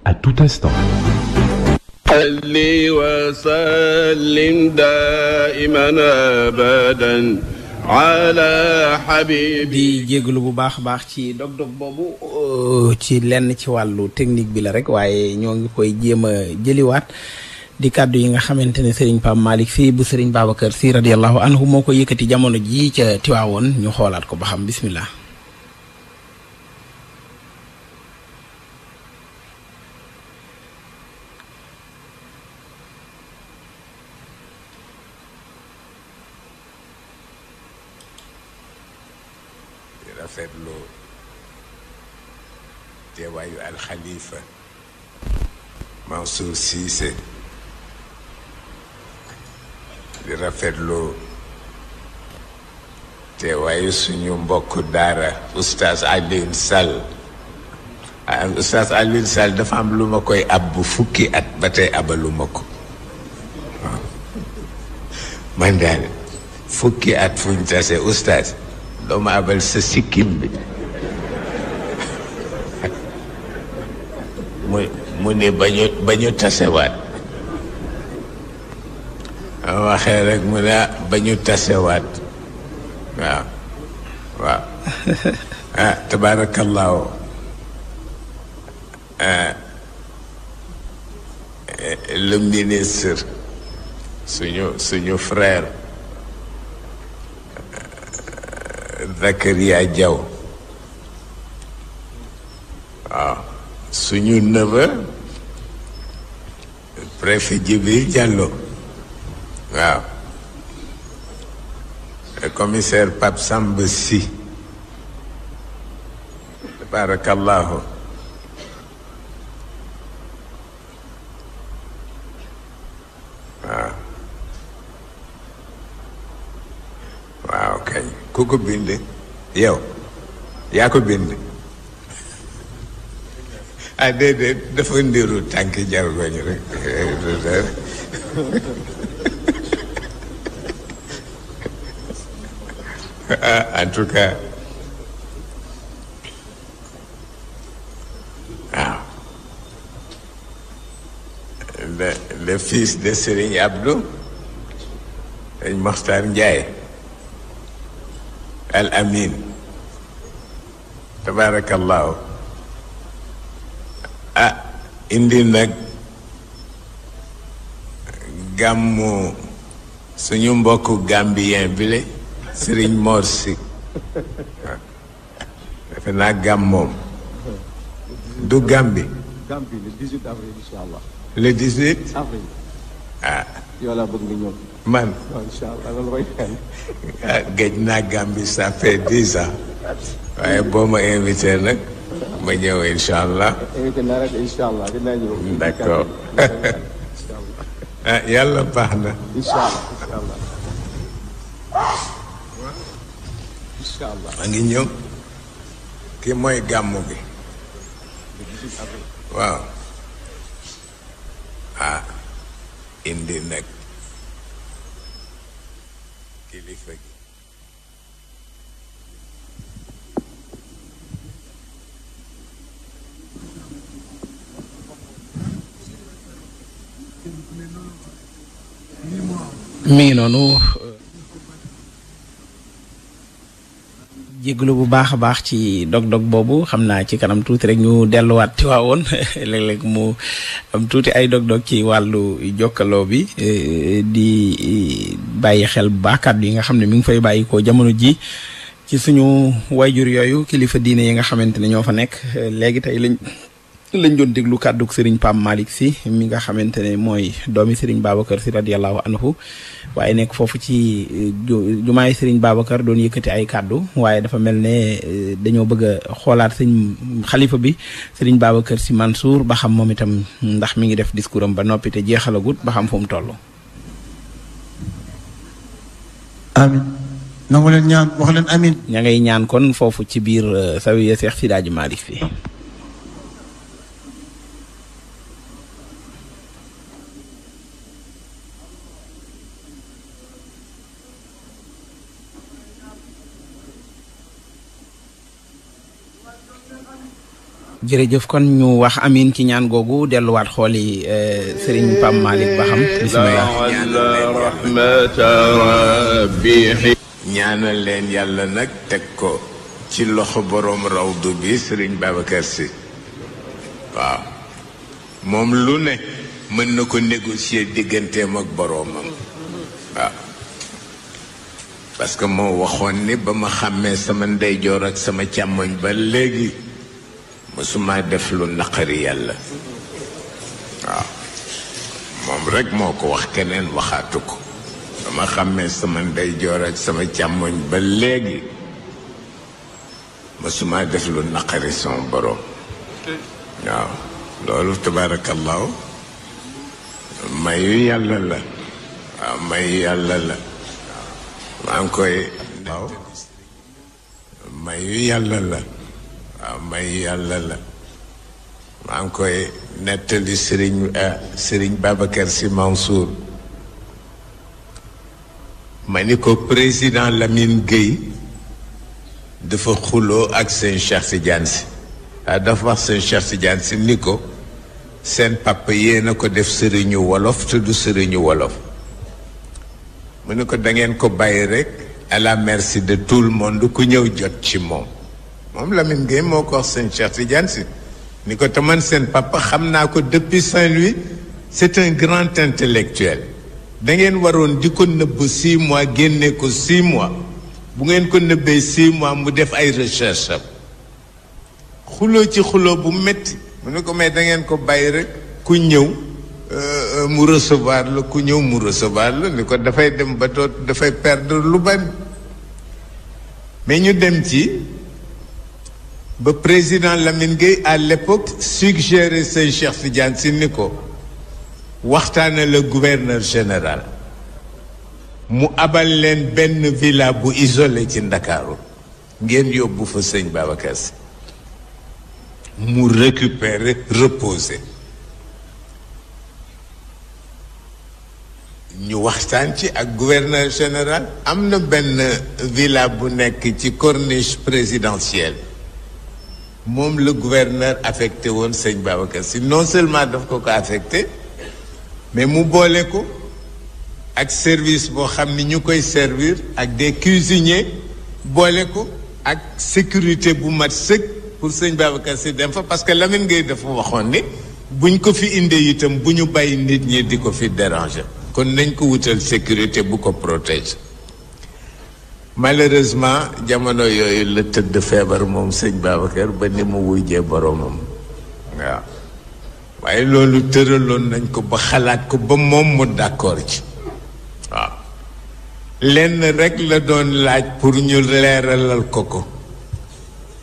à di jégalu bu baax a baax ci dog boobu euh, ci lenn ci wàllu technique bi la rek waaye ñoo ngi koy jéem a jëliwaat di kàddu yi nga xamante ne Serigne Pape Malick Sy bu Serigne Babacar Sy radiyallahu anhu moo ko yëkkati jamono jii ca Tiwaawoon ñu xoolaat ko ba xam bismillah Cissé di rafetlu te waaye suñu mbokk daara oustaz Alioune Sall ah oustaz Alioune Sall dafa am lu ma koy ab bu fukki at ba tey abalu ko ah. man daal fukki at fuñ tase oustaz doo ma abal sa sikkim bi mooy mu ne ba ñu ba ñu tasewaat waxee rek mu ne ba ñu tasewaat waaw waaw ah tabaarakallaahu ah, le ministre suñu suñu frère Zakaria Diaw waaw ah. suñu neveu préfet Djibril Diallo waaw le commissaire Pape Samba Sy tabarakallahu waaw waaw kañ ku ko bind yow yaa ko bind ah dafa ndiru tànki jargoñ rek ah, en tout cas waaw ah. de Serigne Abdou dañ Moxtar al amin tabarakallahu indi nag gàmmu suñu mbokku gambien bile sëriñ Mor Si defe naa gàmm moom du Gàmbi. Gàmbi le 18 avril avril. Ah. man. Oh, ah, géej naa Gàmbi ça fait dix ans waaye boo ma invité nag. ma ñëw incha allah. d' yàlla baax na. incha allah. ngi ñëw. ki mooy gàmmu gi. waaw. ah indi nag. mi ngi noonu jéglu bu baax a baax ci dog-dog boobu xam naa ci kanam tuuti rek ñu delluwaat ci waawoon léeg-léeg mu am tuuti ay dog-dog ci wàllu jokkaloo bi e, di bàyyi xel bu baax yi nga xam ne mi ngi fay bàyyi ko jamono ji ci suñu wayjur yooyu kilifa diine yi nga xamante ne ñoo fa nekk léegi tey lañ lañ doon déglu kàdduk sëriñ Pam malik si mi nga xamante ne mooy doomi sëriñ Babacar si radiyallahu anhu waaye nekk foofu ci jumaay sëriñ Babacar doon yëkkati ay kàddu waaye dafa mel ne eh, dañoo bëgg xoolaat sëñ xalifa bi sëriñ Babacar si Mansour ba xam moom itam ndax mi ngi def discours ba noppi te jeexalagut ba xam fu mu toll. amin nangu leen ñaan wax leen amin ña ngay ñaan kon foofu ci biir eh, sawiya Seex Sidaaji Malick si jërëjëf kon ñu wax amin ci ñaan googu delluwaat xool yi eh, sëriñ Pam Malick Ba xam ñaanal leen yàlla nag teg ko ci loxo boroom rawdu bi sëriñ Babacar si waaw moom lu ne mën na ko négocier digganteem ak boroomam waaw parce que moo waxoon ni ba ma xàmmee sama ndeyjoor ak sama càmmoñ ba léegi mësuma def lu naqari yàlla waaw moom rekk moo ko wax keneen waxaatu ko dama xàmmee sama ndeyjoor ak sama càmmoñ ba léegi mësuma def lu naqari son borom waaw loolu tabaarakallaahu mayu yàlla la waaw mayu yàlla la maa ngi koy waaw mayu yàlla la waaw ah, may yàlla la maa ngi koy nettali sëriñ ah, sëriñ Babacar Sy Mansour ma ni ko président Lamine Gueye dafa xuloo ak seen Cheikh Tidiane Sy waaw ah, dafa wax seen Cheikh Tidiane Sy ni ko seen papa yéen a ko def sëriñu wolof te du sëriñu wolof mu ne ko dangeen ko bàyyi rek à la de tout le monde ku ñëw jot ci moom moom Lamine Gueye moo ko wax seen Cheikh Tidiane si ni ko taman seen papa xam naa ko depuis Saint-Louis c'est un grand intellectuel da ngeen waroon di ko nëbb six mois génne ko six mois bu ngeen ko nëbbee six mois mu def ay recherche am xuloo ci xuloo bu metti mu ne ko mais da ngeen ko bàyyi rek ku ñëw euh, mu recevoir la ku ñëw mu recevoir la ni ko dafay dem ba doot dafay perdre lu bari mais ñu dem ci ba président Lamine Gueye à l'époque suggéré say Cheikh Tidiane si ni ko waxtaana la gouverneur général mu abal leen benn villa bu isole ci Ndakaaru ngeen yóbbu fa sëñ Babacar mu récupérer reposer ñu waxtaan ci ak gouverneur général am na benn villa bu nekk ci corniche présidentielle moom la gouverneur affecté woon sëñ Babacar Sy non seulement daf ko ko affecté mais mu boole ko ak service boo xam ni ñu koy servir ak des cuisiniers boole ko ak sécurité bu mat sëkk pour sëñ Babacar dem fa parce que Lamine Gueye dafa waxoon ni buñ ko fi indee itam bu ñu bàyyi nit ñi di ko fi déranger kon nañ ko wutal sécurité bu ko protéger malheureusement jamono yooyu la tëdd feebar moom sëñ Babacar ba ni mu wujjee boroomam waaw waaye loolu tëraloon nañ ko ba xalaat ko ba moom mu d'accord ci waaw lenn rek la doon laaj pour ñu leeralal ko ko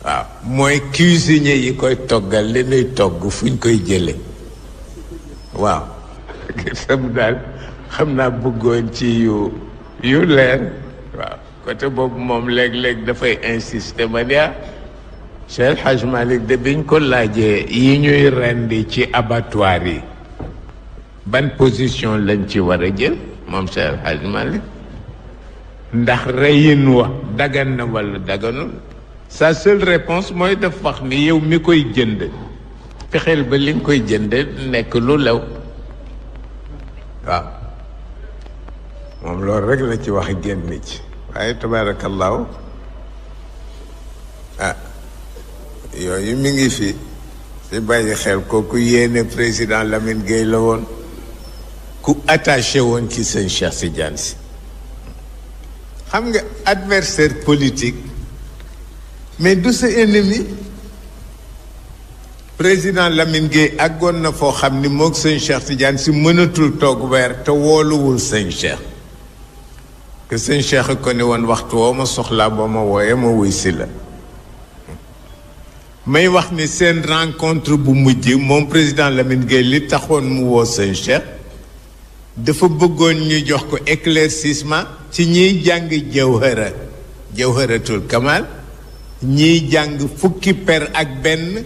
waaw mooy cuisinier yi koy toggal li nuy togg fu ñu koy jële waaw sam daal xam naa bëggoon ci yu yu leer waaw côté boobu moom léeg-léeg dafay insister ma ne ah Cheikh El Hadj Malick de biñ ko laajee yi ñuy rendi ci abattoir yi ban position lañ ci war a jël moom Cheikh El Hadj ndax reyin wa dagan na wala daganul sa seule réponse mooy daf wax ni yow mi koy jënd fexeel ba li nga koy jënd nekk lu lew waaw moom loolu rek la ci wax génn ci ay tabaarakallaahu ah yooyu mi ngi fi si bàyyi xel kooku yéene président Lamine Gueye la woon ku attaché woon ci sëñ Cheikh Tidiane si xam nga adversaire politique mais du sa ennemi président Lamine Gueye àggoon na foo xam ni moog sëñ Cheikh Tidiane si mënatul toog weer te wooluwul sëñ Cheikh que sëñ Cheikh ko ni woon waxtu woo ma soxlaa boo ma wooyee ma wuy si la may wax ni seen rencontre bu mujj moom président Lamine Gueye li taxoon mu woo sëñ Cheikh dafa bëggoon ñu jox ko éclaircissement ci ñuy jàng jawhara jawharatul kamal ñiy jàng fukki per ak benn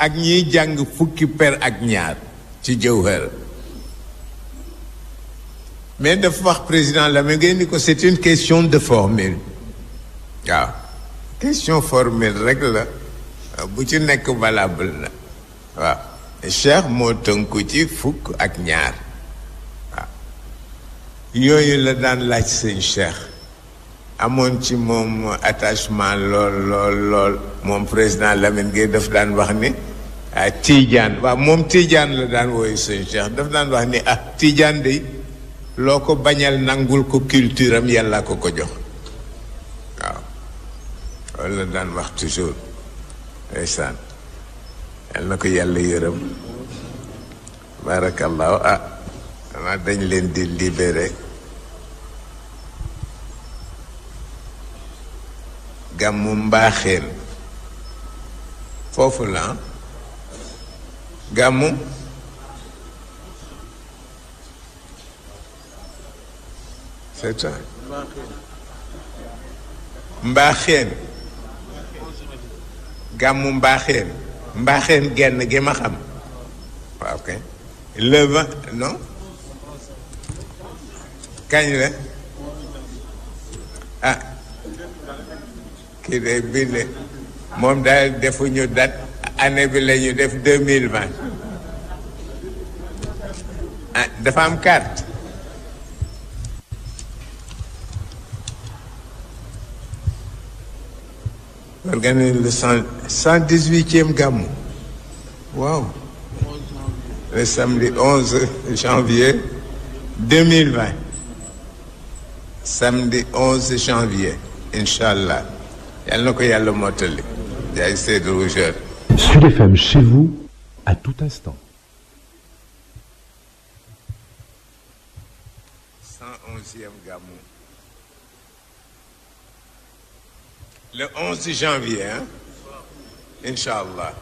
ak ñiy jàng fukki per ak ñaar ci jawhara mais dafa wax président Lamine ni ko c'est une question de formule waaw question formule rek la bu ci nekk valable na waaw Cheikh moo tënku ci fukk ak ñaar waaw yooyu la daan laaj sëñ Cheikh amoon ci moom attachement lool lool moom président Lamine Gueye daf daan wax ni ah Tidiane moom Tidiane la daan wooyu sëñ Cheikh daf daan wax ni ah Tidiane de. loo ko bañal nangul ko culture am yàlla ko ko jox waaw loolu daan wax toujours ndeysaan yal na ko yàlla yërëm baarakallaahu ah xanaa dañ leen di libéré gàmmu mbaaxeen foofu la ah. gàmmu c'est gàmmu mbaaxeen mbaaxeen genn gi ma xam waaw kay le vingt non kañ la ah kii de bii de moom daal defuñu date année bi la def deux mille vingt ah dafa am carte organise le cent cent dix huitième gàmmu waaw le samedi 11 janvier 2020 samedi 11 janvier incha allah yal na ko yàlla mottali yaay Seydou Rougeur Sud FM chez vous à tout instant 111e gàmmu le 11 janvier hein incha allah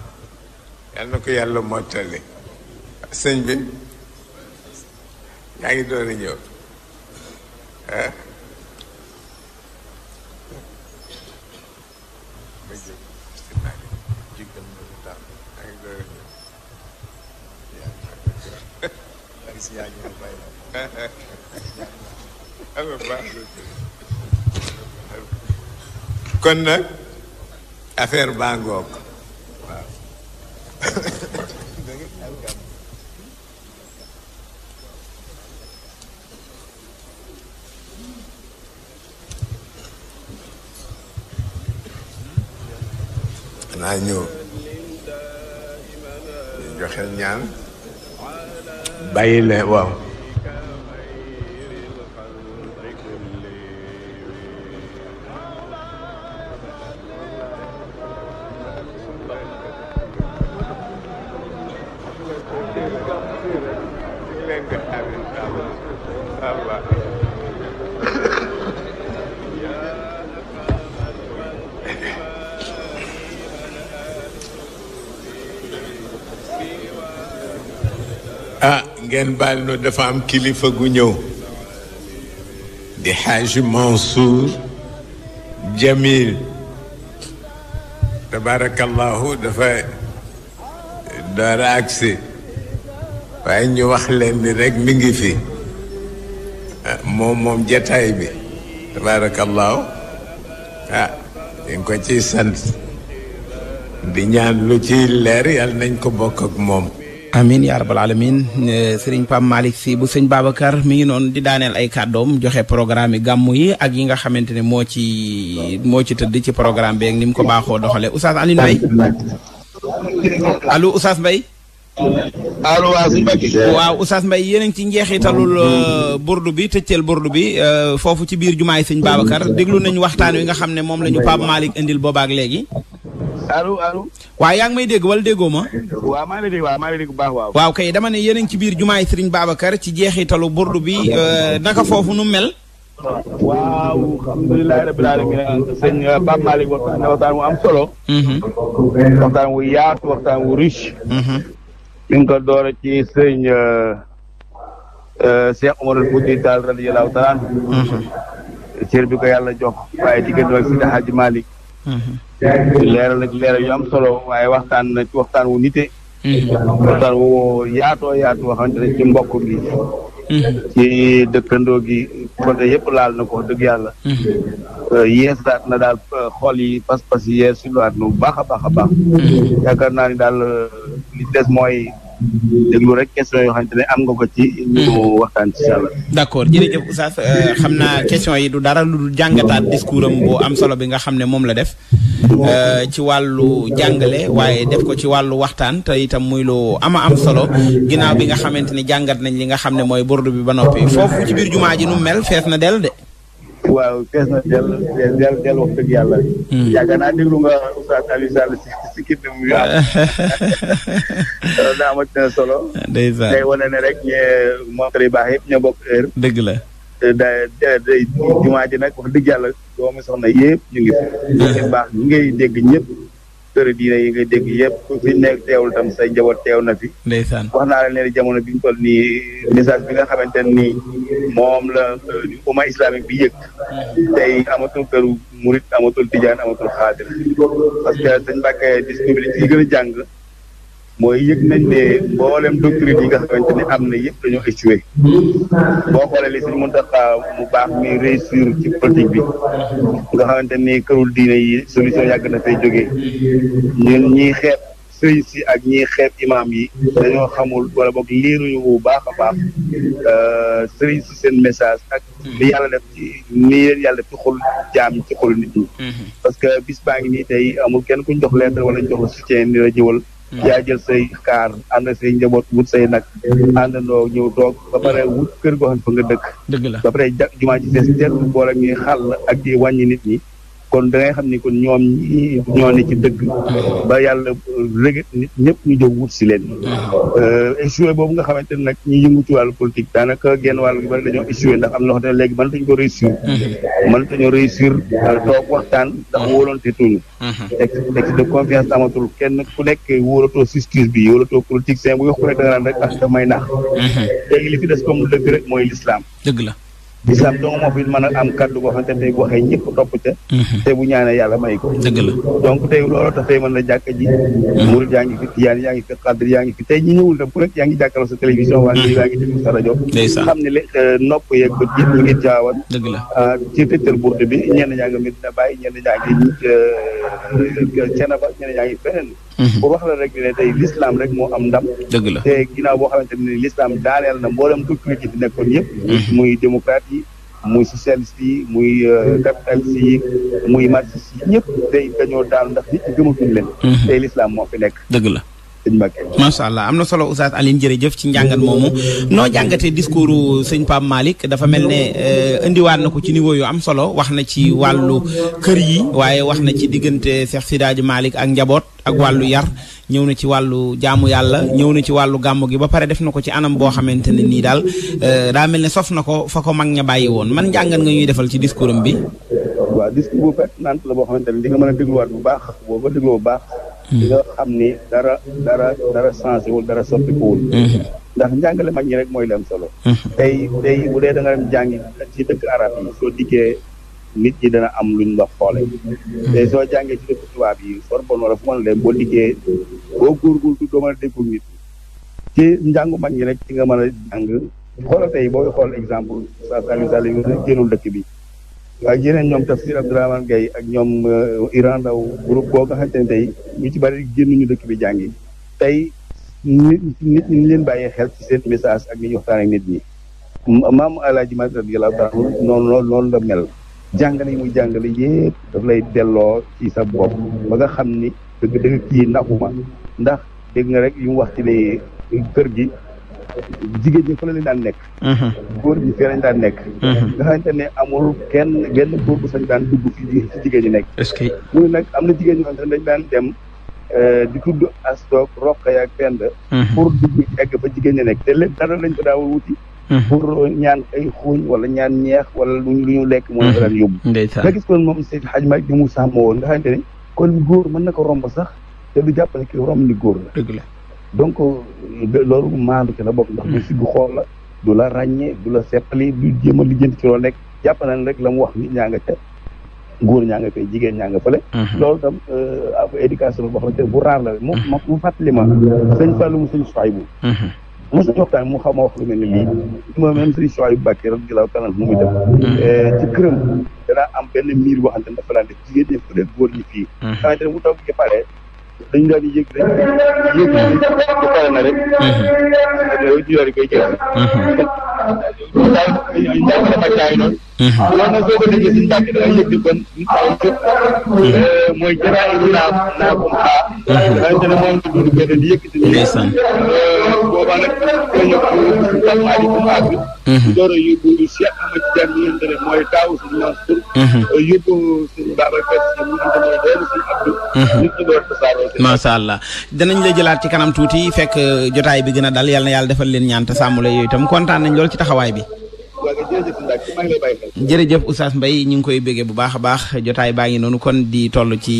yal na ko yàlla mottali sëñ bi yaa ngi doon a ñëw ah. kon nag affaire baa ngoog waaw naa ñëw joxel ñaan bàyyi la waaw ngeen baal no dafa am kilifa gu ñëw di xaaji Mansour Jamil tabarakallahu dafa dara agsi waaye ñu wax leen ni rek mi ngi fi ah, moom moom jataay bi tabarakallahu dañ ah, ko ci sant di ñaan lu ciy leer yàlla nañ ko bokk ak moom amin yaa rabbal alamin eh, sëriñ Pape Malick si bu sëñ mi ngi noonu di daaneel ay kàddoom joxe programme yi gàmmu yi ak yi nga xamante ne moo ci moo ci tëdd ci programme beeg ni mu ko baaxoo doxalee Oustaz Alioune Mbaye allo Oustaz Mbaye allo waa sëñ Mbacké ci njeexitalul euh, burdu bi tëcceel burdu bi euh, foofu ci biir jumaay sëñ Babacar déglu nañ waxtaan wi nga xam ne moom la ñu Pape indil boobaak léegi allo allo. waaw yaa ngi may dégg wala déggoo ma. waaw maa ngi bu baax waaw. waaw kay dama ne yéen a ngi ci biir jumaay Serigne Babacar ci jeexitalu burdu bi euh, naka foofu nu mel. waaw alhamdulilah rabbil alamin sëñ euh, Pape Malick na waxtaan wu am mhm. waxtaan wu yaatu waxtaan wu riche. Mhm. mi ngi ci sëñ euh, Cheikh Omar al Fouti Tall radiyallahu taala anhu. Mhm. bi ko yàlla jox waaye diggante ak Sidi Hadj Malick. leeral ak leeral yu am solo waaye waxtaan na waxtaan wu nite. Mm-hmm. waxtaan wu yaatoo yaatoo xamante ne ci mbokk gi. Mm-hmm. ci dëkkandoo gi côté yëpp laal na ko dëgg yàlla. Mm-hmm. Euh, yeesaat na daal euh, xol yi pas-pas yi yeesuwaat na bu baax a baax a baax. yaakaar naa ni daal euh, li mooy. déglu rek question yo xamante ne am nga ko ci. ñu hmm. waxtaan ci sàlla. d' accord jërëjëf Oustaz euh, xam naa question yi du dara lu dul jàngataat discours am bu am solo bi nga xam ne moom la def. Euh, ci wàllu jàngale waaye def ko ci wàllu waxtaan te itam muy lu ama am solo ginnaaw bi nga xamante ni jàngat nañ li nga xam ne mooy burdu bi ba noppi foofu ci biir jumaa ji nu mel fees na del de. waaw fees na del del del wax dëgg yàlla. Hmm. yàgg naa déglu nga Oustaz Alioune Sall si si kii bi daa amat na solo. ndeysaan day wane ne rek ñu yi baax yëpp ñoo bokk heure. dëgg la. da da jumaa ji nag wax dëgg yàlla doomi soxna yëpp ñu ngi fi. Hmm. ñu ngi baax ngay dégg ñëpp. tëri diine yi ngay dégg yëpp ku fi nekk teewul tam say njaboot teew na fi. ndeysaan wax naa leen ne jamono bi ñu nii message bi nga xamante nii moom la euh, umma islamique bi yëg. Hmm. tey amatul këru murit amatul tijaan amatul xaadir parce que sëñ Mbàkke discours bi li ci gën a jàng. mooy yëg nañ ne mboolem doctrine yi nga xamante am na yëpp dañoo échoué boo xoolee li sëñ Mountakha mu baax mi réussir ci politique bi nga xamante ni kërul diine yi solution yàgg na tey jógee ñun ñiy xeeb sëriñ si ak ñiy xeeb imaam yi dañoo xamul wala boog liiruñu bu baax a baax euh, sëriñ si seen message ak li yàlla def ci ni leen yàlla def ci xol jaam ci xol nit ñi mm-hmm. parce que bis baa ngi nii tey amul kenn kuñ jox lettre wala ñu jox la soutien ni la jëwal yaa jël say kaar ànd ak say njaboot wut say nag àndandoo ñëw toog ba pare wut kër goo xam fa nga dëkk. dëgg la ba pare ja jumaa ci fees teel boole ñuy xàll ak di wàññi nit ñi. kon da xam ni kon ñoom ñi ñoo ne ci dëgg. ba yàlla léegi nit ñëpp ñu jóg wut si leen. Euh, échoué boobu nga xamante ne nag ñi yëngu ci wàllu politique daanaka genn wàll gi bari dañoo échoué ndax am na loo xam ne léegi mënatuñ ko réussir. Mhm. mënatuñoo réussir euh, toog waxtaan ndax wóolante tuñu. Mhm. ex de confiance amatul kenn ku nekk wóolatoo justice bi wóolatoo politique seen bu yokku rek da nga naan rek ak damay nax. Mhm. léegi li fi des comme dëgg rek mooy l'islam dëgg la. lislaam dong moo fi mën a am kàddu boo xam ne tey bu waxee ñëpp topp ca mhm. te bu ñaanee yàlla may ko dëgg la donc tey loolu tax tey mën na jàkka ji mhm. murit yaa ngi yaa ngi fi xadir yaa ngi fi tey ñi ñëwul tam ku nekk yaa ngi jàkkaarloo sa télévision mhm. waa ngi yaa ngi déglu sa rajo xam ne le euh, nopp yeeg bët yëpp ñu ngi jaawan dëgg la ah, ci tëjtal burd bi ñenn ñaa ngi Medina Baye ñenn ñaa ngi Cenaba euh, ñenn ñaa ngi feneen Mhm. pour wax la rek ne tey l'islam rek moo am ndam dëgg la te ginnaaw boo xamante ne l'islam daaneel na mboolem culture yi fi nekkoon yëpp mhm. muy démocrate yi muy socialiste yi muy euh, capitaliste yi muy marxiste yi ñëpp tey dañoo daanu ndax nit ñi gëmatuñ leen mhm. tey l'islam moo fi nekk dëgg la sëñ macha allah am na solo Oustaz alin jërëjëf ci njàngat moomu noo jàngatee discours sëñ Pape Malick dafa mel ne euh, indiwaat na ko ci niveau yu am solo wax na ci wàllu kër yi waaye wax na ci diggante Cheikh Sidaaji Malick ak njaboot ak wàllu yar ñëw na ci wàllu jaamu yàlla ñëw na ci wàllu gàmmu gi ba pare def na ko ci anam boo xamante ne nii daal euh, daa mel ne sof na ko fa ko mag ña bàyyi woon man njàngat nga ñuy defal ci discours am bi. waaw discours la boo xamante mën a dégluwaat bu baax boo ko di mm-hmm. nga xam ni dara dara dara wul dara soppikuwul mm-hmm. ndax njàngale mag ñi rek mooy leen solo mm-hmm. tey tey bu dee da nga dem jàngi ci dëkk arab yi soo dikkee nit ñi dana am luñ la xoole tey soo jàngee ci dëkk tubaab yi Sorbonne wala fu man leen boo dikkee boo góorgóorlu doo mën a déglu nit ci njàngu mag ñi rek ki nga mën a jàng xoolal tey booy xool exemple sa Saliou Saliou génnul dëkk bi ak yeneen ñoom Tafsir Abdourahmane Gaye ak ñoom euh, Iran Ndaw groupe boo nga xamante ne tey ñu ci bari ñu dëkk bi jàngi tey nit ñi leen bàyyee xel ci seen message ak ni ñu waxtaan ak nit ñi maamu ji Maalik radiyallaahu la noonu noonu noonu la mel jàngale yi muy jàngale yépp daf lay delloo ci sa bopp ba nga xam ni dëgg dëgg kii naxuma ndax dégg nga rek yu mu wax ci ne kër gi jigéen ñi fa la daan nekk mhm. góor ñi fee lañ daan nekk mhm. nga xamante ne amul kenn genn góor bu sañ daan dugg fi ci jigéen ñi nekk mu ne nag am na jigéen ñi xamante ne dañ daan dem euh, di tudd astoog roq ak pend mhm. pour dugg egg fa jigéen ñi nekk te lépp dara lañ ko daawul wuti pour ñaan ay xuuñ wala ñaan ñeex wala luñ lu ñu lekk moo ko daan yóbbu nga gis kon moom Seydi Hadj Malick ni mu sàmm woon nga xamante ne kon góor mën na ko romb sax te du jàppale ne ki romb ni góor la dëgg la donc euh, loolu maandu ci la bokk ndax du hmm. siggu xool la du la ràññee du la seppali du jéem a lijjanti ci loolu nekk jàpp na rek la mu wax nit ñaa nga ca góor ñaa nga fay jigéen ñaa nga fële hmm. loolu tam euh, éducation boo xamante bu raar la mu mu fàttali ma sëñ Fallou mu sëñ Souaïbou hmm. mosuñu waxtaan mu xaw ma wax lu mel ne lii moom même sëñ Souaïbou Mbacké radiyallahu taala mu muy def euh, ci këram danaa am benn miir boo xam ne dafa daan def jigéen ñi fële góor ñi fii xamante ne bu toog ci paree dañ daal di yëg rek yëg bu pare na rek. ñu daal di koy jël. waaw allah danañ la jëlaat ci kanam tuuti fekk jotaay bi gën a dal yal na yàlla defal leen ñaan te sàmmule yooyu itam kontaan nañ lool ci taxawaay bi jërëjëf Oustaz Mbaye ñu ngi koy béggee bu baax a baax jotaay baa ngi noonu kon di toll ci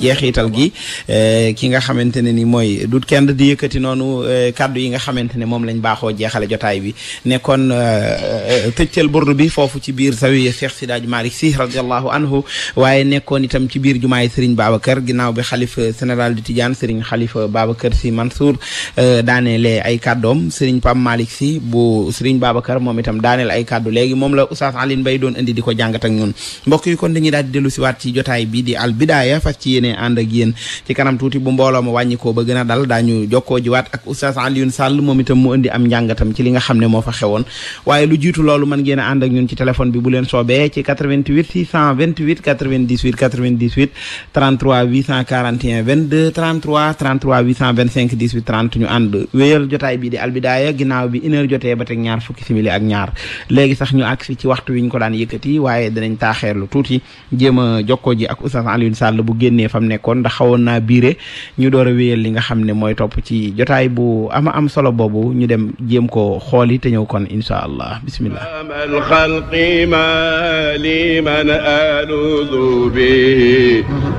jeexital gi eh, ki nga xamante ne ni mooy dut kenn di yëkkati noonu eh, kaddu yi nga xamante ne moom lañ baaxoo jeexale jotaay bi nekkoon eh, tëjtal burdu bi foofu ci biir zawiya Cheikh Sidaaj Malick Sy radiallahu anhu waaye nekkoon itam ci biir jumaay Serigne Babacar ginnaaw bi xalifa général du tijaan Serigne xalifa Babacar Sy Mansour daaneel ay kàddoom Serigne Pape Malick Sy bu Serigne moom itam daaneel ay kàddu moom la Oustaz Alioune Mbaye doon indi di ko jàngat ak ñun mbokk yi kon dañuy daal di dellu siwaat ci jotaay bi di al bidaaya fas ci ci kanam tuuti bu mbooloo ma wàññi ba gën dal daañu jokkoo jiwaat ak Oustaz Alioune Sall moom itam mu indi am njàngatam ci li nga xam ne moo fa xewoon waaye lu jiitu loolu mën ngeen a ànd ak ñun ci téléphone bi bu leen soobee ci 88 628 98 98 33 841 22 33 33 825 18 30 ñu ànd wéyal jotaay bi di agsi ci waxtu wiñ ko daan yëkkati waaye danañ taaxeerlu tuuti jéem a jokkoo ji ak Oustaz Alioune bu génnee fam nekkoon ndax xawoon naa biire ñu door a li nga xam ne mooy topp ci jotaay bu ama am solo boobu ñu dem jéem ko xooli te ñëw kon incha allah bismillah amal xalqi bi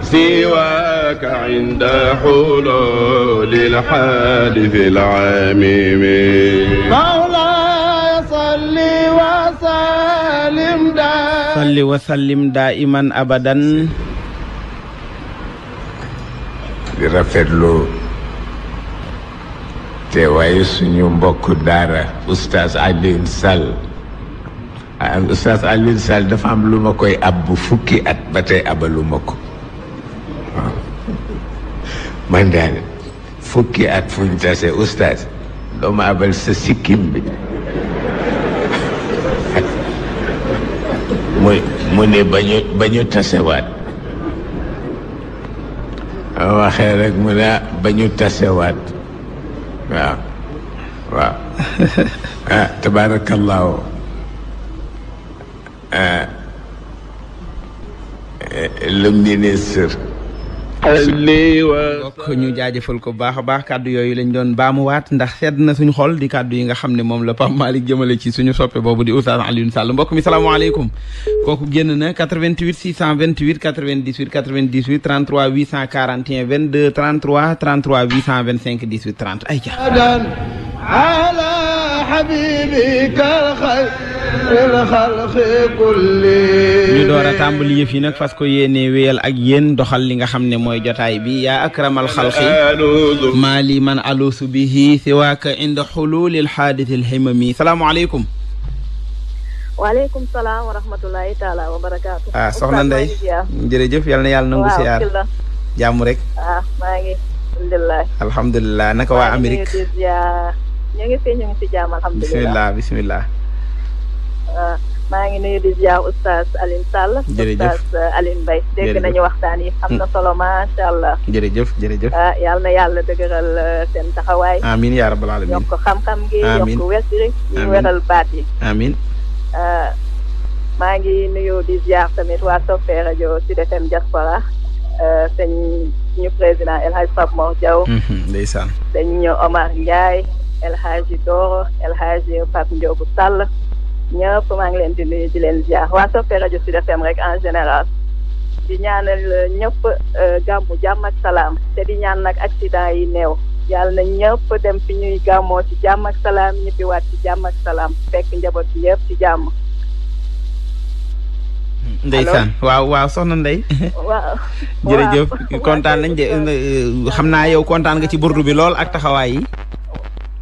siwaaka inda xululil xaadisi al salli wa sallim daiman abadan di rafetlu teewaayu suñu mbokk daara oustaz Alioune Sall ah, oustaz Alioune Sall dafa am lu ma koy ab bu fukki at ba tey abalu ma ko ah. man daal fukki at fuñ tase oustaz doo abal sa sikkim bi mu mu bañu bañu tasewaat waxee rek mu ne bañu tasewaat waaw waaw ah tabaarakallaahu ah, eh, ministre bokk ñu jaajëfal ko baax a baax kàddu yooyu lañ doon baamuwaat ndax sedd na suñu xol di kàddu yi nga xam ne moom la Pape Malick jëmale ci suñu soppe boobu di Oustaz Alioune Sall mbokk mi salaamaaleykum kooku génn na 88 628 98 98 33 841 22 33 33 825 18 30 ay ca حبيبي كالخير الخلق كله ñu door a tàmbali yëf yi nag fas ko yéene wéyal ak yéen doxal li nga xam ne mooy jotaay bi yaa akramal xalqi maa li man aluusu bihi siwaaka inda xuluuli alxaadis alhimami salaamaaleykum waaleykum salaam wa rahmatulahi taala wa barakaatu ah soxna Ndey jërëjëf yal na yàlla nangu siyaar jàmm rek ah maa ngi alhamdulilah naka waa Amérique ñu ngi fi ñu ngi si jàmm alhamdulilah bisimilah ah, maa ngi nuyu di ziar oustaz Alioune Sall. jërëjëf oustaz ah, Alioune dégg nañu waxtaan yi am na hmm. solo macha allah. jërëjëf jërëjëf. ah yal na yàlla dëgëral ah, seen taxawaay. amiin yaa rabbal alamin yokk xam-xam gi. amiin yokk wér rek ñu wéral baat yi. amiin. maa ngi nuyu di ziar tamit waa Sofe rajo Sud FM Diaspora. sëñ ñu président El Hadj Pape Mor Diaw. Hmm, hmm, ndeysaan. sëñ Omar Ndiaye. El Hadji Doro El Hadji Pape Ndiogu Sall ñëpp maa ngi leen di nuyu di leen ziar waa soppee rajo Sud FM rek en général di ñaanal ñëpp euh, gàmmu jàmm ak salaam te di ñaan nag accident yi néew yàlla na ñëpp dem fi ñuy gàmmoo ci jàmm ak salaam ñibbiwaat ci jàmm salaam fekk njaboot bi yëpp ci jàmm. ndeysaan waaw waaw soxna Ndeye. waaw jërëjëf kontaan nañ euh, xam naa yow kontaan nga ci burdu bi lool ak taxawaay yi.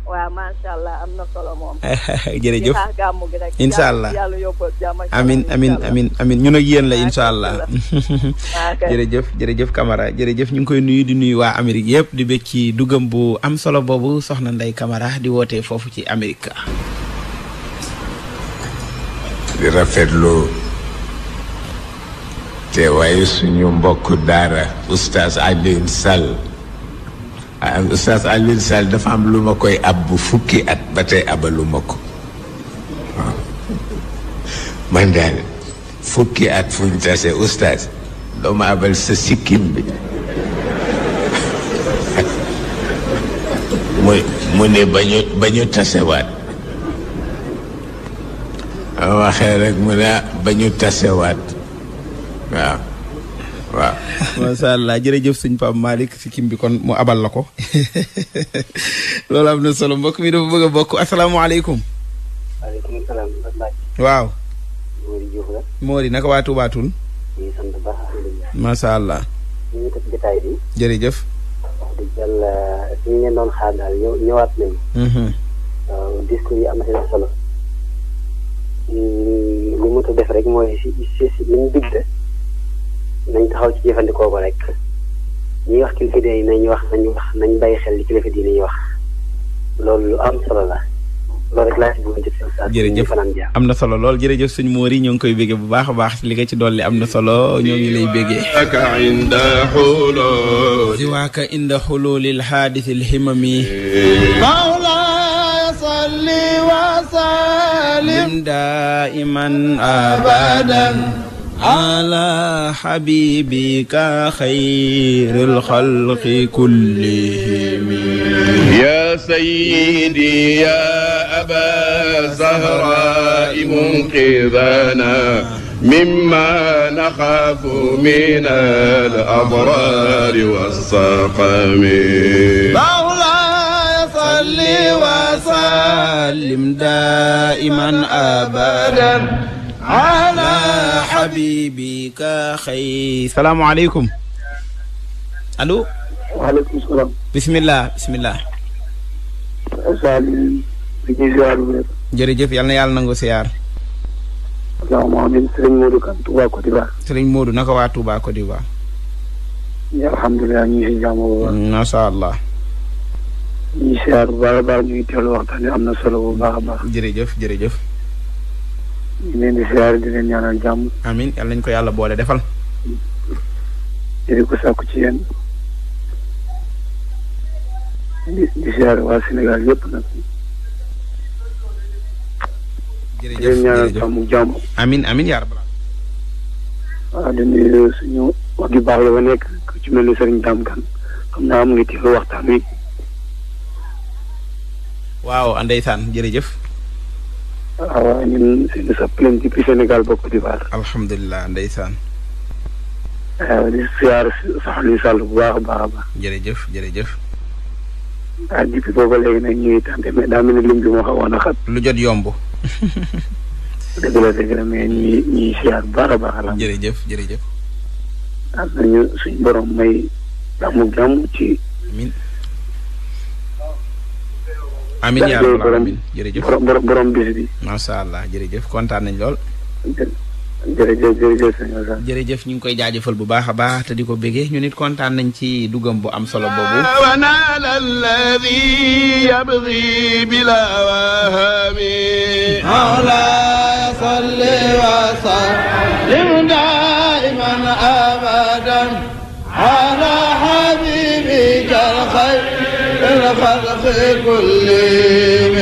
waaw macha allah am na solo moom. jërëjëf ñu xaar gàmmu allah yàlla yóbbal amin amin ñun ak la incha allah. jërëjëf jërëjëf Camara jërëjëf ñu ngi koy nuyu di nuyu waa Amérique yëpp di bëgg ci dugam bu am solo boobu soxna nday kamara di wootee foofu ci Amérique. di rafetlu teewaayu suñu mbokk daara oustaz Alioune Sall. Ah, oustaz Alioune Sall dafa am lu ma koy ab bu fukki at ba tey abalu ko waaw ah. man daal fukki at fu ñu tase oustaz doo ma abal sa sikkim bi mu mu ne ba ñu ba ñu tasewaat ah, waxee rek mu ne ba ñu tasewaat waaw waaw macha allah jërëjëf sëñ Pape Malick si kim bi kon mu abal la ko loolu am na solo mbokk mi dafa bëgg a bokk asalaamaaleykum. waaleykum salaam. waaw. Mori Diouf la. Mori naka waa Touba Toul. ñu sant bu baax alhamdulilah. allah. ñu ngi nañ taxaw ci jëfandikoo ko rek ñi wax kilifa diine yi nañ wax nañ wax nañ bàyyi xel li kilifa diine wax loolu lu am solo la loolu rek laa si bëgg a jërëjëf am na solo lool jërëjëf suñu moor yi ñoo ngi koy béggee bu baax a baax li nga ci dolli am na solo ñoo ngi lay béggee siwaaka inda xululil la himami salli wa salim daiman abadan على حبيبك خير الخلق كلهم يا سيدي يا أبا زهراء منقذنا مما نخاف من الأضرار والسقم مولاي صل وسلم دائما أبدا على habibika xay salaamaaleykum allo waaleykum salaam bisimilah bisimilah sali bi ñuy ziar bu yal na yàlla nangu siyaar salaam amin sëriñ Modou kan Touba Côte d'Ivoire sëriñ Modou naka waa Touba Côte d'Ivoire alhamdulilah ñu ngi si jàmm bu baax macha allah ñu ngi siyaar bu baax a baax am na solo bu baax a di leen di ziare di ñaanal jàmm. amiin yàlla nañu ko yàlla boole defal. ko sàkku ci waa Sénégal yëpp nag. jërëjëf di leen ñaanal jàmm jàmm. amiin amiin baax la ba nekk ku ci mel ni Serigne Dame naa mu ngi teewlu waxtaan wi. waaw ndeysaan jërëjëf. waaw ñun sax lañ ci Sénégal ba Côte d'Ivoire. alhamdulilah ndeysaan. waaw di siyaar soxna Sall bu baax a baax a baax. jërëjëf jërëjëf. ah depuis booba léegi nag ñuy tànte mais daa mel ni lim bi moo xawoon a xat. lu jot yomb. dëgg la dëgg la ñuy siyaar bu baax a baax la. jërëjëf jëf am nañu suñu borom may damu jàmm ci. amiin amiin yaa rabbal aalamiin jërëjëf borom bi. macha allah jërëjëf kontaan nañ lool. jërëjëf jërëjëf jërëjëf ñu ngi koy jaajëfal bu baax a baax te di ko bégee ñu nit kontaan nañ ci dugam bu am solo boobu wanaala alladi yabgi bila wahami ala wa sallim daiman abadan ala الخلق كلهم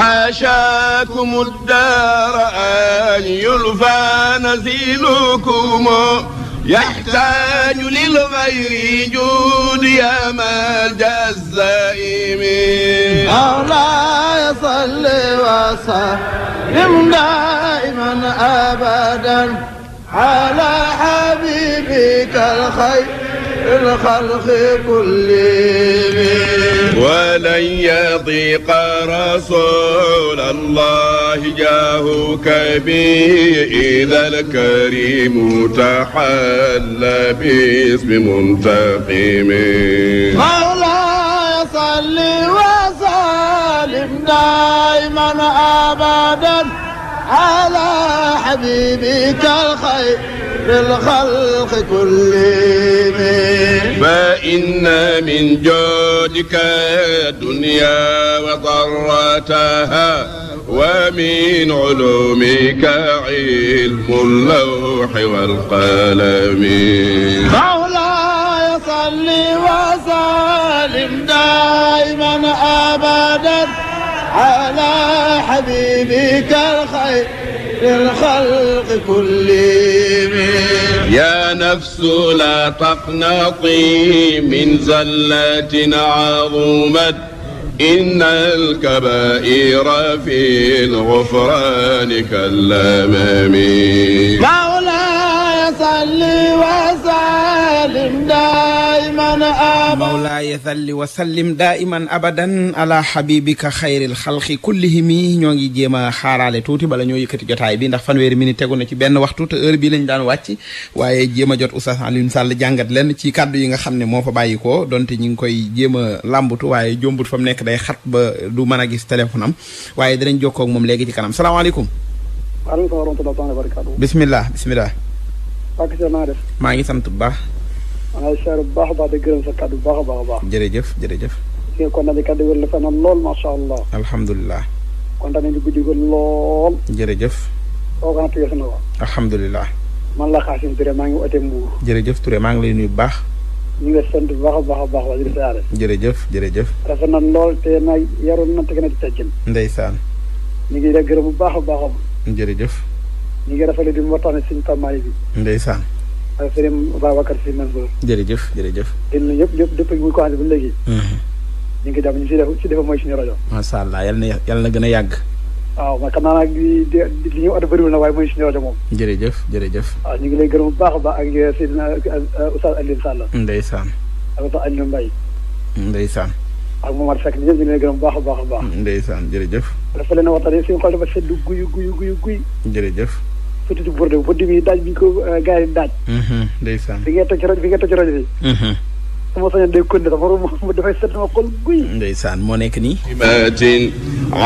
حاشاكم الدار أن يلفى نزيلكم يحتاج للغير جود يا ملجا الزائم الله يصل وسلم دائما ابدا على حبيبك الخير الخلق كلهم ولن يضيق رسول الله جاهك به إذا الكريم تحلى باسم منتقم مولاي صل وسلم دائما أبدا على حبيبك الخير بالخلق كلهم فإن من جودك الدنيا وضرتها ومن علومك علم اللوح والقلم مولاي صل وسلم دائما ابدا على حبيبك الخير للخلق كلهم يا نفس لا تقنطي من زلات عظمت إن الكبائر في الغفران كالأمام مولاي صل وسلم mawlaaya salli wa sallim daa'iman abadan ala xabibika xayril xalqi kullihim yi ñoo ngi jéem a xaaraale tuuti bala ñoo yëkkati jotaay bi ndax fanweeri minute tegu na ci benn waxtu te heure bi lañ daan wàcc waaye jéem a jot Oustaz Alioune Sall jàngat leen ci kàddu yi nga xam ne moo fa bàyyi ko donte ñu ngi koy jéem a làmbatu waaye jombut fa mu nekk day xat ba du mën a gis téléphone am waaye dinañ jokkoo ak moom léegi ci kanam salaamaaleykum. waaleykum salaam wa rahmatulah wa barakaatu. bisimilah bisimilah. maa ngi sant bu baax. maa ngi lay bu baax a baax di gërëm sa kàddu bu baax baax a baax. jërëjëf jërëjëf. su ngeen kontaanee kàddu wér la fa naan lool macha allah. alhamdulilah. kontaan nañu guddi gi lool. jërëjëf. soo ko natt yëf na ko. alhamdulilah. man la Xaasim Touré maa ngi ote Mbuur. jërëjëf Touré maa ngi lay nuyu bu baax. ñu ngi sant bu baax a baax a baax waa jërëjëf jërëjëf. rafet na lool te na yarul na teg na ci teggin. ndeysaan. ñu ngi lay gërëm bu baax a baax a. jërëjëf. ñu ngi rafetlu di mu si suñu tàmmaay bi. saan sëriñ Babacar si Mansour. jërëjëf jërëjëf. dégg nañu yëpp yëpp depuis muy commencé ba léegi. Mhm. ñu ngi dem ñu si def si def mooy suñu rajo. macha allah yal na yal na gën a yàgg. waaw man xam naa nag li li ñu oto bëriwul na waaye mooy suñu rajo moom. jërëjëf jërëjëf. waaw ñu ngi lay gërëm bu baax a baax ak euh, Seydina euh, Oustaz Alioune Sall. ndeysaan. ak Oustaz Alioune Mbaye. ndeysaan. ak Momar Seck ñëpp ñu ngi lay gërëm bu baax a baax a baax. ndeysaan jërëjëf. dafa leen a waxtaanee suñu xol dafa sedd guy guy guy guy. jërëjëf. petite bourde bourde bi daaj bi ñu ko euh, gars yi daaj. Mhm, ndeysaan bi ngay toj rajo bi ngay toj rajo mhm. bi. sama sañoon day kon dafa moom dafay set sama xol guy. ndeysaan moo nekk nii. imaatin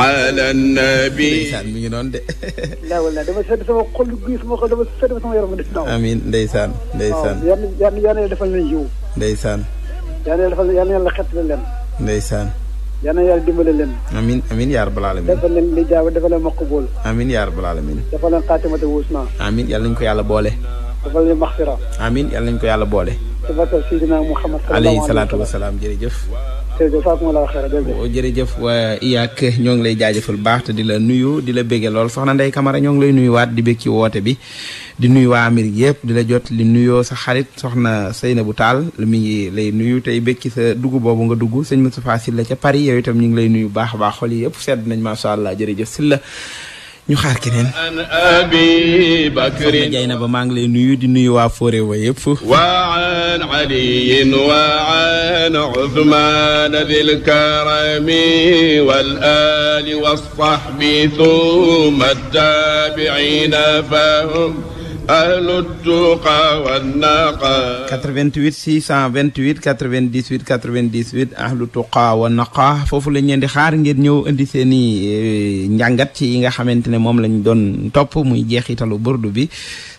ala nabi. ndeysaan mi ngi noonu de. laa wala dafa set sama xol guy sama xol dafa set sama yaram di daw. amiin ndeysaan ndeysaan. waaw yan yan yan defal leen jiw. ndeysaan. yan yan defal yan yan la xet leen. ndeysaan. yal na yàlla dimbale leen. amiin amiin yaa rabbal aalamiin. defal leen li jaaba defal leen mokk bool. amiin yaa rabbal aalamiin. defal leen xaatimata wuus naa. amiin yal nañu ko yàlla boole. defal leen maxfira. amiin yal nañu ko yàlla boole. ci barke Sidina Muhammad. alayhi salaatu wa salaam jërëjëf. jërëjëf oh, jërëjëf waa IYAC ñoo ngi lay jaajëfal baax te di la nuyu di la béggee lool soxna Ndeye Camara ñoo ngi lay waat di bég ci woote bi di nuyu waa Amérique yëpp di la jot li nuyoo sa xarit soxna Seynabou Tall mi ngi lay nuyu tey bég sa dugg boobu nga dugg sëñ Moustapha Sylla ca Paris yow itam ñu ngi lay nuyu baax a baax xol yëpp sedd nañ macha allah jërëjëf Sylla ñu xaar keneen. soxna Diayna ba maa ngi lay nuyu di nuyu waa Forewa yëpp. wa an aliyin wa an Uthman dil karami wal ali wa sahbi thumma tabiina fahum ahlu tuqa wannaqa 88 628 98 98 ahlu tuqa wa naqa foofu lañ leen di xaar ngeen ñëw indi seen i njàngat ci yi nga xamante ne moom lañ doon topp muy jeexitalu burdu bi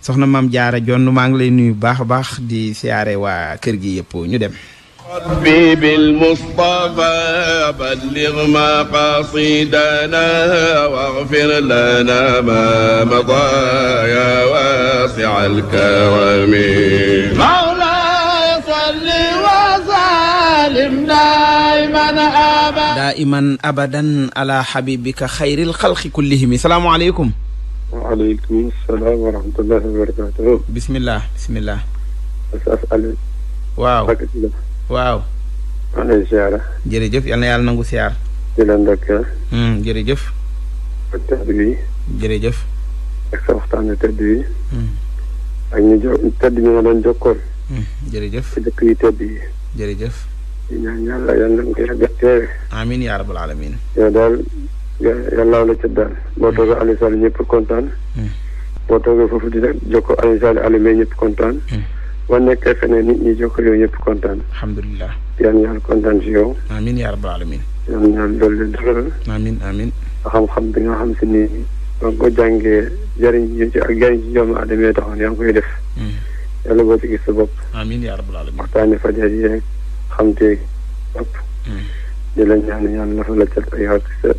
soxna maam jaara jonn maa ngi lay nuyu baax a baax di siyaare waa kër gi yëpp ñu dem ربي بالمصطفى بلغ مقاصدنا واغفر لنا ما مضى يا واسع الكرم مولاي صل وسلم دائما ابدا دائما ابدا على حبيبك خير الخلق كلهم السلام عليكم وعليكم السلام ورحمه الله وبركاته بسم الله بسم الله اسال واو waaw. maa ngi lay siyaara. jërëjëf yal na yàlla nangu siyaar. di la hmm, jërëjëf. ak tedd bi. jërëjëf. ak sa waxtaanu tedd bi. Hmm. ak ñu jo tedd ñu ma doon jokkoon. Hmm, jërëjëf ci dëkk yi tedd yi. jërëjëf. di ñaan yàlla a teewe. amiin yaa rabbal aalamiin. yow daal yàlla la ca daal boo toogee Alioune Sall ñëpp kontaan. boo toogee foofu di jokkoo Alioune Sall Alioune ñëpp kontaan. boo nekkee feneen nit ñi jox ko yow yëpp kontaan. alhamdulilah. yan yàlla kontaan si yow. amiin yaa rabbal alamin. yan yàlla loolu leen dalal. amiin amiin. xam-xam bi nga xam si ni ci ak jëriñ ci doomu aadama yi taxoon yaa ngi boo hmm. ci gis sa bopp. amiin yaa rabbal alamin. waxtaanee fajar yi rek xam te bopp. Hmm. di la ñaan yàlla na fa la cat ay xarit sa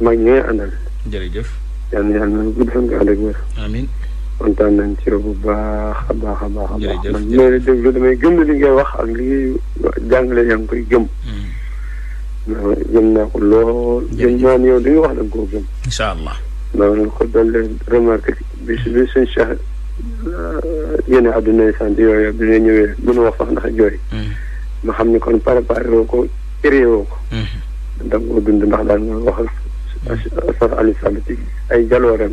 mag ñi nga àndal. jërëjëf. yan yàlla gudd fan nga ànd ak kontaan nañ ci bu baax a baax a baax a baax man bi ma lay déglu damay gëm li ngay wax ak li ngay jàngale yaa ngi koy gëm hmm. gëm naa ko lool gëm naa ne yow li nga wax da nga koo gëm incha allah maa ngi ko dolli remarque bi bi suñ cheikh euh, yéene àdduna yi sant yooyu bi nga ñëwee mënu wax sax ndax jooy hmm. ma xam ne kon préparé woo ko créé woo ko hmm. da nga koo dund ndax daan nga wax ak Sar Aliou ay jalooreem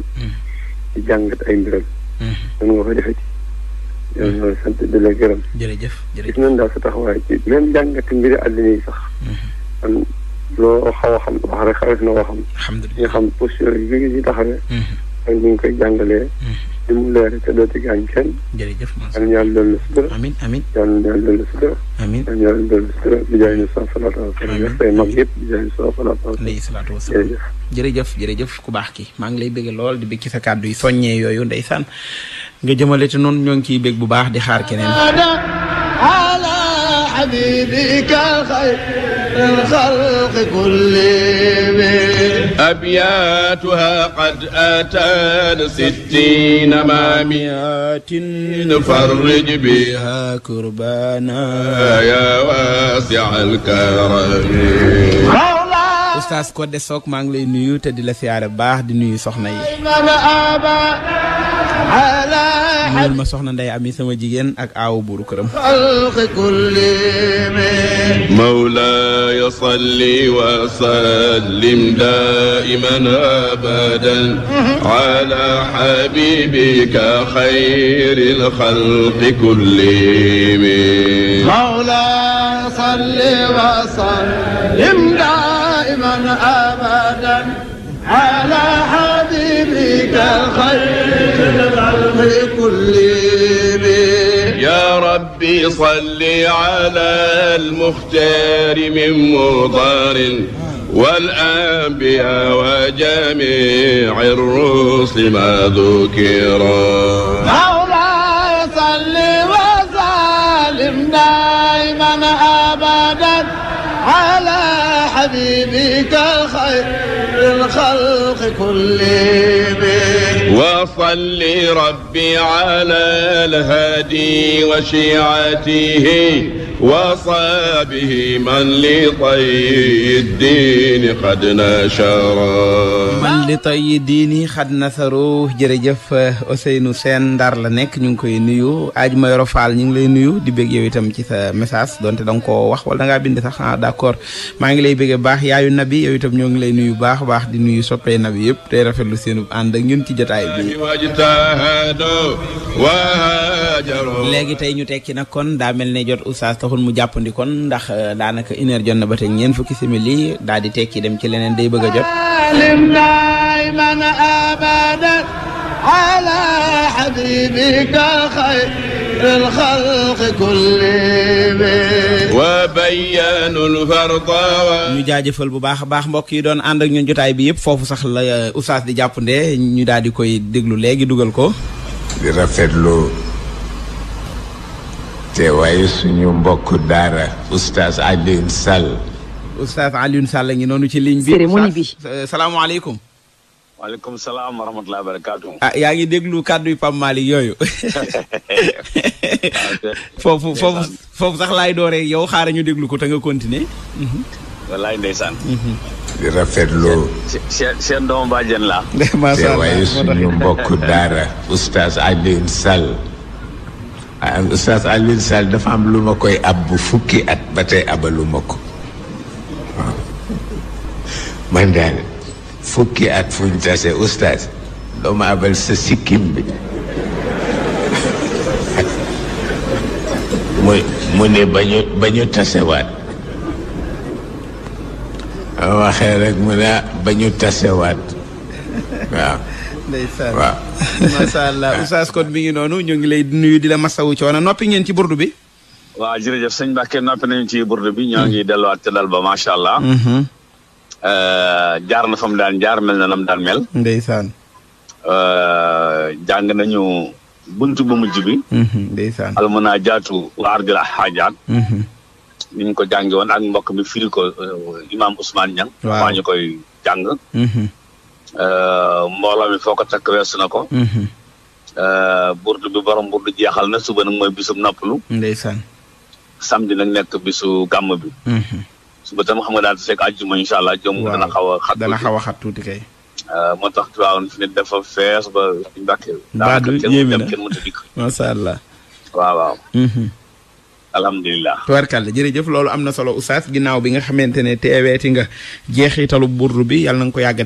ci jàngat ay mbiram. noonu mhm. nga ko defee ci. loolu loolu sant di la gërëm. jërëjëf jërëjëf gis nañ daal sa taxawaay ci même jàngati mbiri àddina yi sax. Mhm. am loo xaw a xam wax rek xarit na koo xam. alhamdulilah ñu xam posture yi ngi ci taxawee. Mhm. ak ñu li mu leer te doo jërëjëf Mansour yal na yàlla dolli sutura. amiin amiin yal na yàlla dolli sutura. amiin yal na yàlla dolli jërëjëf. ku baax ki maa ngi lay bëgg lool di bëgg ci sa kàddu soñ soññee yooyu ndeysaan nga jëmale te noonu ñoo ngi ciy bëgg bu baax di xaar keneen. حبيبك خير الخلق كلهم أبياتها قد أتان ستين ماميات فرج بها كربانا يا واسع الكرم Oustaz Codé Sock maa ngi lay nuyu te di la siyaare baax di nuyu soxna yi nuyul ma soxna Ndeye Ami sama jigéen ak aawu buuru këram mawlaaya salli wa sallim daiman abadan ala habibika xayril xalqi kullihim mawlaaya salli wa sallim daiman abadan ala habibika xayril يا ربي صل على المختار من مضار والأنبياء وجميع الرسل ما ذكرا مولاي صل وسلم دائما أبدا على حبيبك الخير الخلق كلهم وصل ربي على الهادي وشيعته وصابه من لطي الدين قد نشره man li tay diini xad nasaru Ndar la nekk ñu ngi koy nuyu aaj ma ñu ngi lay nuyu di bég itam ci sa message donte da nga wax wala da ngaa bind sax ah d'accord maa ngi lay bégge baax yaayu nabi yow itam ñoo ngi lay nuyu baax baax di nuyu soppee nabi yëpp tey rafetlu seenu ànd ak ñun ci jotaay léegi tey ñu tekki nag kon daa mel ne jot oustaz taxul mu jàppandi kon ndax euh, daanaka une jot na ba tey ñeent fukki simili daal di tekki dem ci leneen day bëgg a jot. على حبيبك خير الخلق كلهم وبينوا الفرض ñu jaajëfal bu baax a baax mbokk yi doon ànd ak ñun jotaay bi yëpp foofu sax la euh, oustaz di jàppandee ñu daal di koy déglu léegi dugal ko. di rafetlu te waaye suñu mbokk daara oustaz Alioune Sall. oustaz Alioune Sall ngi noonu ci ligne bi. cérémonie bi euh, waaleykum salaam wa rahmatulah barakaatu. ah yaa ngi déglu kàddu yu Pape Malick yooyu. foofu foofu sax laay dooree yow xaaral ñu déglu ko te nga continuer. Mhm. wallaay ndeysaan. Mhm. di rafetlu. seen seen doomu bàjjen la. macha waaye suñu mbokku daara. oustaz Alioune Sall. ah oustaz Alioune Sall dafa am lu ma koy ab bu fukki at ba tey abalu ma ko ah. fukki at fuñ tase oustaz doo ma abal sa sikkim bi mu mu ne ba ñu ba ñu tasewaat waxee rek mu ne ba ñu tasewaat waa ndeysaan waaw masha allah oustaz kon mi ngi noonu ñu ngi lay nuyu di la masawu coono noppi ñeen ci burdu bi waaw jërëjëf sëñ ke noppi nañu ci burdu bi ñoo hmm. ngi delluwaat te dal ba masha allah Euh, jaar na fa daan jaar mel na nam daan mel. ndeysaan. Euh, jàng nañu buntu bu mujj bi. Mhm, ndeysaan almuna jaatu wa ardil xaajaat. Mhm. ni ñu ko jàngi woon ak mbokk bi firi ko euh, imaam Ousmane Niang. koy jàng. Mhm. mbooloo mi foo ko takk weesu na ko. burdu bi borom burdu jeexal na suba nag mooy bisum noppalu. ndeysaan. samedi nekk bisu gàmm bi. suba tam xam nga daal di sekk àjjuma incha allah. jom dana xaw a xat dana xaw a xat tuuti kay. Ah, moo tax Tivaouane fi ne dafa fees ba. Mbacke daanaka kenn mu dem kenn allah. waaw waaw. Mhm. jërëjëf loolu am na solo Oustaz ginnaaw bi nga xamante ne teeweeti nga jeexitalu burdu bi yàlla na nga ko yàgg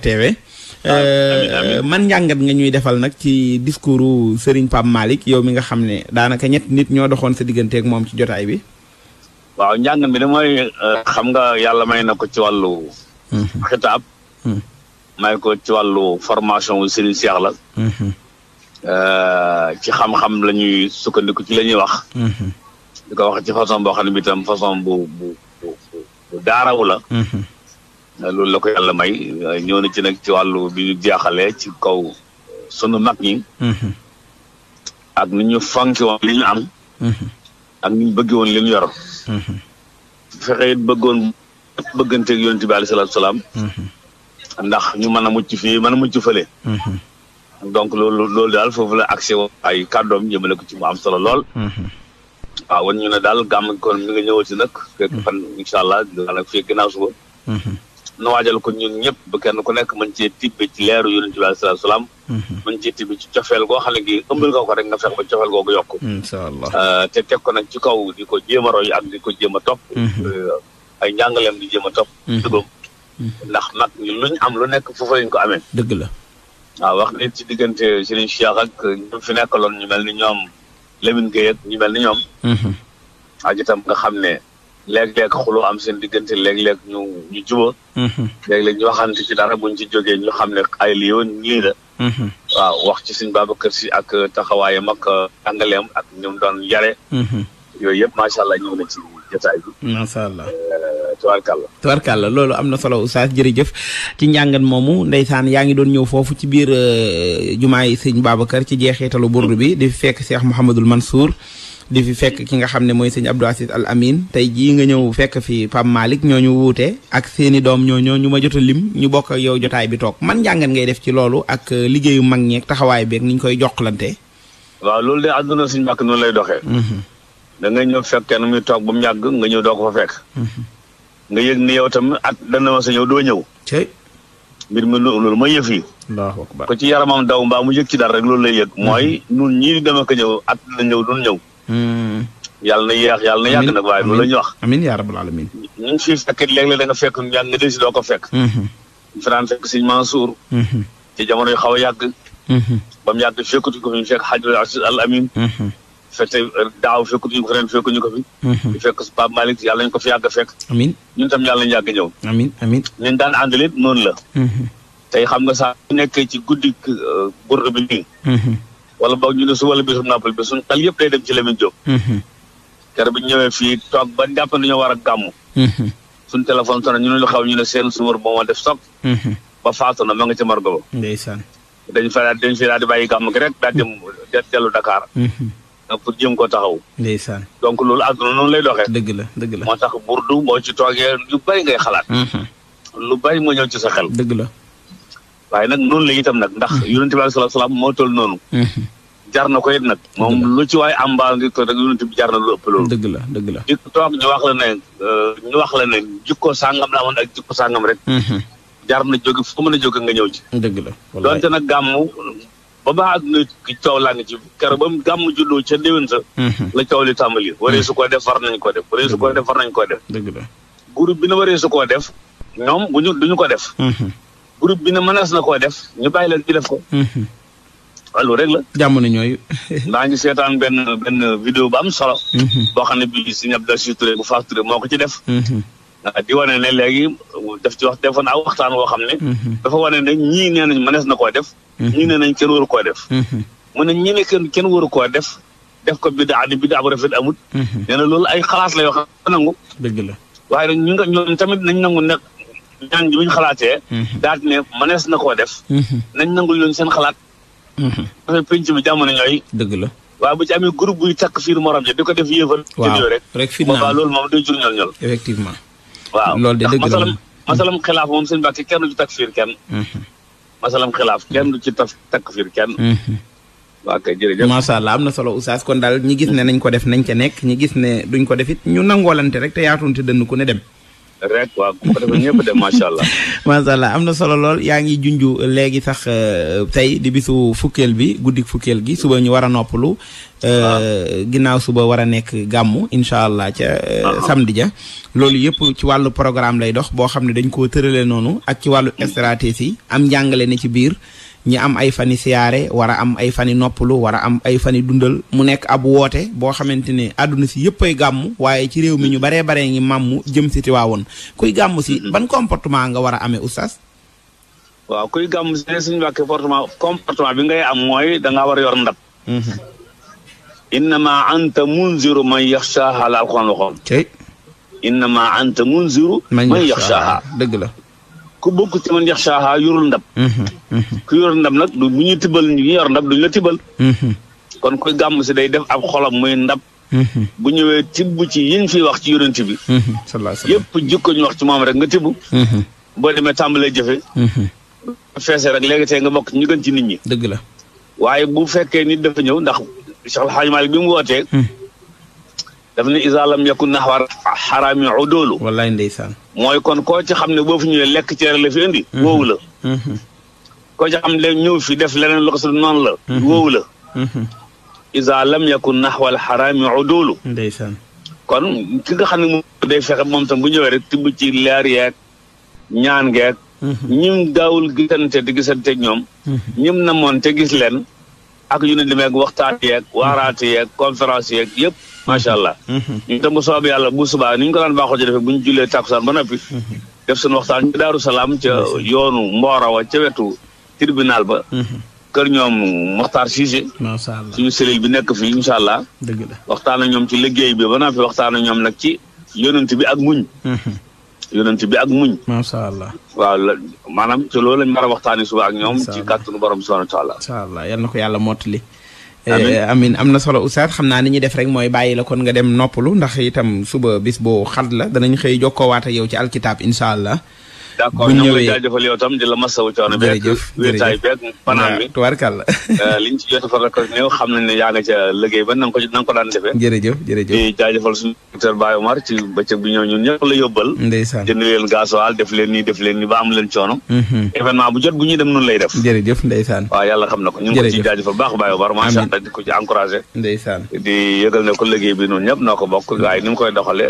a ah, eh, man njàngat nga ñuy defal nag ci discours Serigne paam maalik yow mi nga xam ne daanaka ñett nit ñoo doxoon sa digganteek moom ci jotaay bi. waaw njàng mi mooy euh, xam nga yàlla may na ko ci wàllu mm-hmm. xitaab mm-hmm. may ko ci wàllu formation wu Serigne Cheikh la mm-hmm. euh, ci xam-xam la ñuy sukkandiku ci la ñuy wax di ko wax ci façon boo xam ne façon bu bu bu daarawu la euh, loolu la ko yàlla may ñëw ci nag ci wàllu bi ñu jaaxalee ci kaw sunu mag ñi ak ni ñu fanki woon li ñu am ak ni ñu bëggee woon li ñu yoroon. Mhm. fexe it bëggoon bëgganteeg salaam. Mhm. ndax ñu mën a mucc fii mën a mucc fële. Mhm. donc loolu loolu daal foofu la accès ay kàddoom jëmale ko ci mu am solo lool. waaw wan ñu ne daal gàmm kon mi nga ñëwati nag. fekk allah daanaka fii suba. nu waajal ko ñun ñëpp ba kenn ku nekk mën cee tibbe ci leeru yonent bi alayhi salaam mhm. mën cee tibbe ci cofeel goo xam ne gi ëmbal nga ko rek nga fex ba cofeel googu yokk incha allah euh, te teg ko nag ci kaw di ko jéem a roy ak di ko a topp mhm. euh, ay njàngaleem di jéem a topp dugam mhm. ndax nag luñ am lu nekk foofu ko amee dëgg la waaw wax ne ci diggante Serigne Cheikh ñu fi nekkaloon ñu mel ni ñoom Lamine Gueye ak ñu ni ñoom ak nga xam ne léeg-léeg xuloo am seen diggante léeg-léeg ñu ñu juba mhm. léeg-léeg ñu waxante ci dara buñ ci jógee ñu xam ne ay lii woon lii la mhm. waaw wax ci suñ Babacar Si ak taxawaayam ak euh, àngaleem ak ñoom doon yare mhm. yooyu yëpp macha allah ñëw na ci jotaay bi. Euh, loolu am na solo oustaz jërëjëf ci njàngat moomu ndeysaan yaa ngi doon ñëw foofu ci biir euh, jumaay sëñ Babacar ci jeexeetalu burdu bi di fekk Cheikh Mouhamadul Mansour. di fi fekk ki nga xam ne mooy sëñ Abdou Aziz Al Amin tey jii nga ñëw fekk fi Pape Malick ñoo ñu wuute ak seeni doom ñoo ñoo ñu ma jot a ñu bokk ak yow jotaay bi toog man njàngat ngay def ci loolu ak euh, liggéeyu mag ñeeg taxawaay beeg ni ñu koy jokkalante. waaw loolu de àdduna suñu mbàkk noonu lay doxee. Mm-hmm. da ngay ñëw fekk kenn muy toog ba mu nga ñëw doo ko fa fekk. Mm-hmm. nga yëg ni yow tam at dana ma sa ñëw doo ñëw. mbir mi loolu mooy yëf yi. allahu akbar ko ci yaramam daw mbaa mu yëg ci dara rek loolu la yëg. mooy ñun mm-hmm. ñii dama ko ñëw at la ñëw doon ñëw. Hmm. yàlla na yéex yàlla na yàgg nag waaye loolu la ñu wax. amiin yaa rabbal alamin. ñu fi fekk léeg-léeg da nga fekk ñaan nga desi doo ko fekk. Hmm. fi daan fekk sëñ Mansour. Hmm. ci jamono yu xaw a yàgg. ba mu yàgg fekkutu ko fi mu fekk xajul al amin. fekk daaw fekkutuñu ko ren fekkuñu ko fi. di fekk Pape Malick yàlla nañu fekk. amiin ñun tam yàlla nañu yàgg ñëw. amiin amiin nañ daan àndale noonu la. tey xam nga saa nekk ci guddi uh, burdu wala boog ñu ne suba la bisum Napoli bi suñ xel yëpp day dem ci Lamine Diop. Mhm. keroog bi ñu ñëwee fii toog ba jàpp nañu war a gàmm. Mhm. suñ téléphone sonné ñu ne lu xaw ñu ne seen suumar boo ma def soog. Mhm. ba faatu na ma nga ca margo ba. ndeysaan. dañ fa daal dañ fi daal di bàyyi gàmm gi rek daal dem dellu Dakar. pour jéem ko taxaw. ndeysaan. donc loolu àdduna noonu lay doxee. dëgg la dëgg la moo tax burdu boo ci toogee lu bari ngay xalaat. lu bari moo ñëw ci sa xel. dëgg la. waaye nag noonu la itam nag ndax mm-hmm. yonent bi alayhi salaam moo toll noonu. Mm-hmm. jar na ko it nag. moom lu ci waay ambaandi to rek yonent bi jar na lu ëpp loolu. dëgg la dëgg la di toog ñu wax la ne ñu euh, wax la ne jikko sàngam la amoon ak jikko sàngam rek. Mm-hmm. jar na jóge fu mën a jóge nga ñëw ci. dëgg la donte nag gàmmu ba ba àgg na laa ngi ci keroog ba gàmmu juddoo ca déwén sa. la coow tambali tàmbali. waree su ko def far nañ ko def. waree su ko def far nañ ko def. dëgg la groupe bi na waree su koo def. ñoom bu ñu du ñu ko def. groupe bi ne na koo def ñu bàyyi leen ñu def ko. Mhm. loolu rek la. jamono ñooyu. maa ngi seetaan benn benn vidéo bu am solo. Mhm. boo xam ne bii si ñebe Dachir Touré bu Fass Touré moo ko ci def. Mhm. di wane ne léegi daf ci wax defoon naa waxtaan woo xam ne. dafa wane ne ñii nee nañ mënees na koo def. ñii nee nañ kenn waru koo def. mu ne ñi ne kenn waru koo def def ko bidaa ni bidaa bu rafet amut. nee na loolu ay xalaat la yoo xam nangu. la tamit nañ nangu ne ñaan bi ñu xalaatee. Mhm. daal di ne mënees na koo def. Mhm. nañ nangul leen seen xalaat. Mhm. parce que bi jamono ñooy. dëgg la waaw bu ci amee groupe buy takk fiir morom ja di ko def yéefal. waaw rek rek fi naan loolu moom day la masalam xilaaf moom seen bàkki kenn du ci takk fiir kenn. masalam xilaaf kenn du ci taf takk fiir kenn. waaw kay am na solo oustaz kon daal ñi gis ne nañ ko def nañ ca nekk ñi gis ne duñ ko def it ñu nangoolante rek te yaatuwante dënn ku ne dem. rek allah. macha allah am na solo lool yaa ngi junj léegi sax euh, tey di bisu fukkeel bi guddik fukkeel gi suba ñu war a noppalu. Euh, ah. ginnaaw suba war a nekk gàmmu incha allah ca euh, ah. samedi loolu yëpp ci wàllu programme lay dox boo xam ne dañ koo tëralee noonu ak ci wàllu stratégie am njàngale ne ci biir. ñi am ay fani siyaare war am ay fani noppalu war a am ay fani dundal mu nekk ab woote boo xamante ne àdduna si yëpp ay gàmm waaye ci réew mi ñu baree baree ngi màmm jëm si Tiwaawoon kuy gàmm si mm-hmm. ban comportement nga war a amee oustaz waaw kuy gàmm si ne suñu wàkke comportement comportement bi ngay am mooy dangaa war a yor ndab mm-hmm. innama anta munziru man yaxshaaha la alxuraan waxoon innama anta munziru man yaxshaaha dëgg la ku bokk ci man yax saaha yorul ndab mhm, mhm. ku yorul ndab nag du bu ñuy tibbal ñu yor ndab duñu la tibbal mhm. kon kuy gàmm si day def ab xolam muy ndab bu ñëwee tibb ci yiñ fi wax ci yonent bi yëpp jikko ñu wax ci moom rek nga tibb boo demee tàmbalee jëfe feese rek léegi tey nga bokk ñu gën ci nit ñi dëgg la waaye bu fekkee nit dafa ñëw ndax Cheikh El Hadj Malick wootee daf ne isa lam yakun naxwa xaraami udoolu mooy kon koo ci xam ne boo fu ñëwee lekk ceere la fi indi mhm. woowu la mhm. koo ci xam ne ñëw fi def leneen lu ko la mhm. woowu la isa lam yakun naxwal xaraami udoolu kon ki nga xam ne moom day fexe moom tam bu ñëwee rek tibb ci leer yeeg ñaan geeg ñim daawul gisante di gisante ñoom ñim namoon te gis leen ak yu ne demeeg waxtaan yeeg waaraate yeeg conférence yeeg yëpp macha allah mm-hmm. ñu tam bu soob yàlla bu subaa ni ñu ko daan baaxoo ci defee bu ñu jullee takusaan ba noppi mm-hmm. def seen waxtaan ci daaru salaam ca yoonu mboora wa ca wetu tribunal ba mm-hmm. kër ñoom Moxtaar Cissé suñu selil bi nekk fii incha allah dëgg la waxtaan ak ñoom ci liggéey bi ba noppi waxtaan ak ñoom nag ci yonent bi ak muñ yonent bi ak muñ. macha allah waaw maanaam ci loolu lañ war a waxtaanee suba ak ñoom. ci kàttanu borom subhanahu wa taala. macha allah yal na ko yàlla mottali. Eh, amin am na solo oustaz xam naa ni ñuy def rek mooy bàyyi la kon nga dem noppalu ndax itam suba bis boo xat la danañ xëy jokkoowaat ak yow ci alkitab incha allah. d' accord bu ñëwee jaajëfal yow tam di la coono beeg jërëjëf wéetaay beeg fanaan bi tubaarkàlla euh, liñ ci jot fa rek néew xam ba na ko daan defee jërëjëf jërëjëf di jaajëfal suñu docteur Baye Omar ci bëccëg bi ñëw ñun la yóbbal ndeysaan jënd leen leen nii def leen nii ba am leen coono mm-hmm. événement bu jot bu lay def jërëjëf ndeysaan waaw yàlla xam na ko ñu ngi ko ci jaajëfal baax Baye Omar macha allah ko ci encouragé ndeysaan di ñëpp noo ko bokk waaye ni mu koy doxale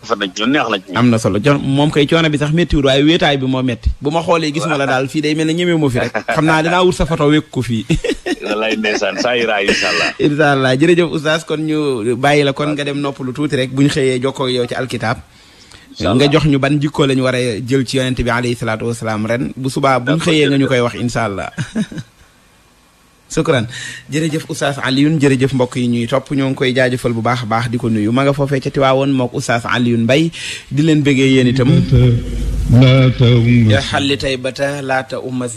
dafa na ci ñun neex na moom kay coono bi sax méttiwul waaye wéetaay bi moo metti bu ma xoolee gisuma la daal fii day mel ne ñemee ma fi rek xam naa dinaa wut sa photo wekk ko fii wallaay ndeysaan saa yu raay incha allah incha allah jërëjëf oustaz kon ñu bàyyi la kon nga dem noppalu tuuti rek bu ñu xëyee jokkoo yow ci alkitab nga jox ñu ban jikkoo lañu war a jël ci yonent bi alayhi salaatu wasalaam ren bu subaa bu xëyee nga ñu koy wax incha allah sukran jërëjëf oustaz Alioune jërëjëf mbokk yi ñuy topp ñoo ngi koy jaajëfal bu baax baax di ko nuyu ma nga foofee ca Tiwaawoon mook oustaz Alioune mbay di leen bëggee yéen itam laata umma ya xalli taybata laata umma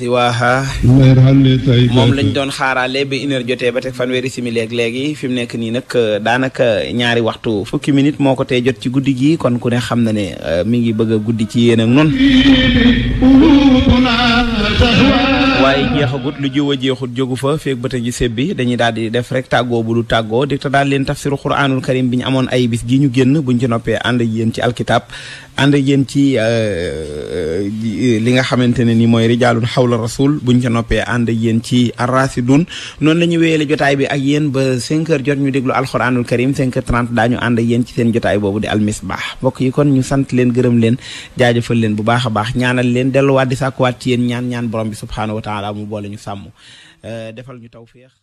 moom lañ doon xaaraale ba une jotee ba teg fanweeri simili ak léegi fi mu nekk nii nag euh, daanaka ñaari waxtu fukki minute moo ko tee jot ci guddi gi kon ku ne xam na ne euh, mi ngi bëgg a guddi ci yéen ak noonu waaye jeexagut lu jiw a jeexut jógu fa feeg bët a sebbi dañuy daal di def rek tàggoo bu du tàggoo di daal leen tafsiru quraanul karim bi ñu amoon ay bis gi ñu génn buñ ci noppee ànd ak ci alkitab ànd ak ci euh, Euh, li nga xamante ne ni mooy rijaalun xawla rasul buñ ca noppee ànd ak yéen ci arrasidun noonu la ñu wéyale jotaay bi ak yéen ba 5 heures jot ñu déglu alxuraanul karim 5 heures 30 daañu ànd ak yéen ci seen jotaay boobu di almisbaax mbokk yi kon ñu sant leen gërëm leen jaajëfal leen bu baax a baax ñaanal leen delluwaat di sàkkuwaat ci yéen ñaan ñaan borom bi subhaanahu wa taala mu boole ñu sàmm euh, defal ñu tawféex